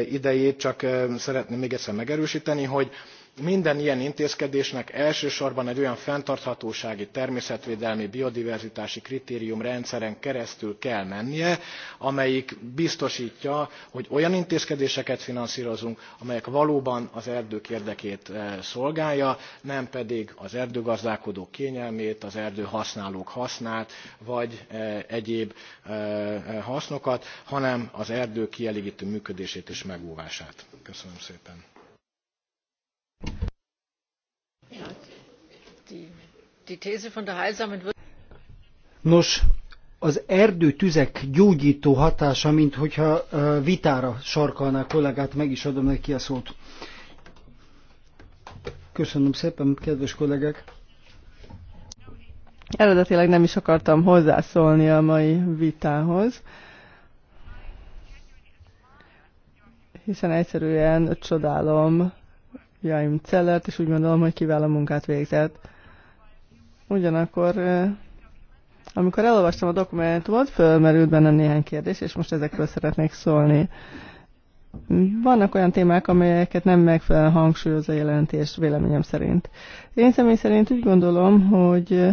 idejét, csak szeretném még egyszer megerősteni hogy minden ilyen intézkedésnek elsősorban egy olyan fenntarthatósági természetvédelmi biodiverzitási kritériumrendszeren keresztül kell mennie amelyik biztostja hogy olyan intézkedéseket finanszrozunk amelyek valóban az erdők érdekét eh, szolgálják nem pedig az erdőgazdálkodók kényelmét az erdőhasználók hasznát vagy eh, egyéb eh, hasznokat hanem az erdők kielégtő működését és megóvását. köszönöm szépen! Nos, az erdőtüzek gyógyító hatása, mint hogyha vitára sarkalná kollégát, meg is adom neki a szót. Köszönöm szépen, kedves kollégák! Eredetileg nem is akartam hozzászólni a mai vitához, hiszen egyszerűen csodálom Jaim Cellert, és úgy gondolom, hogy kiváló munkát végzett. Ugyanakkor, amikor elolvastam a dokumentumot, fölmerült bennem néhány kérdés, és most ezekről szeretnék szólni. Vannak olyan témák, amelyeket nem megfelelően hangsúlyoz a jelentés véleményem szerint. Én személy szerint úgy gondolom, hogy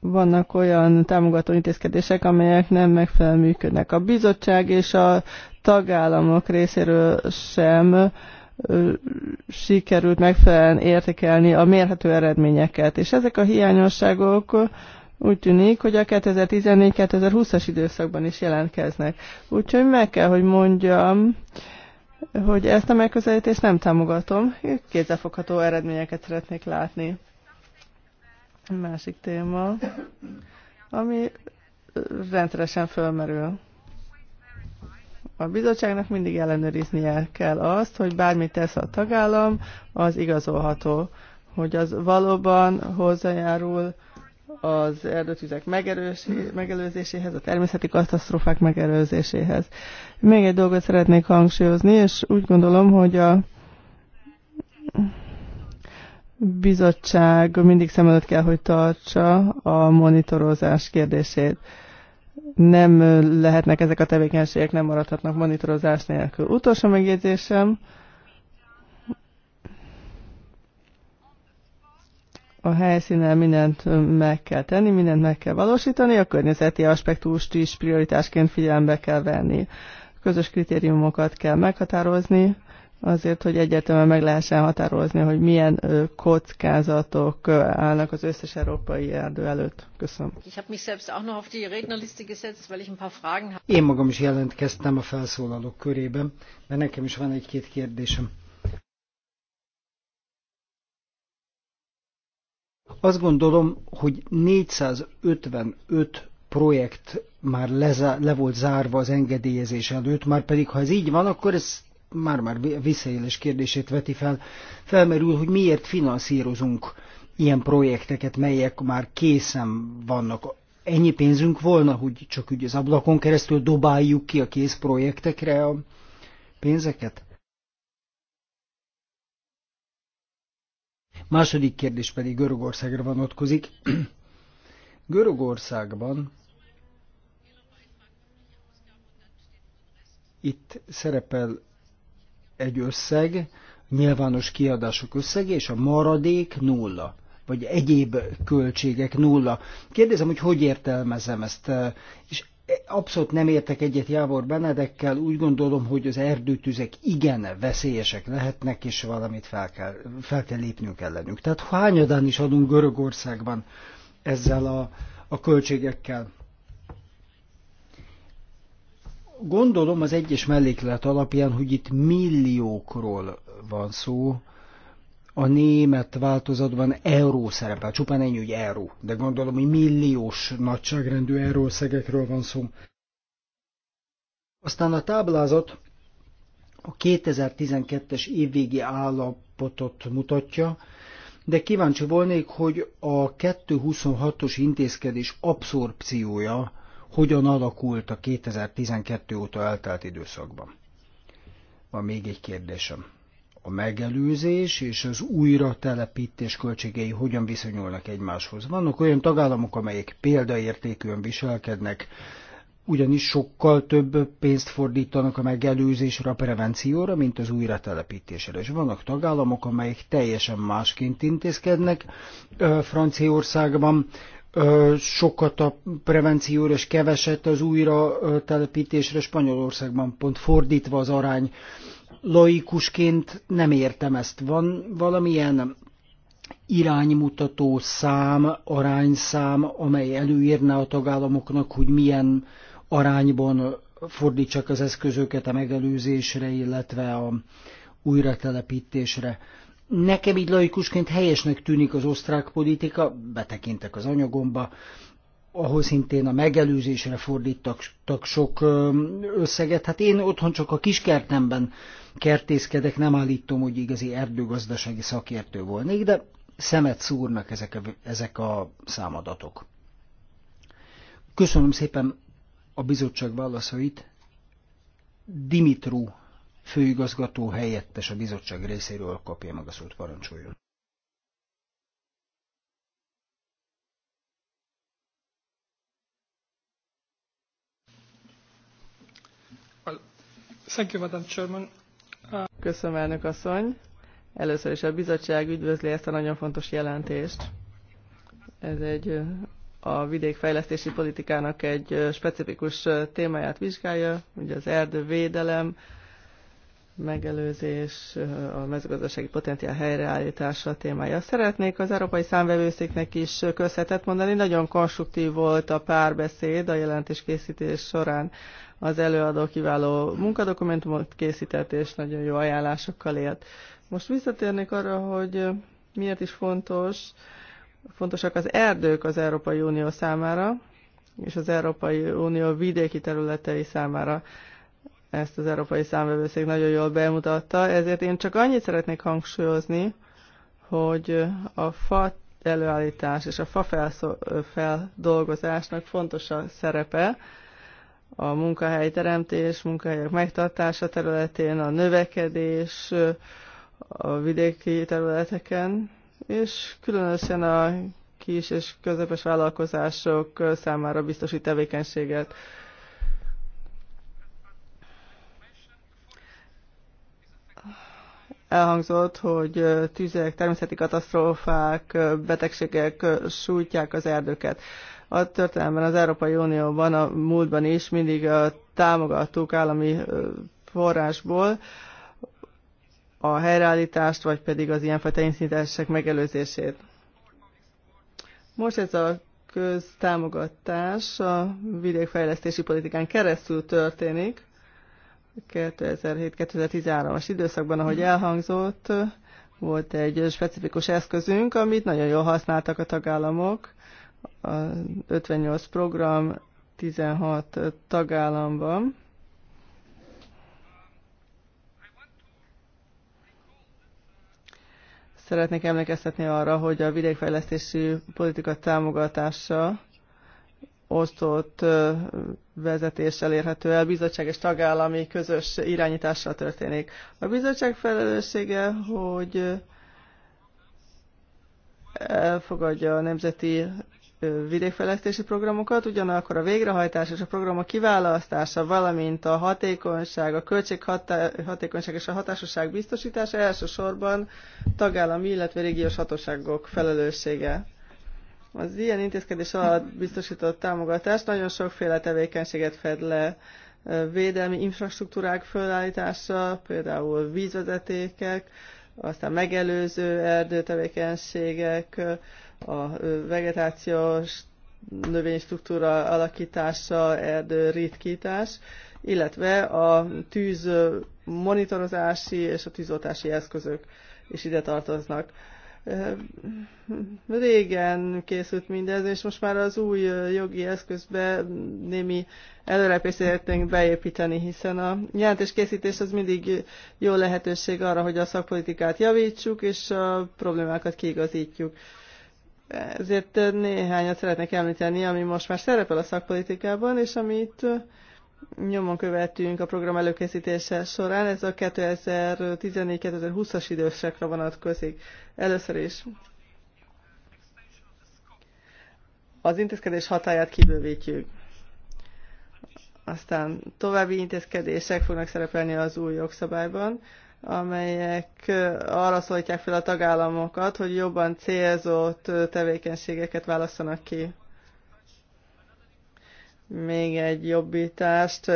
vannak olyan támogató intézkedések, amelyek nem megfelelően működnek. A bizottság és a tagállamok részéről sem sikerült megfelelően értékelni a mérhető eredményeket. És ezek a hiányosságok úgy tűnik, hogy a 2014-2020-as időszakban is jelentkeznek. Úgyhogy meg kell, hogy mondjam, hogy ezt a megközelítést nem támogatom. Kézzelfogható eredményeket szeretnék látni. Másik téma, ami rendszeresen fölmerül. A bizottságnak mindig ellenőriznie kell azt, hogy bármit tesz a tagállam, az igazolható, hogy az valóban hozzájárul az erdőtüzek megelőzéséhez, a természeti katasztrófák megelőzéséhez. Még egy dolgot szeretnék hangsúlyozni, és úgy gondolom, hogy a bizottság mindig szem előtt kell, hogy tartsa a monitorozás kérdését nem lehetnek ezek a tevékenységek, nem maradhatnak monitorozás nélkül. Utolsó megjegyzésem, a helyszínen mindent meg kell tenni, mindent meg kell valósítani, a környezeti aspektust is prioritásként figyelembe kell venni. Közös kritériumokat kell meghatározni, azért, hogy egyértelműen meg lehessen határozni, hogy milyen kockázatok állnak az összes európai erdő előtt. Köszönöm. Én magam is jelentkeztem a felszólalók körében, mert nekem is van egy-két kérdésem. Azt gondolom, hogy 455 projekt már lezá- le volt zárva az engedélyezés előtt, már pedig ha ez így van, akkor ez már-már visszaélés kérdését veti fel, felmerül, hogy miért finanszírozunk ilyen projekteket, melyek már készen vannak. Ennyi pénzünk volna, hogy csak úgy az ablakon keresztül dobáljuk ki a kész projektekre a pénzeket? Második kérdés pedig Görögországra vonatkozik. [CLEARS THROAT] Görögországban itt szerepel egy összeg, nyilvános kiadások összege, és a maradék nulla, vagy egyéb költségek nulla. Kérdezem, hogy hogy értelmezem ezt, eh, és abszolút nem értek egyet Jávor Benedekkel, úgy gondolom, hogy az erdőtüzek igen veszélyesek lehetnek, és valamit fel kell, fel kell lépnünk ellenük. Tehát hányadán is adunk Görögországban ezzel a, a költségekkel. Gondolom az egyes melléklet alapján, hogy itt milliókról van szó, a német változatban euró szerepel, csupán ennyi, hogy euró, de gondolom, hogy milliós nagyságrendű eurószegekről van szó. Aztán a táblázat a 2012-es évvégi állapotot mutatja, de kíváncsi volnék, hogy a 226-os intézkedés abszorpciója hogyan alakult a 2012 óta eltelt időszakban. Van még egy kérdésem. A megelőzés és az újra telepítés költségei hogyan viszonyulnak egymáshoz? Vannak olyan tagállamok, amelyek példaértékűen viselkednek, ugyanis sokkal több pénzt fordítanak a megelőzésre, a prevencióra, mint az újratelepítésre. És vannak tagállamok, amelyek teljesen másként intézkednek. Franciaországban sokat a prevencióra és keveset az újra telepítésre Spanyolországban, pont fordítva az arány. Laikusként nem értem ezt. Van valamilyen iránymutató szám, arányszám, amely előírná a tagállamoknak, hogy milyen arányban fordítsak az eszközöket a megelőzésre, illetve a újratelepítésre. Nekem így laikusként helyesnek tűnik az osztrák politika, betekintek az anyagomba, ahol szintén a megelőzésre fordítottak sok összeget. Hát én otthon csak a kiskertemben kertészkedek, nem állítom, hogy igazi erdőgazdasági szakértő volnék, de szemet szúrnak ezek a, ezek a számadatok. Köszönöm szépen a bizottság válaszait. Dimitru főigazgató helyettes a bizottság részéről kapja meg a szót, parancsoljon. Thank you, Madam Chairman. Uh, Köszönöm, elnök asszony. Először is a bizottság üdvözli ezt a nagyon fontos jelentést. Ez egy uh, a vidékfejlesztési politikának egy uh, specifikus témáját vizsgálja, ugye az erdővédelem, megelőzés, a mezőgazdasági potenciál helyreállítása témája. Szeretnék az Európai Számvevőszéknek is köszönetet mondani. Nagyon konstruktív volt a párbeszéd a jelentés készítés során. Az előadó kiváló munkadokumentumot készített, és nagyon jó ajánlásokkal élt. Most visszatérnék arra, hogy miért is fontos, fontosak az erdők az Európai Unió számára, és az Európai Unió vidéki területei számára ezt az Európai Számvevőszék nagyon jól bemutatta, ezért én csak annyit szeretnék hangsúlyozni, hogy a fa előállítás és a fa feldolgozásnak fontos a szerepe a munkahelyteremtés, munkahelyek megtartása területén, a növekedés a vidéki területeken, és különösen a kis és közepes vállalkozások számára biztosít tevékenységet. elhangzott, hogy tüzek, természeti katasztrófák, betegségek sújtják az erdőket. A történelemben az Európai Unióban, a múltban is mindig támogattuk állami forrásból a helyreállítást, vagy pedig az ilyenfajta incidensek megelőzését. Most ez a köztámogatás a vidékfejlesztési politikán keresztül történik, 2007-2013-as időszakban, ahogy elhangzott, volt egy specifikus eszközünk, amit nagyon jól használtak a tagállamok. A 58 program 16 tagállamban. Szeretnék emlékeztetni arra, hogy a vidékfejlesztési politika támogatása osztott vezetéssel érhető el, bizottság és tagállami közös irányítással történik. A bizottság felelőssége, hogy elfogadja a nemzeti vidékfejlesztési programokat, ugyanakkor a végrehajtás és a programok kiválasztása, valamint a hatékonyság, a költséghatékonyság és a hatásosság biztosítása elsősorban tagállami, illetve régiós hatóságok felelőssége. Az ilyen intézkedés alatt biztosított támogatás nagyon sokféle tevékenységet fed le, védelmi infrastruktúrák fölállítása, például vízvezetékek, aztán megelőző erdőtevékenységek, a vegetációs növénystruktúra alakítása, erdő ritkítás, illetve a tűz monitorozási és a tűzoltási eszközök is ide tartoznak. Régen készült mindez, és most már az új jogi eszközbe némi előrepést szeretnénk beépíteni, hiszen a jelentéskészítés az mindig jó lehetőség arra, hogy a szakpolitikát javítsuk, és a problémákat kiigazítjuk. Ezért néhányat szeretnék említeni, ami most már szerepel a szakpolitikában, és amit nyomon követünk a program előkészítése során. Ez a 2014-2020-as időszakra vonatkozik. Először is az intézkedés hatáját kibővítjük. Aztán további intézkedések fognak szerepelni az új jogszabályban, amelyek arra szólítják fel a tagállamokat, hogy jobban célzott tevékenységeket válasszanak ki még egy jobbítást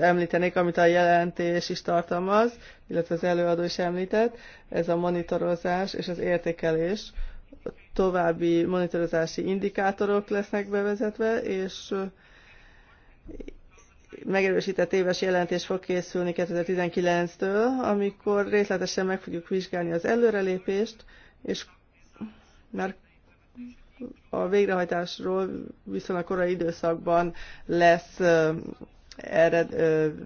említenék, amit a jelentés is tartalmaz, illetve az előadó is említett, ez a monitorozás és az értékelés. További monitorozási indikátorok lesznek bevezetve, és megerősített éves jelentés fog készülni 2019-től, amikor részletesen meg fogjuk vizsgálni az előrelépést, és már a végrehajtásról viszont a korai időszakban lesz erre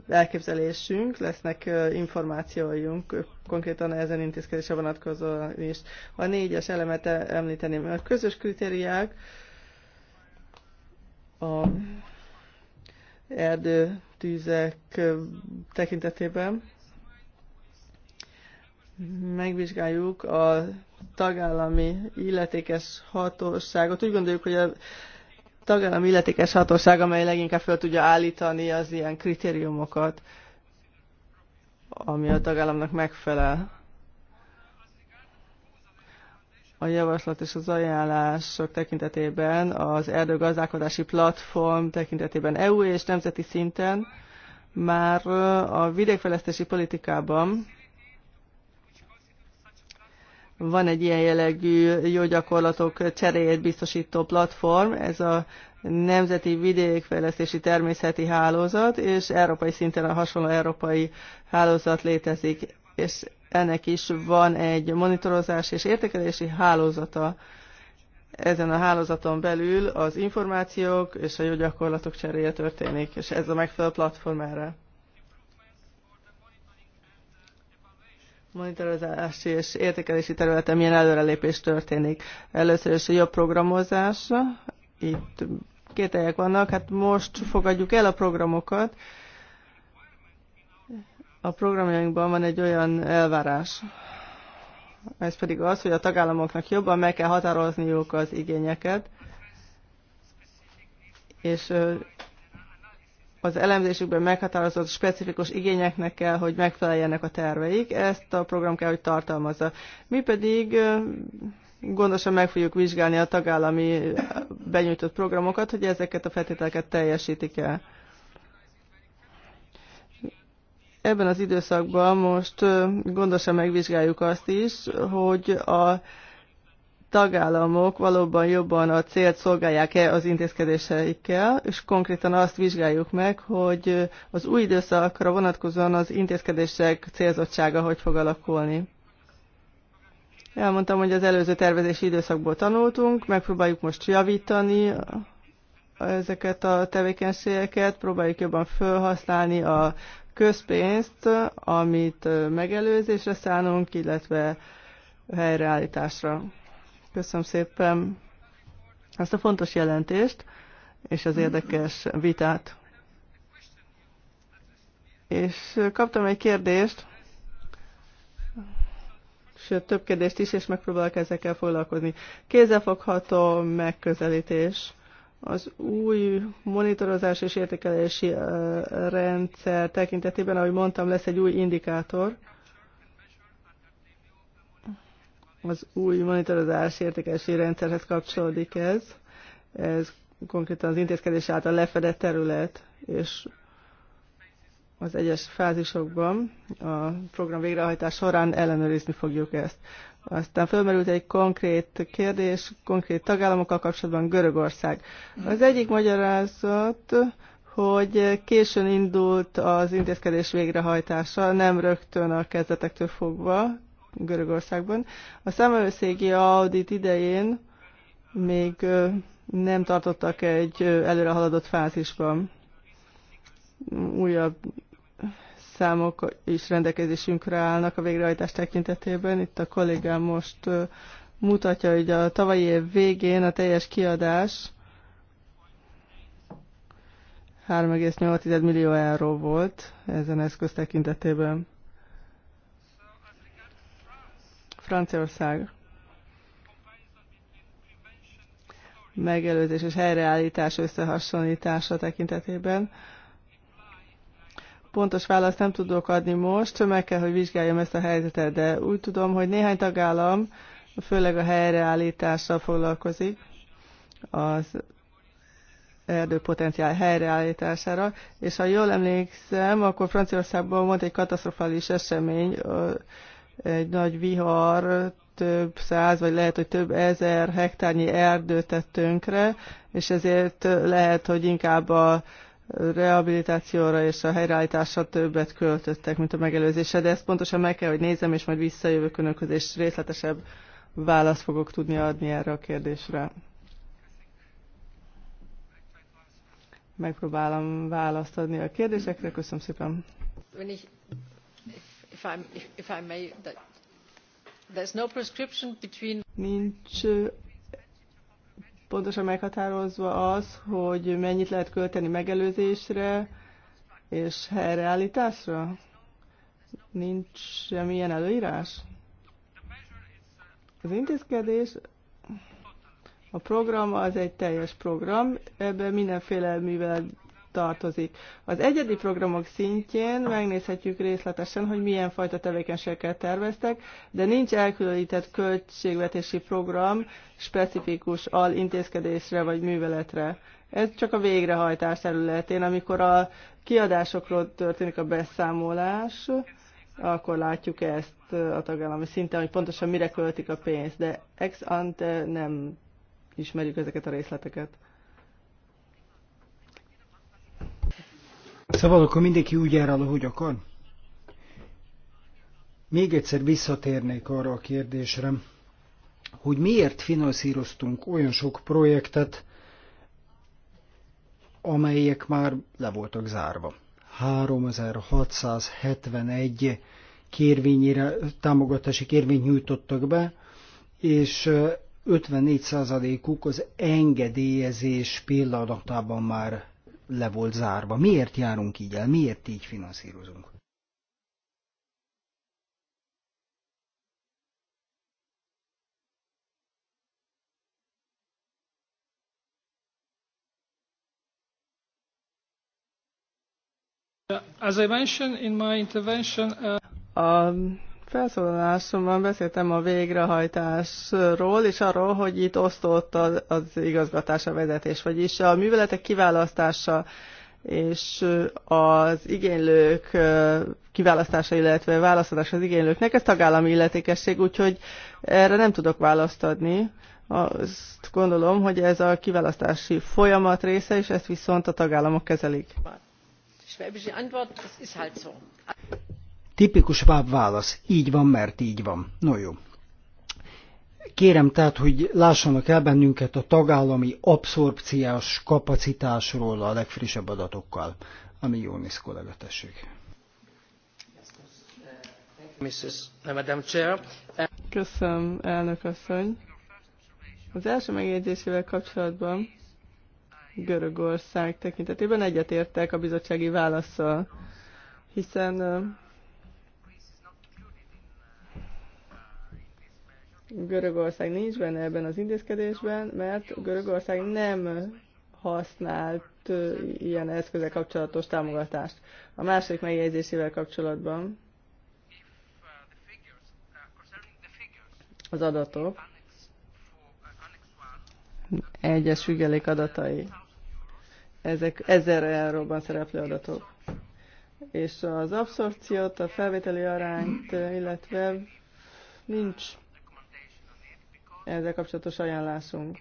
elképzelésünk, lesznek információjunk konkrétan ezen intézkedése vonatkozóan is. A négyes elemet e-, említeném, a közös kritériák, a tűzek tekintetében megvizsgáljuk a tagállami illetékes hatóságot. Úgy gondoljuk, hogy a tagállami illetékes hatóság, amely leginkább fel tudja állítani az ilyen kritériumokat, ami a tagállamnak megfelel. A javaslat és az ajánlások tekintetében az erdőgazdálkodási platform tekintetében EU és nemzeti szinten már a vidékfejlesztési politikában van egy ilyen jellegű jó gyakorlatok cseréjét biztosító platform, ez a Nemzeti Vidékfejlesztési Természeti Hálózat, és európai szinten a hasonló európai hálózat létezik, és ennek is van egy monitorozás és értékelési hálózata. Ezen a hálózaton belül az információk és a jó gyakorlatok cseréje történik, és ez a megfelelő platform erre. monitorozási és értékelési területen milyen előrelépés történik. Először is a jobb programozás, itt két helyek vannak, hát most fogadjuk el a programokat. A programjainkban van egy olyan elvárás, ez pedig az, hogy a tagállamoknak jobban meg kell határozniuk az igényeket, és az elemzésükben meghatározott specifikus igényeknek kell, hogy megfeleljenek a terveik, ezt a program kell, hogy tartalmazza. Mi pedig gondosan meg fogjuk vizsgálni a tagállami benyújtott programokat, hogy ezeket a feltételeket teljesítik-e. Ebben az időszakban most gondosan megvizsgáljuk azt is, hogy a tagállamok valóban jobban a célt szolgálják-e az intézkedéseikkel, és konkrétan azt vizsgáljuk meg, hogy az új időszakra vonatkozóan az intézkedések célzottsága hogy fog alakulni. Elmondtam, hogy az előző tervezési időszakból tanultunk, megpróbáljuk most javítani ezeket a tevékenységeket, próbáljuk jobban felhasználni a közpénzt, amit megelőzésre szánunk, illetve helyreállításra. Köszönöm szépen ezt a fontos jelentést és az érdekes vitát. És kaptam egy kérdést, sőt több kérdést is, és megpróbálok ezekkel foglalkozni. Kézzelfogható megközelítés. Az új monitorozás és értékelési rendszer tekintetében, ahogy mondtam, lesz egy új indikátor, az új monitorozás értékelési rendszerhez kapcsolódik ez. Ez konkrétan az intézkedés által lefedett terület, és az egyes fázisokban a program végrehajtás során ellenőrizni fogjuk ezt. Aztán fölmerült egy konkrét kérdés, konkrét tagállamokkal kapcsolatban Görögország. Az egyik magyarázat, hogy későn indult az intézkedés végrehajtása, nem rögtön a kezdetektől fogva, Görögországban. A szemelőszégi audit idején még nem tartottak egy előre haladott fázisban. Újabb számok is rendelkezésünkre állnak a végrehajtás tekintetében. Itt a kollégám most mutatja, hogy a tavalyi év végén a teljes kiadás 3,8 millió euró volt ezen eszköz tekintetében. Franciaország megelőzés és helyreállítás összehasonlítása tekintetében. Pontos választ nem tudok adni most, meg kell, hogy vizsgáljam ezt a helyzetet, de úgy tudom, hogy néhány tagállam főleg a helyreállítással foglalkozik, az erdőpotenciál helyreállítására, és ha jól emlékszem, akkor Franciaországban volt egy katasztrofális esemény egy nagy vihar több száz, vagy lehet, hogy több ezer hektárnyi erdőt tett tönkre, és ezért lehet, hogy inkább a rehabilitációra és a helyreállításra többet költöttek, mint a megelőzésre, de ezt pontosan meg kell, hogy nézem, és majd visszajövök önökhöz, és részletesebb választ fogok tudni adni erre a kérdésre. Megpróbálom választ adni a kérdésekre. Köszönöm szépen if, I may, no prescription between... Nincs pontosan meghatározva az, hogy mennyit lehet költeni megelőzésre és helyreállításra? Nincs semmilyen előírás? Az intézkedés, a program az egy teljes program, ebben mindenféle művelet tartozik. Az egyedi programok szintjén megnézhetjük részletesen, hogy milyen fajta tevékenységeket terveztek, de nincs elkülönített költségvetési program specifikus alintézkedésre vagy műveletre. Ez csak a végrehajtás területén, amikor a kiadásokról történik a beszámolás, akkor látjuk ezt a tagállami szinten, hogy pontosan mire költik a pénzt, de ex ante nem ismerjük ezeket a részleteket. Szóval akkor mindenki úgy jár el, ahogy akar? Még egyszer visszatérnék arra a kérdésre, hogy miért finanszíroztunk olyan sok projektet, amelyek már le voltak zárva. 3671 kérvényére, támogatási kérvényt nyújtottak be, és 54%-uk az engedélyezés pillanatában már le volt zárva. Miért járunk így el? Miért így finanszírozunk? As I mentioned in my intervention, uh... um felszólalásomban beszéltem a végrehajtásról, és arról, hogy itt osztott az, az igazgatás a vezetés, vagyis a műveletek kiválasztása és az igénylők kiválasztása, illetve választása az igénylőknek, ez tagállami illetékesség, úgyhogy erre nem tudok választ adni. Azt gondolom, hogy ez a kiválasztási folyamat része, és ezt viszont a tagállamok kezelik. Tipikus váb válasz. Így van, mert így van. No jó. Kérem tehát, hogy lássanak el bennünket a tagállami abszorpciós kapacitásról a legfrissebb adatokkal, ami Jónis kollega tessék. Köszönöm, elnök asszony. Az első megjegyzésével kapcsolatban Görögország tekintetében egyetértek a bizottsági válaszsal, hiszen Görögország nincs benne ebben az intézkedésben, mert Görögország nem használt ilyen eszközek kapcsolatos támogatást. A második megjegyzésével kapcsolatban az adatok, egyes függelék adatai, ezek ezer euróban szereplő adatok. És az abszorciót, a felvételi arányt, illetve nincs ezzel kapcsolatos ajánlásunk.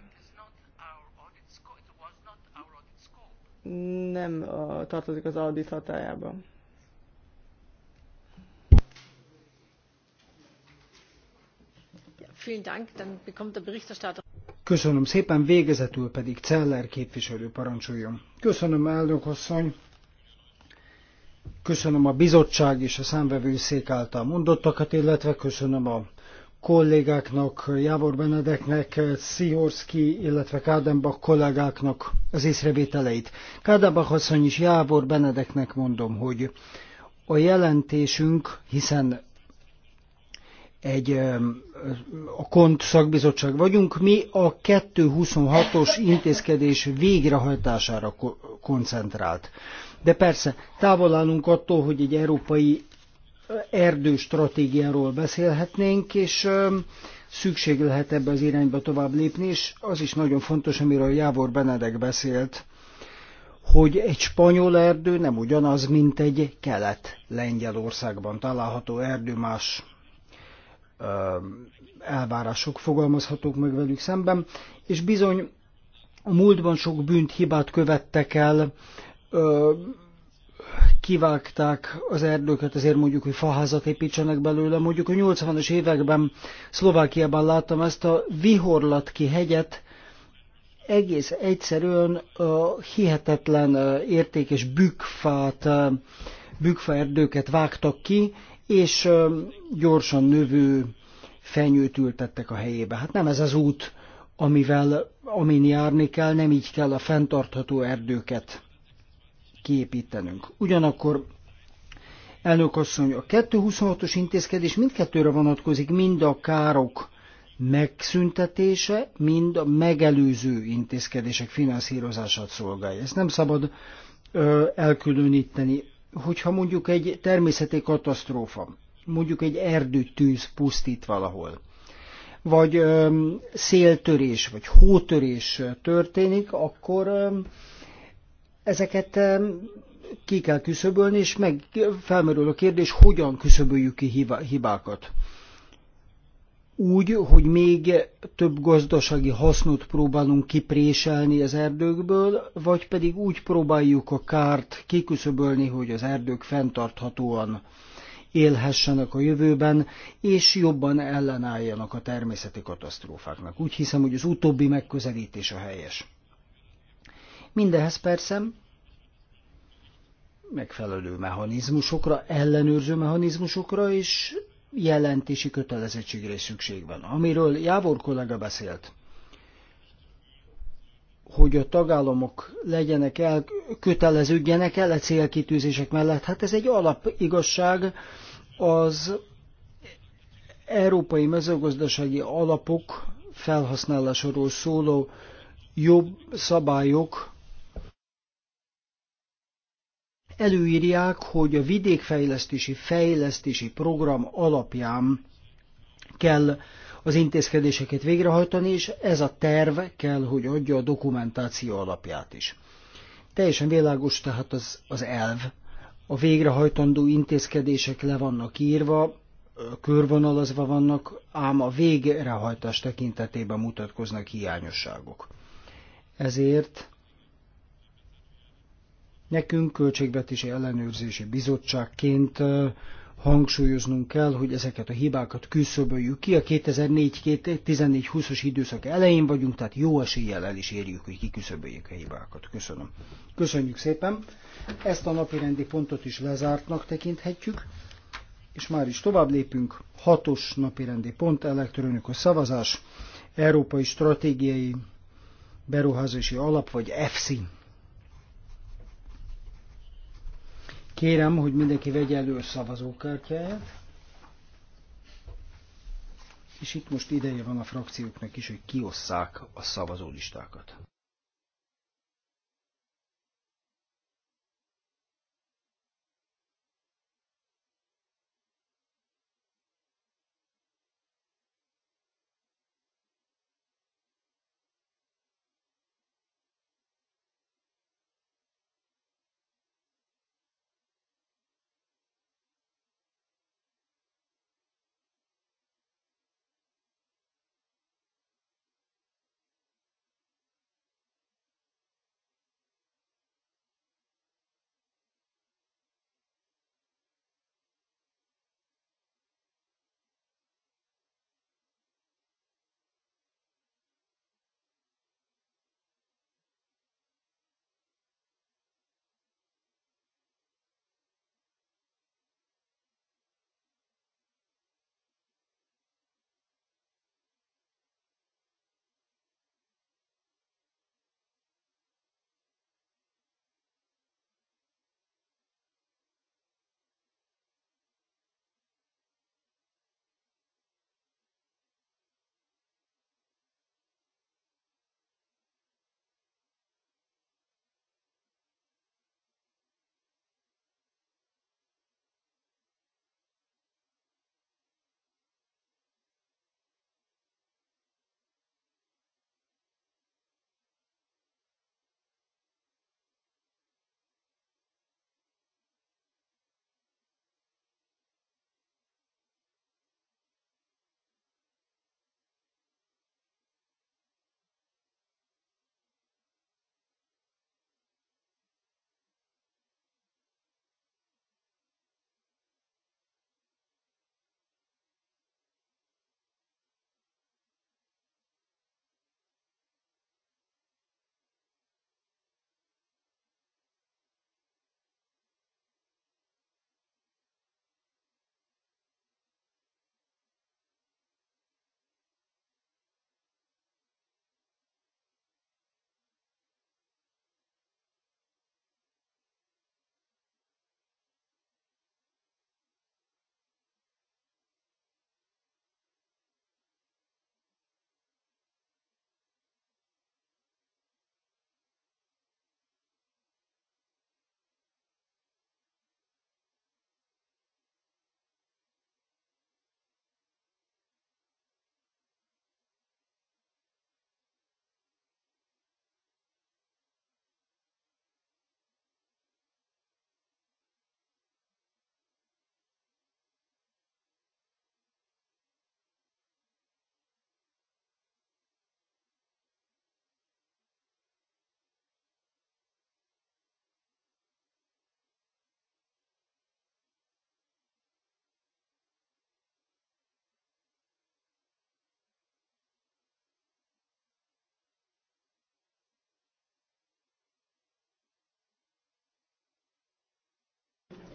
Nem a, tartozik az audit hatájába. Köszönöm szépen, végezetül pedig Celler képviselő parancsoljon. Köszönöm, elnök asszony. Köszönöm a bizottság és a számvevőszék által mondottakat, illetve köszönöm a kollégáknak, Jávor Benedeknek, Szihorszki, illetve Kádenbach kollégáknak az észrevételeit. Kádenbach asszony is Jávor Benedeknek mondom, hogy a jelentésünk, hiszen egy a KONT szakbizottság vagyunk, mi a 226-os intézkedés végrehajtására koncentrált. De persze, távol állunk attól, hogy egy európai erdőstratégiáról beszélhetnénk, és szükség lehet ebbe az irányba tovább lépni, és az is nagyon fontos, amiről Jávor Benedek beszélt, hogy egy spanyol erdő nem ugyanaz, mint egy kelet-Lengyelországban található erdő más elvárások fogalmazhatók meg velük szemben, és bizony a múltban sok bűnt, hibát követtek el, kivágták az erdőket, azért mondjuk, hogy faházat építsenek belőle. Mondjuk a 80-as években Szlovákiában láttam ezt a vihorlatki hegyet, egész egyszerűen a hihetetlen értékes bükfát, bükkfaerdőket vágtak ki, és gyorsan növő fenyőt ültettek a helyébe. Hát nem ez az út, amivel, amin járni kell, nem így kell a fenntartható erdőket kiépítenünk. Ugyanakkor elnök asszony, a 226-os intézkedés mindkettőre vonatkozik, mind a károk megszüntetése, mind a megelőző intézkedések finanszírozását szolgálja. Ezt nem szabad ö, elkülöníteni. Hogyha mondjuk egy természeti katasztrófa, mondjuk egy erdőtűz pusztít valahol, vagy ö, széltörés, vagy hótörés történik, akkor ö, Ezeket ki kell küszöbölni, és meg felmerül a kérdés, hogyan küszöböljük ki hibákat. Úgy, hogy még több gazdasági hasznot próbálunk kipréselni az erdőkből, vagy pedig úgy próbáljuk a kárt kiküszöbölni, hogy az erdők fenntarthatóan élhessenek a jövőben, és jobban ellenálljanak a természeti katasztrófáknak. Úgy hiszem, hogy az utóbbi megközelítés a helyes. Mindehez persze megfelelő mechanizmusokra, ellenőrző mechanizmusokra is jelentési kötelezettségre is szükség van. Amiről Jávor kollega beszélt, hogy a tagállamok legyenek el, köteleződjenek el a célkitűzések mellett. Hát ez egy alapigazság, az európai mezőgazdasági alapok felhasználásáról szóló jobb szabályok előírják, hogy a vidékfejlesztési fejlesztési program alapján kell az intézkedéseket végrehajtani, és ez a terv kell, hogy adja a dokumentáció alapját is. Teljesen világos tehát az, az elv. A végrehajtandó intézkedések le vannak írva, körvonalazva vannak, ám a végrehajtás tekintetében mutatkoznak hiányosságok. Ezért Nekünk költségvetési ellenőrzési bizottságként hangsúlyoznunk kell, hogy ezeket a hibákat küszöböljük ki. A 2014 20 as időszak elején vagyunk, tehát jó eséllyel el is érjük, hogy kiküszöböljük a hibákat. Köszönöm. Köszönjük szépen. Ezt a napirendi pontot is lezártnak tekinthetjük, és már is tovább lépünk. Hatos napirendi pont, elektronikus szavazás, Európai Stratégiai Beruházási Alap, vagy EFSI Kérem, hogy mindenki vegye elő a szavazókártyáját. És itt most ideje van a frakcióknak is, hogy kiosszák a szavazólistákat.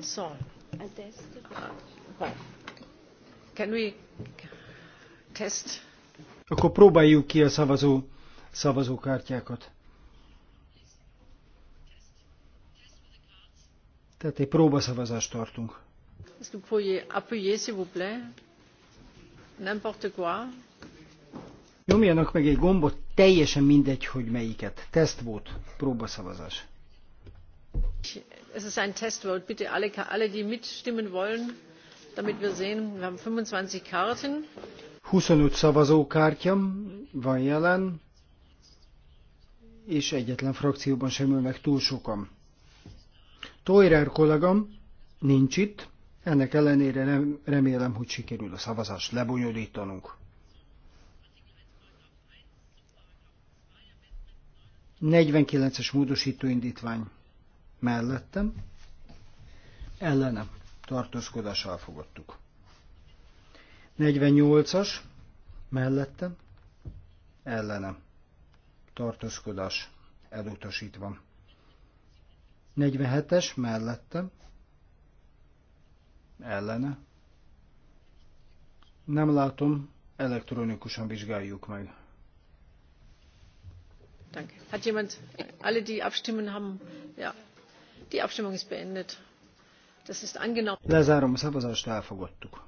So. Can we test? Akkor próbáljuk ki a szavazó, szavazókártyákat. Tehát egy próbaszavazást tartunk. Est-ce que vous pourriez appuyer, s'il vous plaît? N'importe quoi. Nyomjanak meg egy gombot, teljesen mindegy, hogy melyiket. Test volt, próbaszavazás es ist ein Testvote. Bitte alle, die mitstimmen wollen, damit wir sehen, wir haben fünfundzwanzig Karten. 25 szavazókártya van jelen, és egyetlen frakcióban sem ülnek túl sokan. Toirer kollégam nincs itt, ennek ellenére remélem, hogy sikerül a szavazást lebonyolítanunk. 49-es módosító indítvány mellettem, ellenem tartózkodással fogadtuk. 48-as mellettem, ellenem tartózkodás elutasítva. 47-es mellettem, ellene. Nem látom, elektronikusan vizsgáljuk meg. Danke. Hat jemand, alle die abstimmen haben, ja. Die Abstimmung ist beendet. Das ist angenommen. Lezárom a szavazást, elfogadtuk.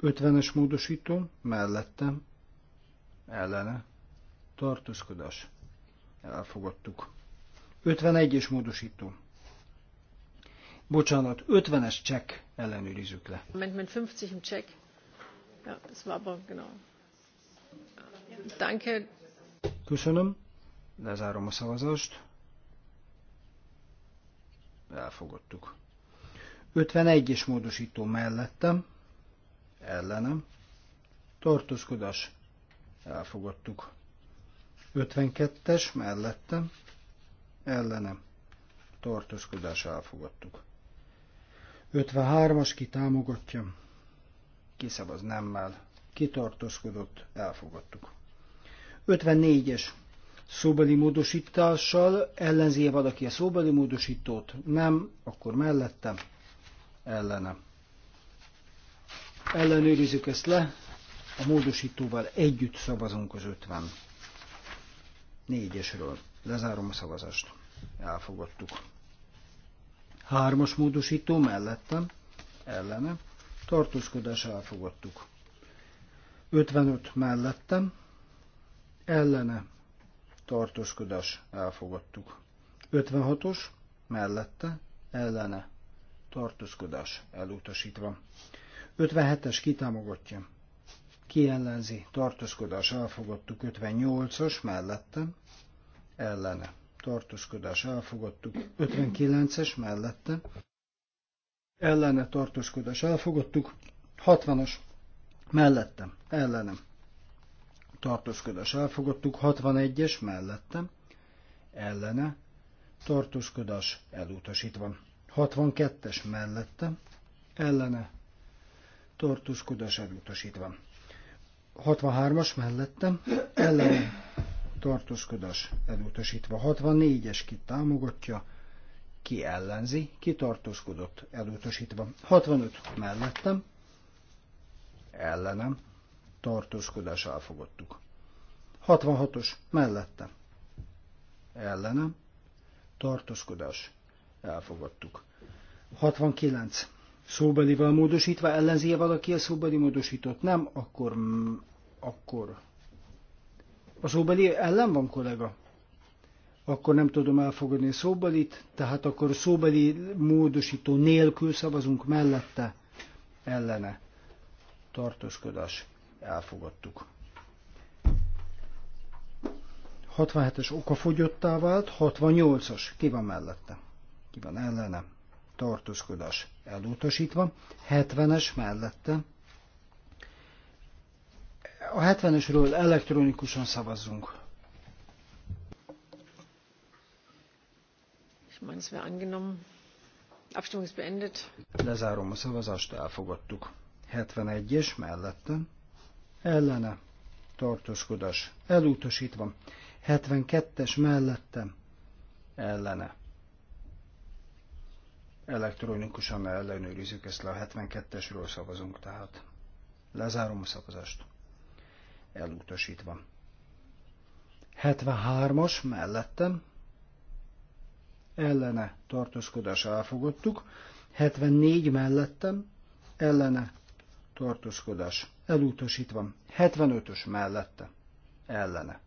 50-es módosító, mellettem, ellene, tartózkodás, elfogadtuk. 51-es módosító. Bocsánat, 50-es csekk ellenőrizzük le. Amendment 50 im Check. Ja, das war aber genau. Danke. Köszönöm. Lezárom a szavazást elfogadtuk. 51-es módosító mellettem, ellenem, tartózkodás, elfogadtuk. 52-es mellettem, ellenem, tartózkodás, elfogadtuk. 53-as ki támogatja, kiszavaz nemmel, kitartózkodott, elfogadtuk. 54-es szóbeli módosítással. ellenzi -e valaki a szóbeli módosítót? Nem, akkor mellettem, ellenem. Ellenőrizzük ezt le, a módosítóval együtt szavazunk az 54 Négyesről. Lezárom a szavazást. Elfogadtuk. Hármas módosító mellettem, ellenem. Tartózkodás elfogadtuk. 55 mellettem, ellene tartózkodás elfogadtuk. 56-os mellette ellene tartózkodás elutasítva. 57-es kitámogatja. Kiellenzi tartózkodás elfogadtuk 58 os mellette, ellene. Tartózkodás elfogadtuk 59-es mellette, ellene tartózkodás elfogadtuk 60 os mellette, ellenem tartózkodás elfogadtuk, 61-es mellettem, ellene, tartózkodás elutasítva. 62-es mellettem, ellene, tartózkodás elutasítva. 63-as mellettem, ellene, tartózkodás elutasítva. 64-es ki támogatja, ki ellenzi, ki tartózkodott elutasítva. 65 mellettem, ellenem, tartózkodás elfogadtuk. 66-os mellette ellenem tartózkodás elfogadtuk. 69. Szóbelivel módosítva ellenzi -e valaki a szóbeli módosított? Nem, akkor... akkor... A szóbeli ellen van, kollega? Akkor nem tudom elfogadni a szóbelit, tehát akkor a szóbeli módosító nélkül szavazunk mellette ellene. Tartózkodás elfogadtuk. 67-es okafogyottá vált, 68-as, ki van mellette? Ki van ellene? Tartózkodás elutasítva, 70-es mellette. A 70-esről elektronikusan szavazzunk. Ich meine, es wäre angenommen. Abstimmung ist beendet. Lezárom a szavazást, elfogadtuk. 71-es mellette ellene tartózkodás elutasítva, 72-es mellettem ellene. Elektronikusan ellenőrizzük ezt le, a 72-esről szavazunk tehát. Lezárom a szavazást. Elutasítva. 73-as mellettem ellene tartózkodás elfogadtuk, 74 mellettem ellene tartózkodás elutasítva, 75-ös mellette, ellene,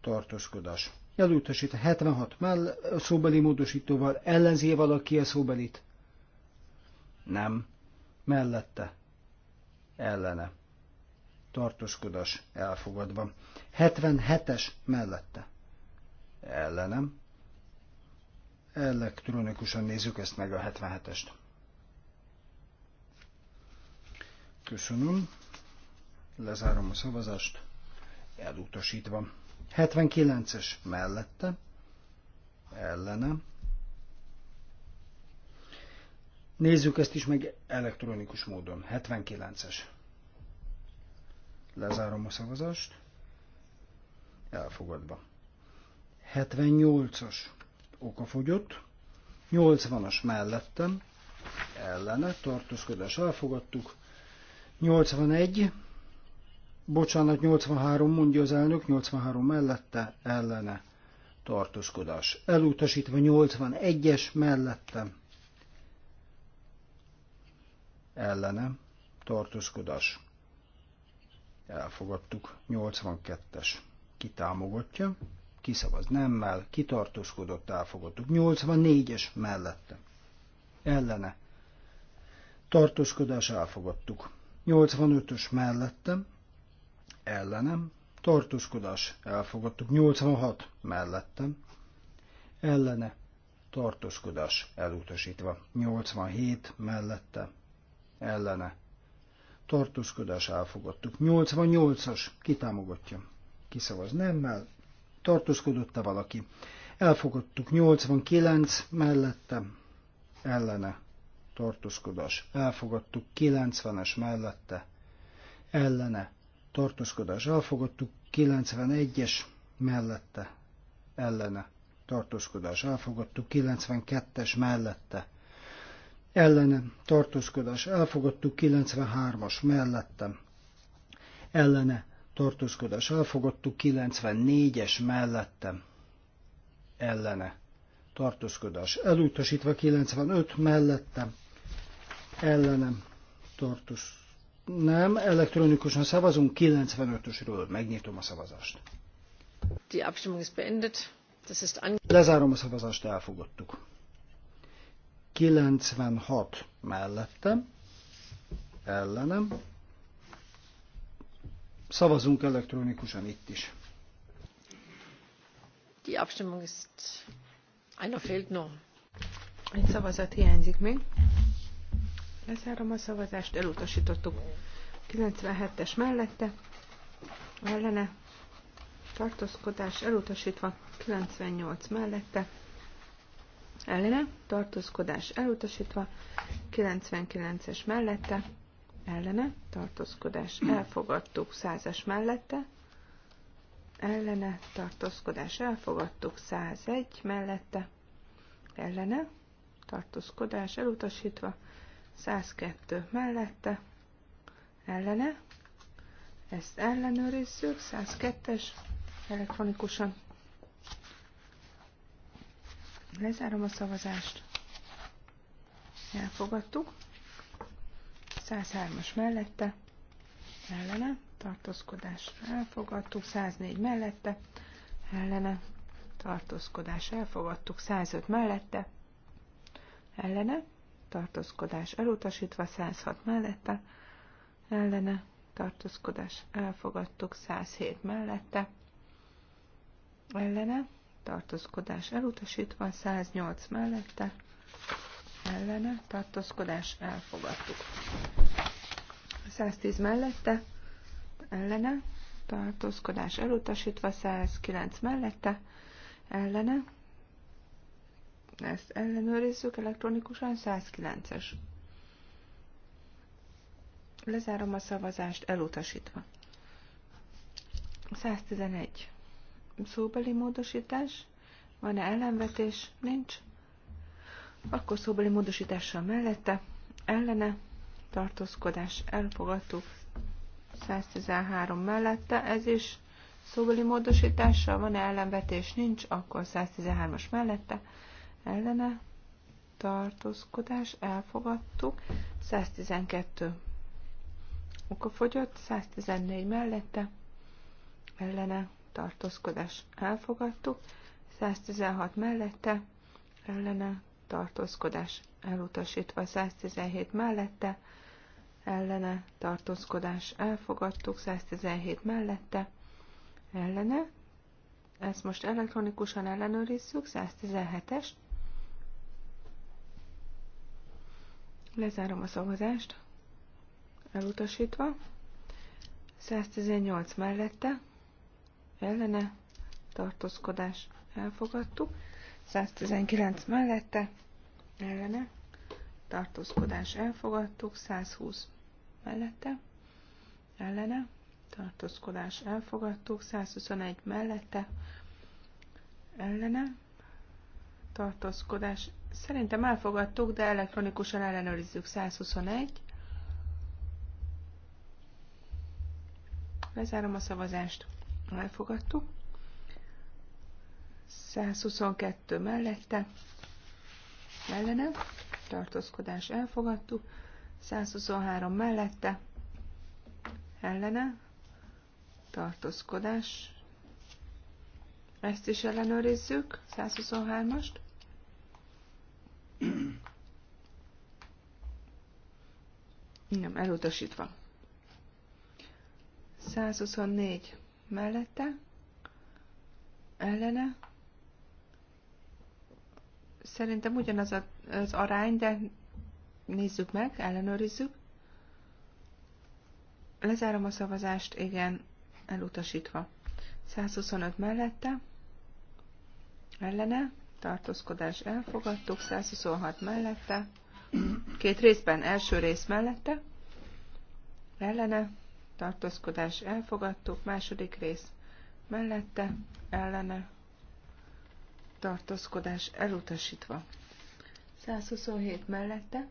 tartózkodás elutasítva, 76 mell szóbeli módosítóval ellenzi valaki a szóbelit? Nem, mellette, ellene, tartózkodás elfogadva, 77-es mellette, ellenem, elektronikusan nézzük ezt meg a 77-est. Köszönöm. Lezárom a szavazást. Elutasítva. 79-es mellette. Ellene. Nézzük ezt is meg elektronikus módon. 79-es. Lezárom a szavazást. Elfogadva. 78-as okafogyott. 80-as mellettem. Ellene. Tartózkodás elfogadtuk. 81, bocsánat, 83 mondja az elnök, 83 mellette, ellene tartózkodás. Elutasítva 81-es mellette, ellene tartózkodás. Elfogadtuk 82-es. kitámogatja, kiszavaz nemmel, kitartózkodott, elfogadtuk. 84-es mellette. Ellene. Tartózkodás elfogadtuk. 85-ös mellettem, ellenem, tartózkodás, elfogadtuk. 86 mellettem, ellene, tartózkodás, elutasítva. 87 mellette, ellene, tartózkodás, elfogadtuk. 88-as, kitámogatja, kiszavaz nemmel, tartózkodott-e valaki. Elfogadtuk 89 mellette, ellene, tartózkodás elfogadtuk, 90-es mellette ellene tartózkodás elfogadtuk, 91-es mellette ellene tartózkodás elfogadtuk, 92-es mellette ellene tartózkodás elfogadtuk, 93-as mellettem ellene tartózkodás elfogadtuk, 94-es mellettem ellene tartózkodás elutasítva, 95 mellettem ellenem tartos. Nem, elektronikusan szavazunk 95-ösről. Megnyitom a szavazást. Die Abstimmung ist beendet. Das ist an... Lezárom a szavazást, elfogadtuk. 96 mellettem, ellenem. Szavazunk elektronikusan itt is. Die Abstimmung ist... Einer fehlt noch. Egy szavazat hiányzik még. Lezárom a szavazást, elutasítottuk. 97-es mellette, ellene, tartózkodás elutasítva, 98 mellette, ellene, tartózkodás elutasítva, 99-es mellette, ellene, tartózkodás elfogadtuk, 100-es mellette, ellene, tartózkodás elfogadtuk, 101 mellette, ellene, tartózkodás elutasítva, 102 mellette, ellene, ezt ellenőrizzük, 102-es, elektronikusan. Lezárom a szavazást. Elfogadtuk. 103-as mellette, ellene, tartózkodás elfogadtuk, 104 mellette, ellene, tartózkodás elfogadtuk, 105 mellette, ellene, tartózkodás elutasítva, 106 mellette, ellene tartózkodás elfogadtuk, 107 mellette, ellene tartózkodás elutasítva, 108 mellette, ellene tartózkodás elfogadtuk. 110 mellette, ellene tartózkodás elutasítva, 109 mellette, ellene ezt ellenőrizzük elektronikusan, 109-es. Lezárom a szavazást elutasítva. 111. Szóbeli módosítás. Van-e ellenvetés? Nincs. Akkor szóbeli módosítással mellette, ellene, tartózkodás, elfogadtuk. 113 mellette, ez is szóbeli módosítással, van-e ellenvetés? Nincs, akkor 113-as mellette, ellene tartózkodás elfogadtuk, 112 okafogyott, 114 mellette ellene tartózkodás elfogadtuk, 116 mellette ellene tartózkodás elutasítva, 117 mellette ellene tartózkodás elfogadtuk, 117 mellette ellene, ezt most elektronikusan ellenőrizzük, 117-es, Lezárom a szavazást. Elutasítva. 118 mellette. Ellene. Tartózkodás. Elfogadtuk. 119 mellette. Ellene. Tartózkodás. Elfogadtuk. 120 mellette. Ellene. Tartózkodás. Elfogadtuk. 121 mellette. Ellene. Tartózkodás Szerintem elfogadtuk, de elektronikusan ellenőrizzük 121. Lezárom a szavazást. Elfogadtuk. 122 mellette. Ellene. Tartózkodás elfogadtuk. 123 mellette. Ellene. Tartózkodás. Ezt is ellenőrizzük. 123-ast. [CLEARS THROAT] Nem, elutasítva. 124 mellette, ellene. Szerintem ugyanaz a, az arány, de nézzük meg, ellenőrizzük. Lezárom a szavazást, igen, elutasítva. 125 mellette, ellene tartózkodás elfogadtuk, 126 mellette, két részben első rész mellette, ellene, tartózkodás elfogadtuk, második rész mellette, ellene, tartózkodás elutasítva. 127 mellette,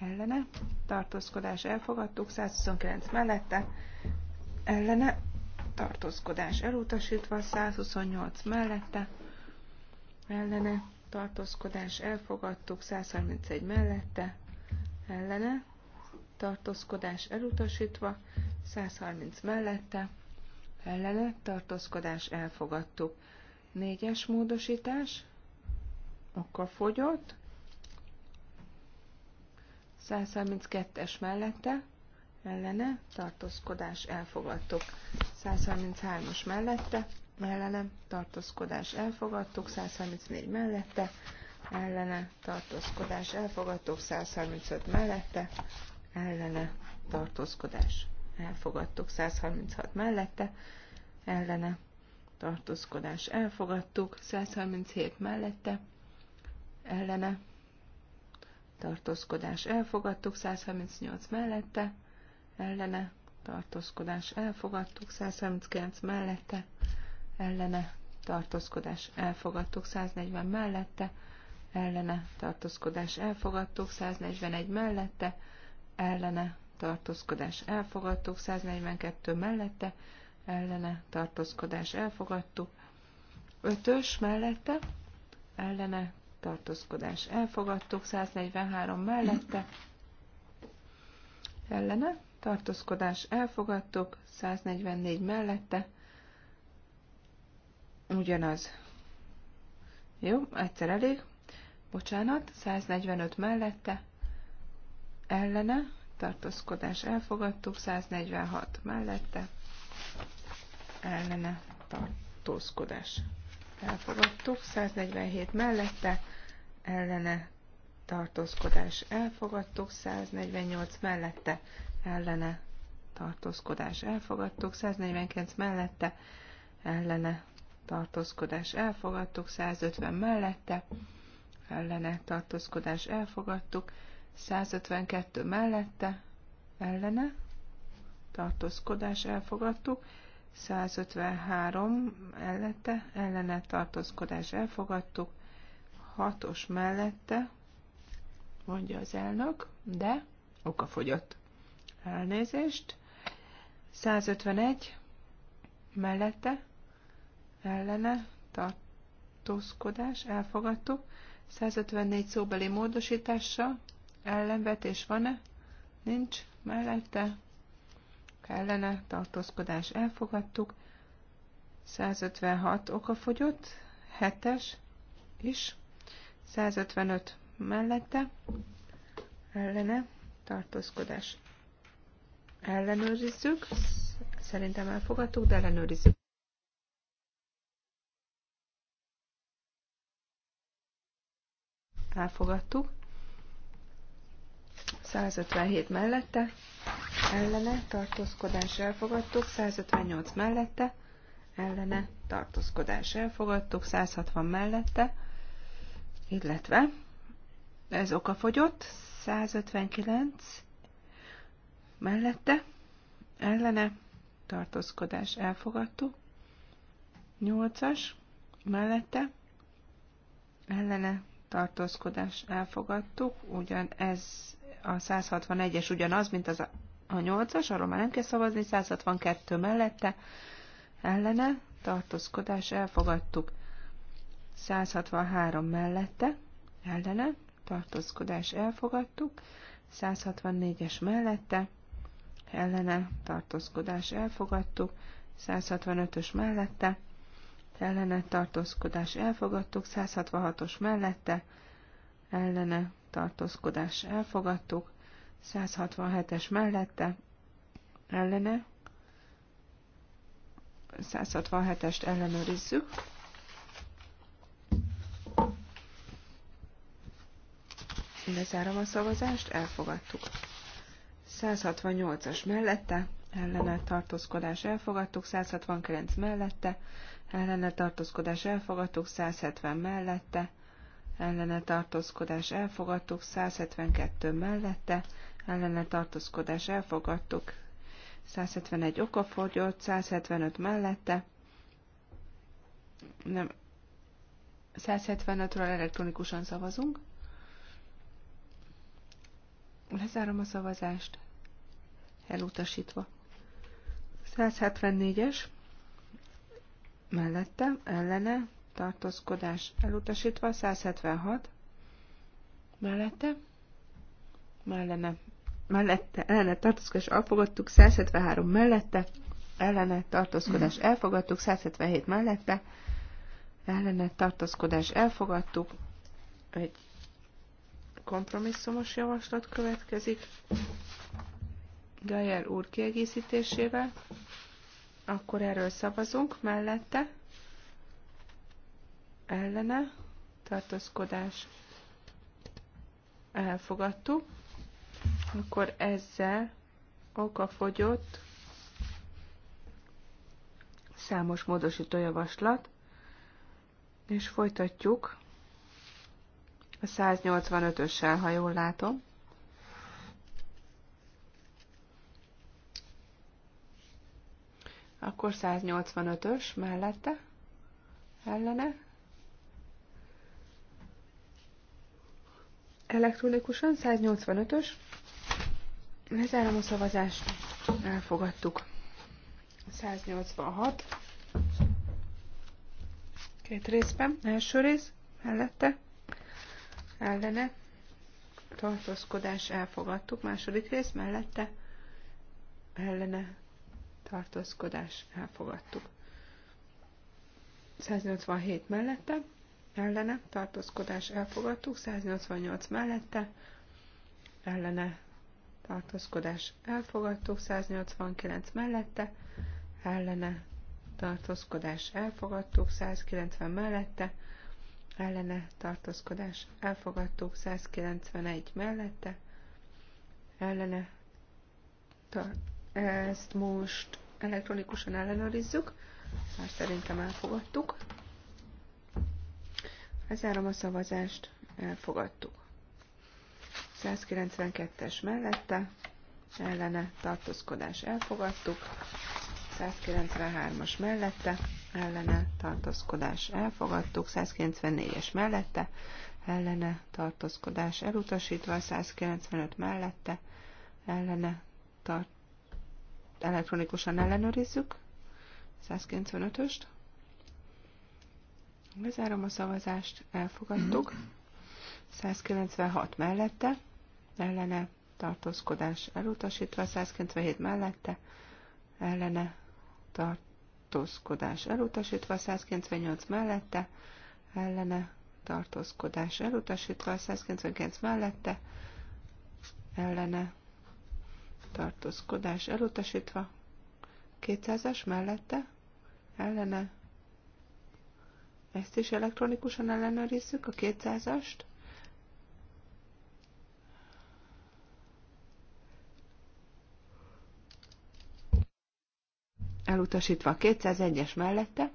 ellene, tartózkodás elfogadtuk, 129 mellette, ellene, tartózkodás elutasítva, 128 mellette, ellene, tartózkodás elfogadtuk, 131 mellette, ellene, tartózkodás elutasítva, 130 mellette, ellene, tartózkodás elfogadtuk. Négyes módosítás, akkor fogyott, 132-es mellette, ellene, tartózkodás elfogadtuk. 133 os mellette, ellene tartózkodás elfogadtuk, 134 mellette, ellene tartózkodás elfogadtuk, 135 mellette, ellene tartózkodás elfogadtuk, 136 mellette, ellene tartózkodás elfogadtuk, 137 mellette, ellene tartózkodás elfogadtuk, 138 mellette, ellene tartózkodás elfogadtuk, 139 mellette, ellene tartózkodás elfogadtuk 140 mellette, ellene tartózkodás elfogadtuk 141 mellette, ellene tartózkodás elfogadtuk 142 mellette, ellene tartózkodás elfogadtuk 5-ös mellette, ellene tartózkodás elfogadtuk 143 mellette, ellene tartózkodás elfogadtuk 144 mellette, ugyanaz. Jó, egyszer elég. Bocsánat, 145 mellette, ellene, tartózkodás elfogadtuk, 146 mellette, ellene, tartózkodás elfogadtuk, 147 mellette, ellene, tartózkodás elfogadtuk, 148 mellette, ellene, tartózkodás elfogadtuk, 149 mellette, ellene tartózkodás elfogadtuk, 150 mellette, ellene tartózkodás elfogadtuk, 152 mellette, ellene tartózkodás elfogadtuk, 153 mellette, ellene tartózkodás elfogadtuk, 6-os mellette, mondja az elnök, de okafogyott. Elnézést. 151 mellette, ellene tartózkodás elfogadtuk, 154 szóbeli módosítással ellenvetés van-e? Nincs, mellette ellene tartózkodás elfogadtuk, 156 okafogyott, 7-es is, 155 mellette ellene tartózkodás ellenőrizzük, szerintem elfogadtuk, de ellenőrizzük. elfogadtuk. 157 mellette, ellene, tartózkodás elfogadtuk, 158 mellette, ellene, tartózkodás elfogadtuk, 160 mellette, illetve ez okafogyott, 159 mellette, ellene, tartózkodás elfogadtuk, 8-as mellette, ellene, tartózkodás elfogadtuk, ugyan ez a 161-es ugyanaz, mint az a 8-as, arról már nem kell szavazni, 162 mellette ellene tartózkodás elfogadtuk, 163 mellette ellene tartózkodás elfogadtuk, 164-es mellette ellene tartózkodás elfogadtuk, 165-ös mellette ellene tartózkodás elfogadtuk, 166-os mellette ellene tartózkodás elfogadtuk, 167-es mellette ellene, 167-est ellenőrizzük. Lezárom a szavazást, elfogadtuk. 168-as mellette ellene tartózkodás elfogadtuk, 169 mellette, ellene tartózkodás elfogadtuk, 170 mellette, ellene tartózkodás elfogadtuk, 172 mellette, ellene tartózkodás elfogadtuk, 171 okafogyott, 175 mellette, nem, 175-ről elektronikusan szavazunk. Lezárom a szavazást, elutasítva. 174-es mellette, ellene, tartózkodás elutasítva, 176 mellette, mellene, mellette, ellene tartózkodás elfogadtuk, 173 mellette, ellene tartózkodás elfogadtuk, 177 mellette, ellene tartózkodás elfogadtuk, egy kompromisszumos javaslat következik, Gajer úr kiegészítésével. Akkor erről szavazunk mellette. Ellene. Tartózkodás. Elfogadtuk. Akkor ezzel oka fogyott számos módosító javaslat, és folytatjuk a 185-össel, ha jól látom. Akkor 185-ös mellette, ellene. Elektronikusan 185-ös. Lezárom a szavazást. Elfogadtuk. 186. Két részben. Első rész mellette, ellene. Tartózkodás elfogadtuk. Második rész mellette, ellene tartózkodás elfogadtuk. 187 mellette, ellene, tartózkodás elfogadtuk, 188 mellette, ellene, tartózkodás elfogadtuk, 189 mellette, ellene, tartózkodás elfogadtuk, 190 mellette, ellene, tartózkodás elfogadtuk, 191 mellette, ellene, tartózkodás ezt most elektronikusan ellenőrizzük, már szerintem elfogadtuk. Lezárom a szavazást, elfogadtuk. 192-es mellette, ellene tartózkodás elfogadtuk. 193-as mellette, ellene tartózkodás elfogadtuk. 194-es mellette, ellene tartózkodás elutasítva. 195 mellette, ellene tartózkodás elektronikusan ellenőrizzük. 195-öst. Bezárom a szavazást, elfogadtuk. 196 mellette, ellene tartózkodás elutasítva, 197 mellette, ellene tartózkodás elutasítva, 198 mellette, ellene tartózkodás elutasítva, 199 mellette, ellene tartózkodás elutasítva, 200-as mellette, ellene, ezt is elektronikusan ellenőrizzük, a 200-ast, elutasítva a 201-es mellette,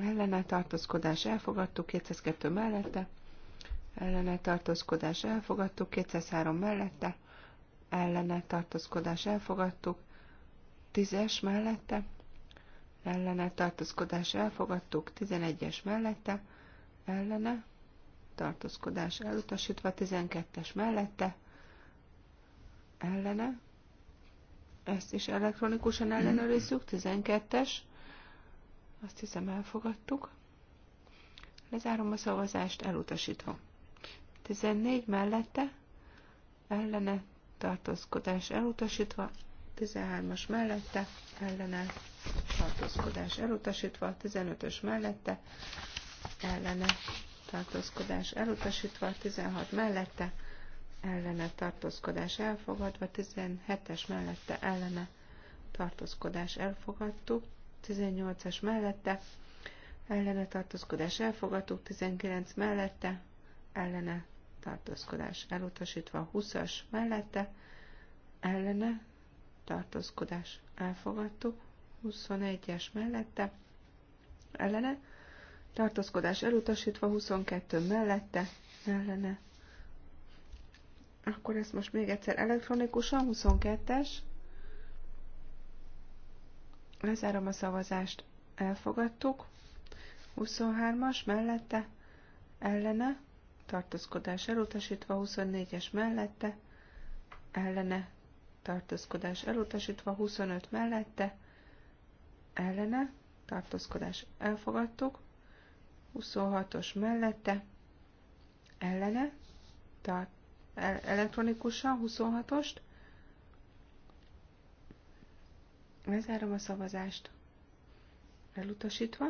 ellene tartózkodás elfogadtuk, 202 mellette, ellene tartózkodás elfogadtuk, 203 mellette, ellene tartózkodás elfogadtuk, tízes mellette, ellene tartózkodás elfogadtuk, tizenegyes mellette, ellene tartózkodás elutasítva, tizenkettes mellette, ellene, ezt is elektronikusan ellenőrizzük, tizenkettes, azt hiszem elfogadtuk. Lezárom a szavazást elutasítva. 14 mellette ellene tartózkodás elutasítva, 13-as mellette, ellene tartózkodás elutasítva, 15-ös mellette, ellene tartózkodás elutasítva, 16 mellette, ellene tartózkodás elfogadva, 17-es mellette ellene tartózkodás elfogadtuk, 18-as mellette ellene tartózkodás elfogadtuk, 19 mellette ellene tartózkodás elutasítva, 20-as mellette, ellene, tartózkodás elfogadtuk, 21-es mellette, ellene, tartózkodás elutasítva, 22 mellette, ellene. Akkor ezt most még egyszer elektronikusan, 22-es. Lezárom a szavazást, elfogadtuk. 23-as mellette, ellene, tartózkodás elutasítva, 24-es mellette, ellene, tartózkodás elutasítva, 25 mellette, ellene, tartózkodás elfogadtuk, 26-os mellette, ellene, tart, elektronikusan 26-ost, lezárom a szavazást, elutasítva,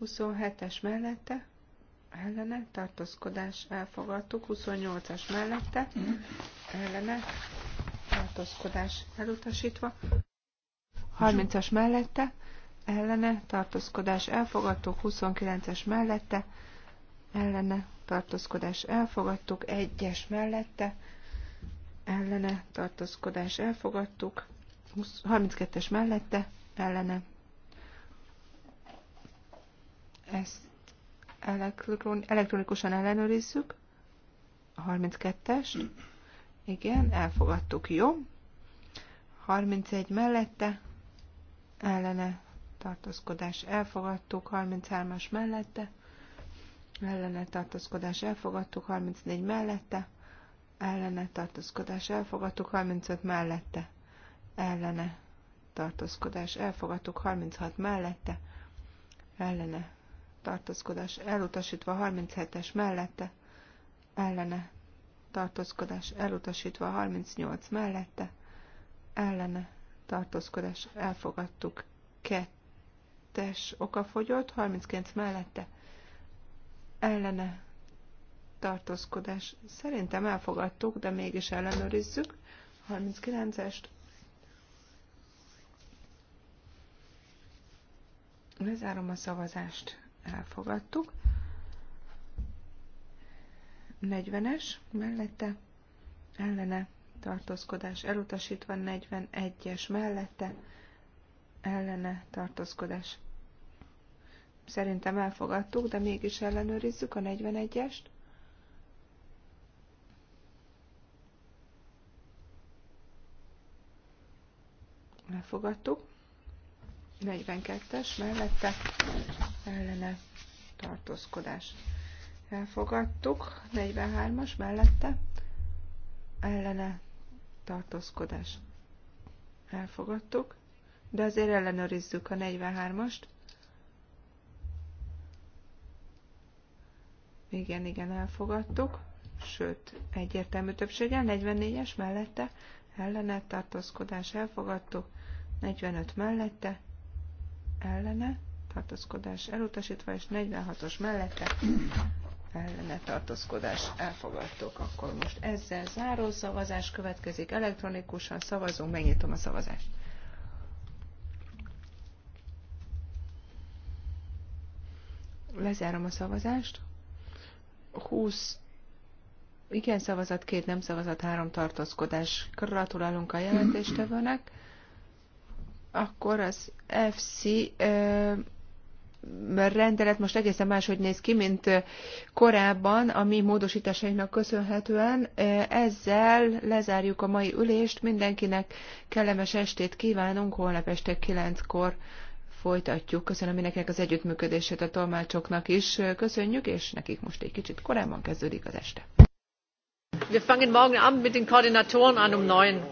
27-es mellette, ellene, tartózkodás elfogadtuk, 28-as mellette, ellene, tartózkodás elutasítva, 30-as mellette, ellene, tartózkodás elfogadtuk, 29-es mellette, ellene, tartózkodás elfogadtuk, 1-es mellette, ellene, tartózkodás elfogadtuk, 32-es mellette, ellene, ezt elektron, elektronikusan ellenőrizzük. A 32-est. Igen, elfogadtuk, jó. 31 mellette, ellene tartózkodás elfogadtuk, 33-as mellette, ellene tartózkodás elfogadtuk, 34 mellette, ellene tartózkodás elfogadtuk, 35 mellette, ellene tartózkodás elfogadtuk, 36 mellette, ellene tartózkodás elutasítva 37-es mellette, ellene tartózkodás elutasítva 38 mellette, ellene tartózkodás elfogadtuk 2-es okafogyott, 39 mellette, ellene tartózkodás szerintem elfogadtuk, de mégis ellenőrizzük 39-est. Lezárom a szavazást elfogadtuk. 40-es mellette ellene tartózkodás elutasítva, 41-es mellette ellene tartózkodás. Szerintem elfogadtuk, de mégis ellenőrizzük a 41-est. Elfogadtuk. 42-es mellette ellene tartózkodás. Elfogadtuk. 43-as mellette ellene tartózkodás. Elfogadtuk. De azért ellenőrizzük a 43-ast. Igen, igen, elfogadtuk. Sőt, egyértelmű többséggel. 44-es mellette ellene tartózkodás elfogadtuk. 45 mellette ellene tartózkodás elutasítva, és 46-os mellette ellene tartózkodás elfogadtok. Akkor most ezzel záró szavazás következik. Elektronikusan szavazunk, megnyitom a szavazást. Lezárom a szavazást. 20 igen szavazat, két nem szavazat, három tartózkodás. Gratulálunk a jelentéstevőnek akkor az FC rendelet most egészen máshogy néz ki, mint korábban, a mi módosításainknak köszönhetően. Ezzel lezárjuk a mai ülést, mindenkinek kellemes estét kívánunk, holnap este kilenckor folytatjuk. Köszönöm mindenkinek az együttműködését a tolmácsoknak is. Köszönjük, és nekik most egy kicsit korábban kezdődik az este. Wir fangen morgen Abend mit den Koordinatoren an um neun.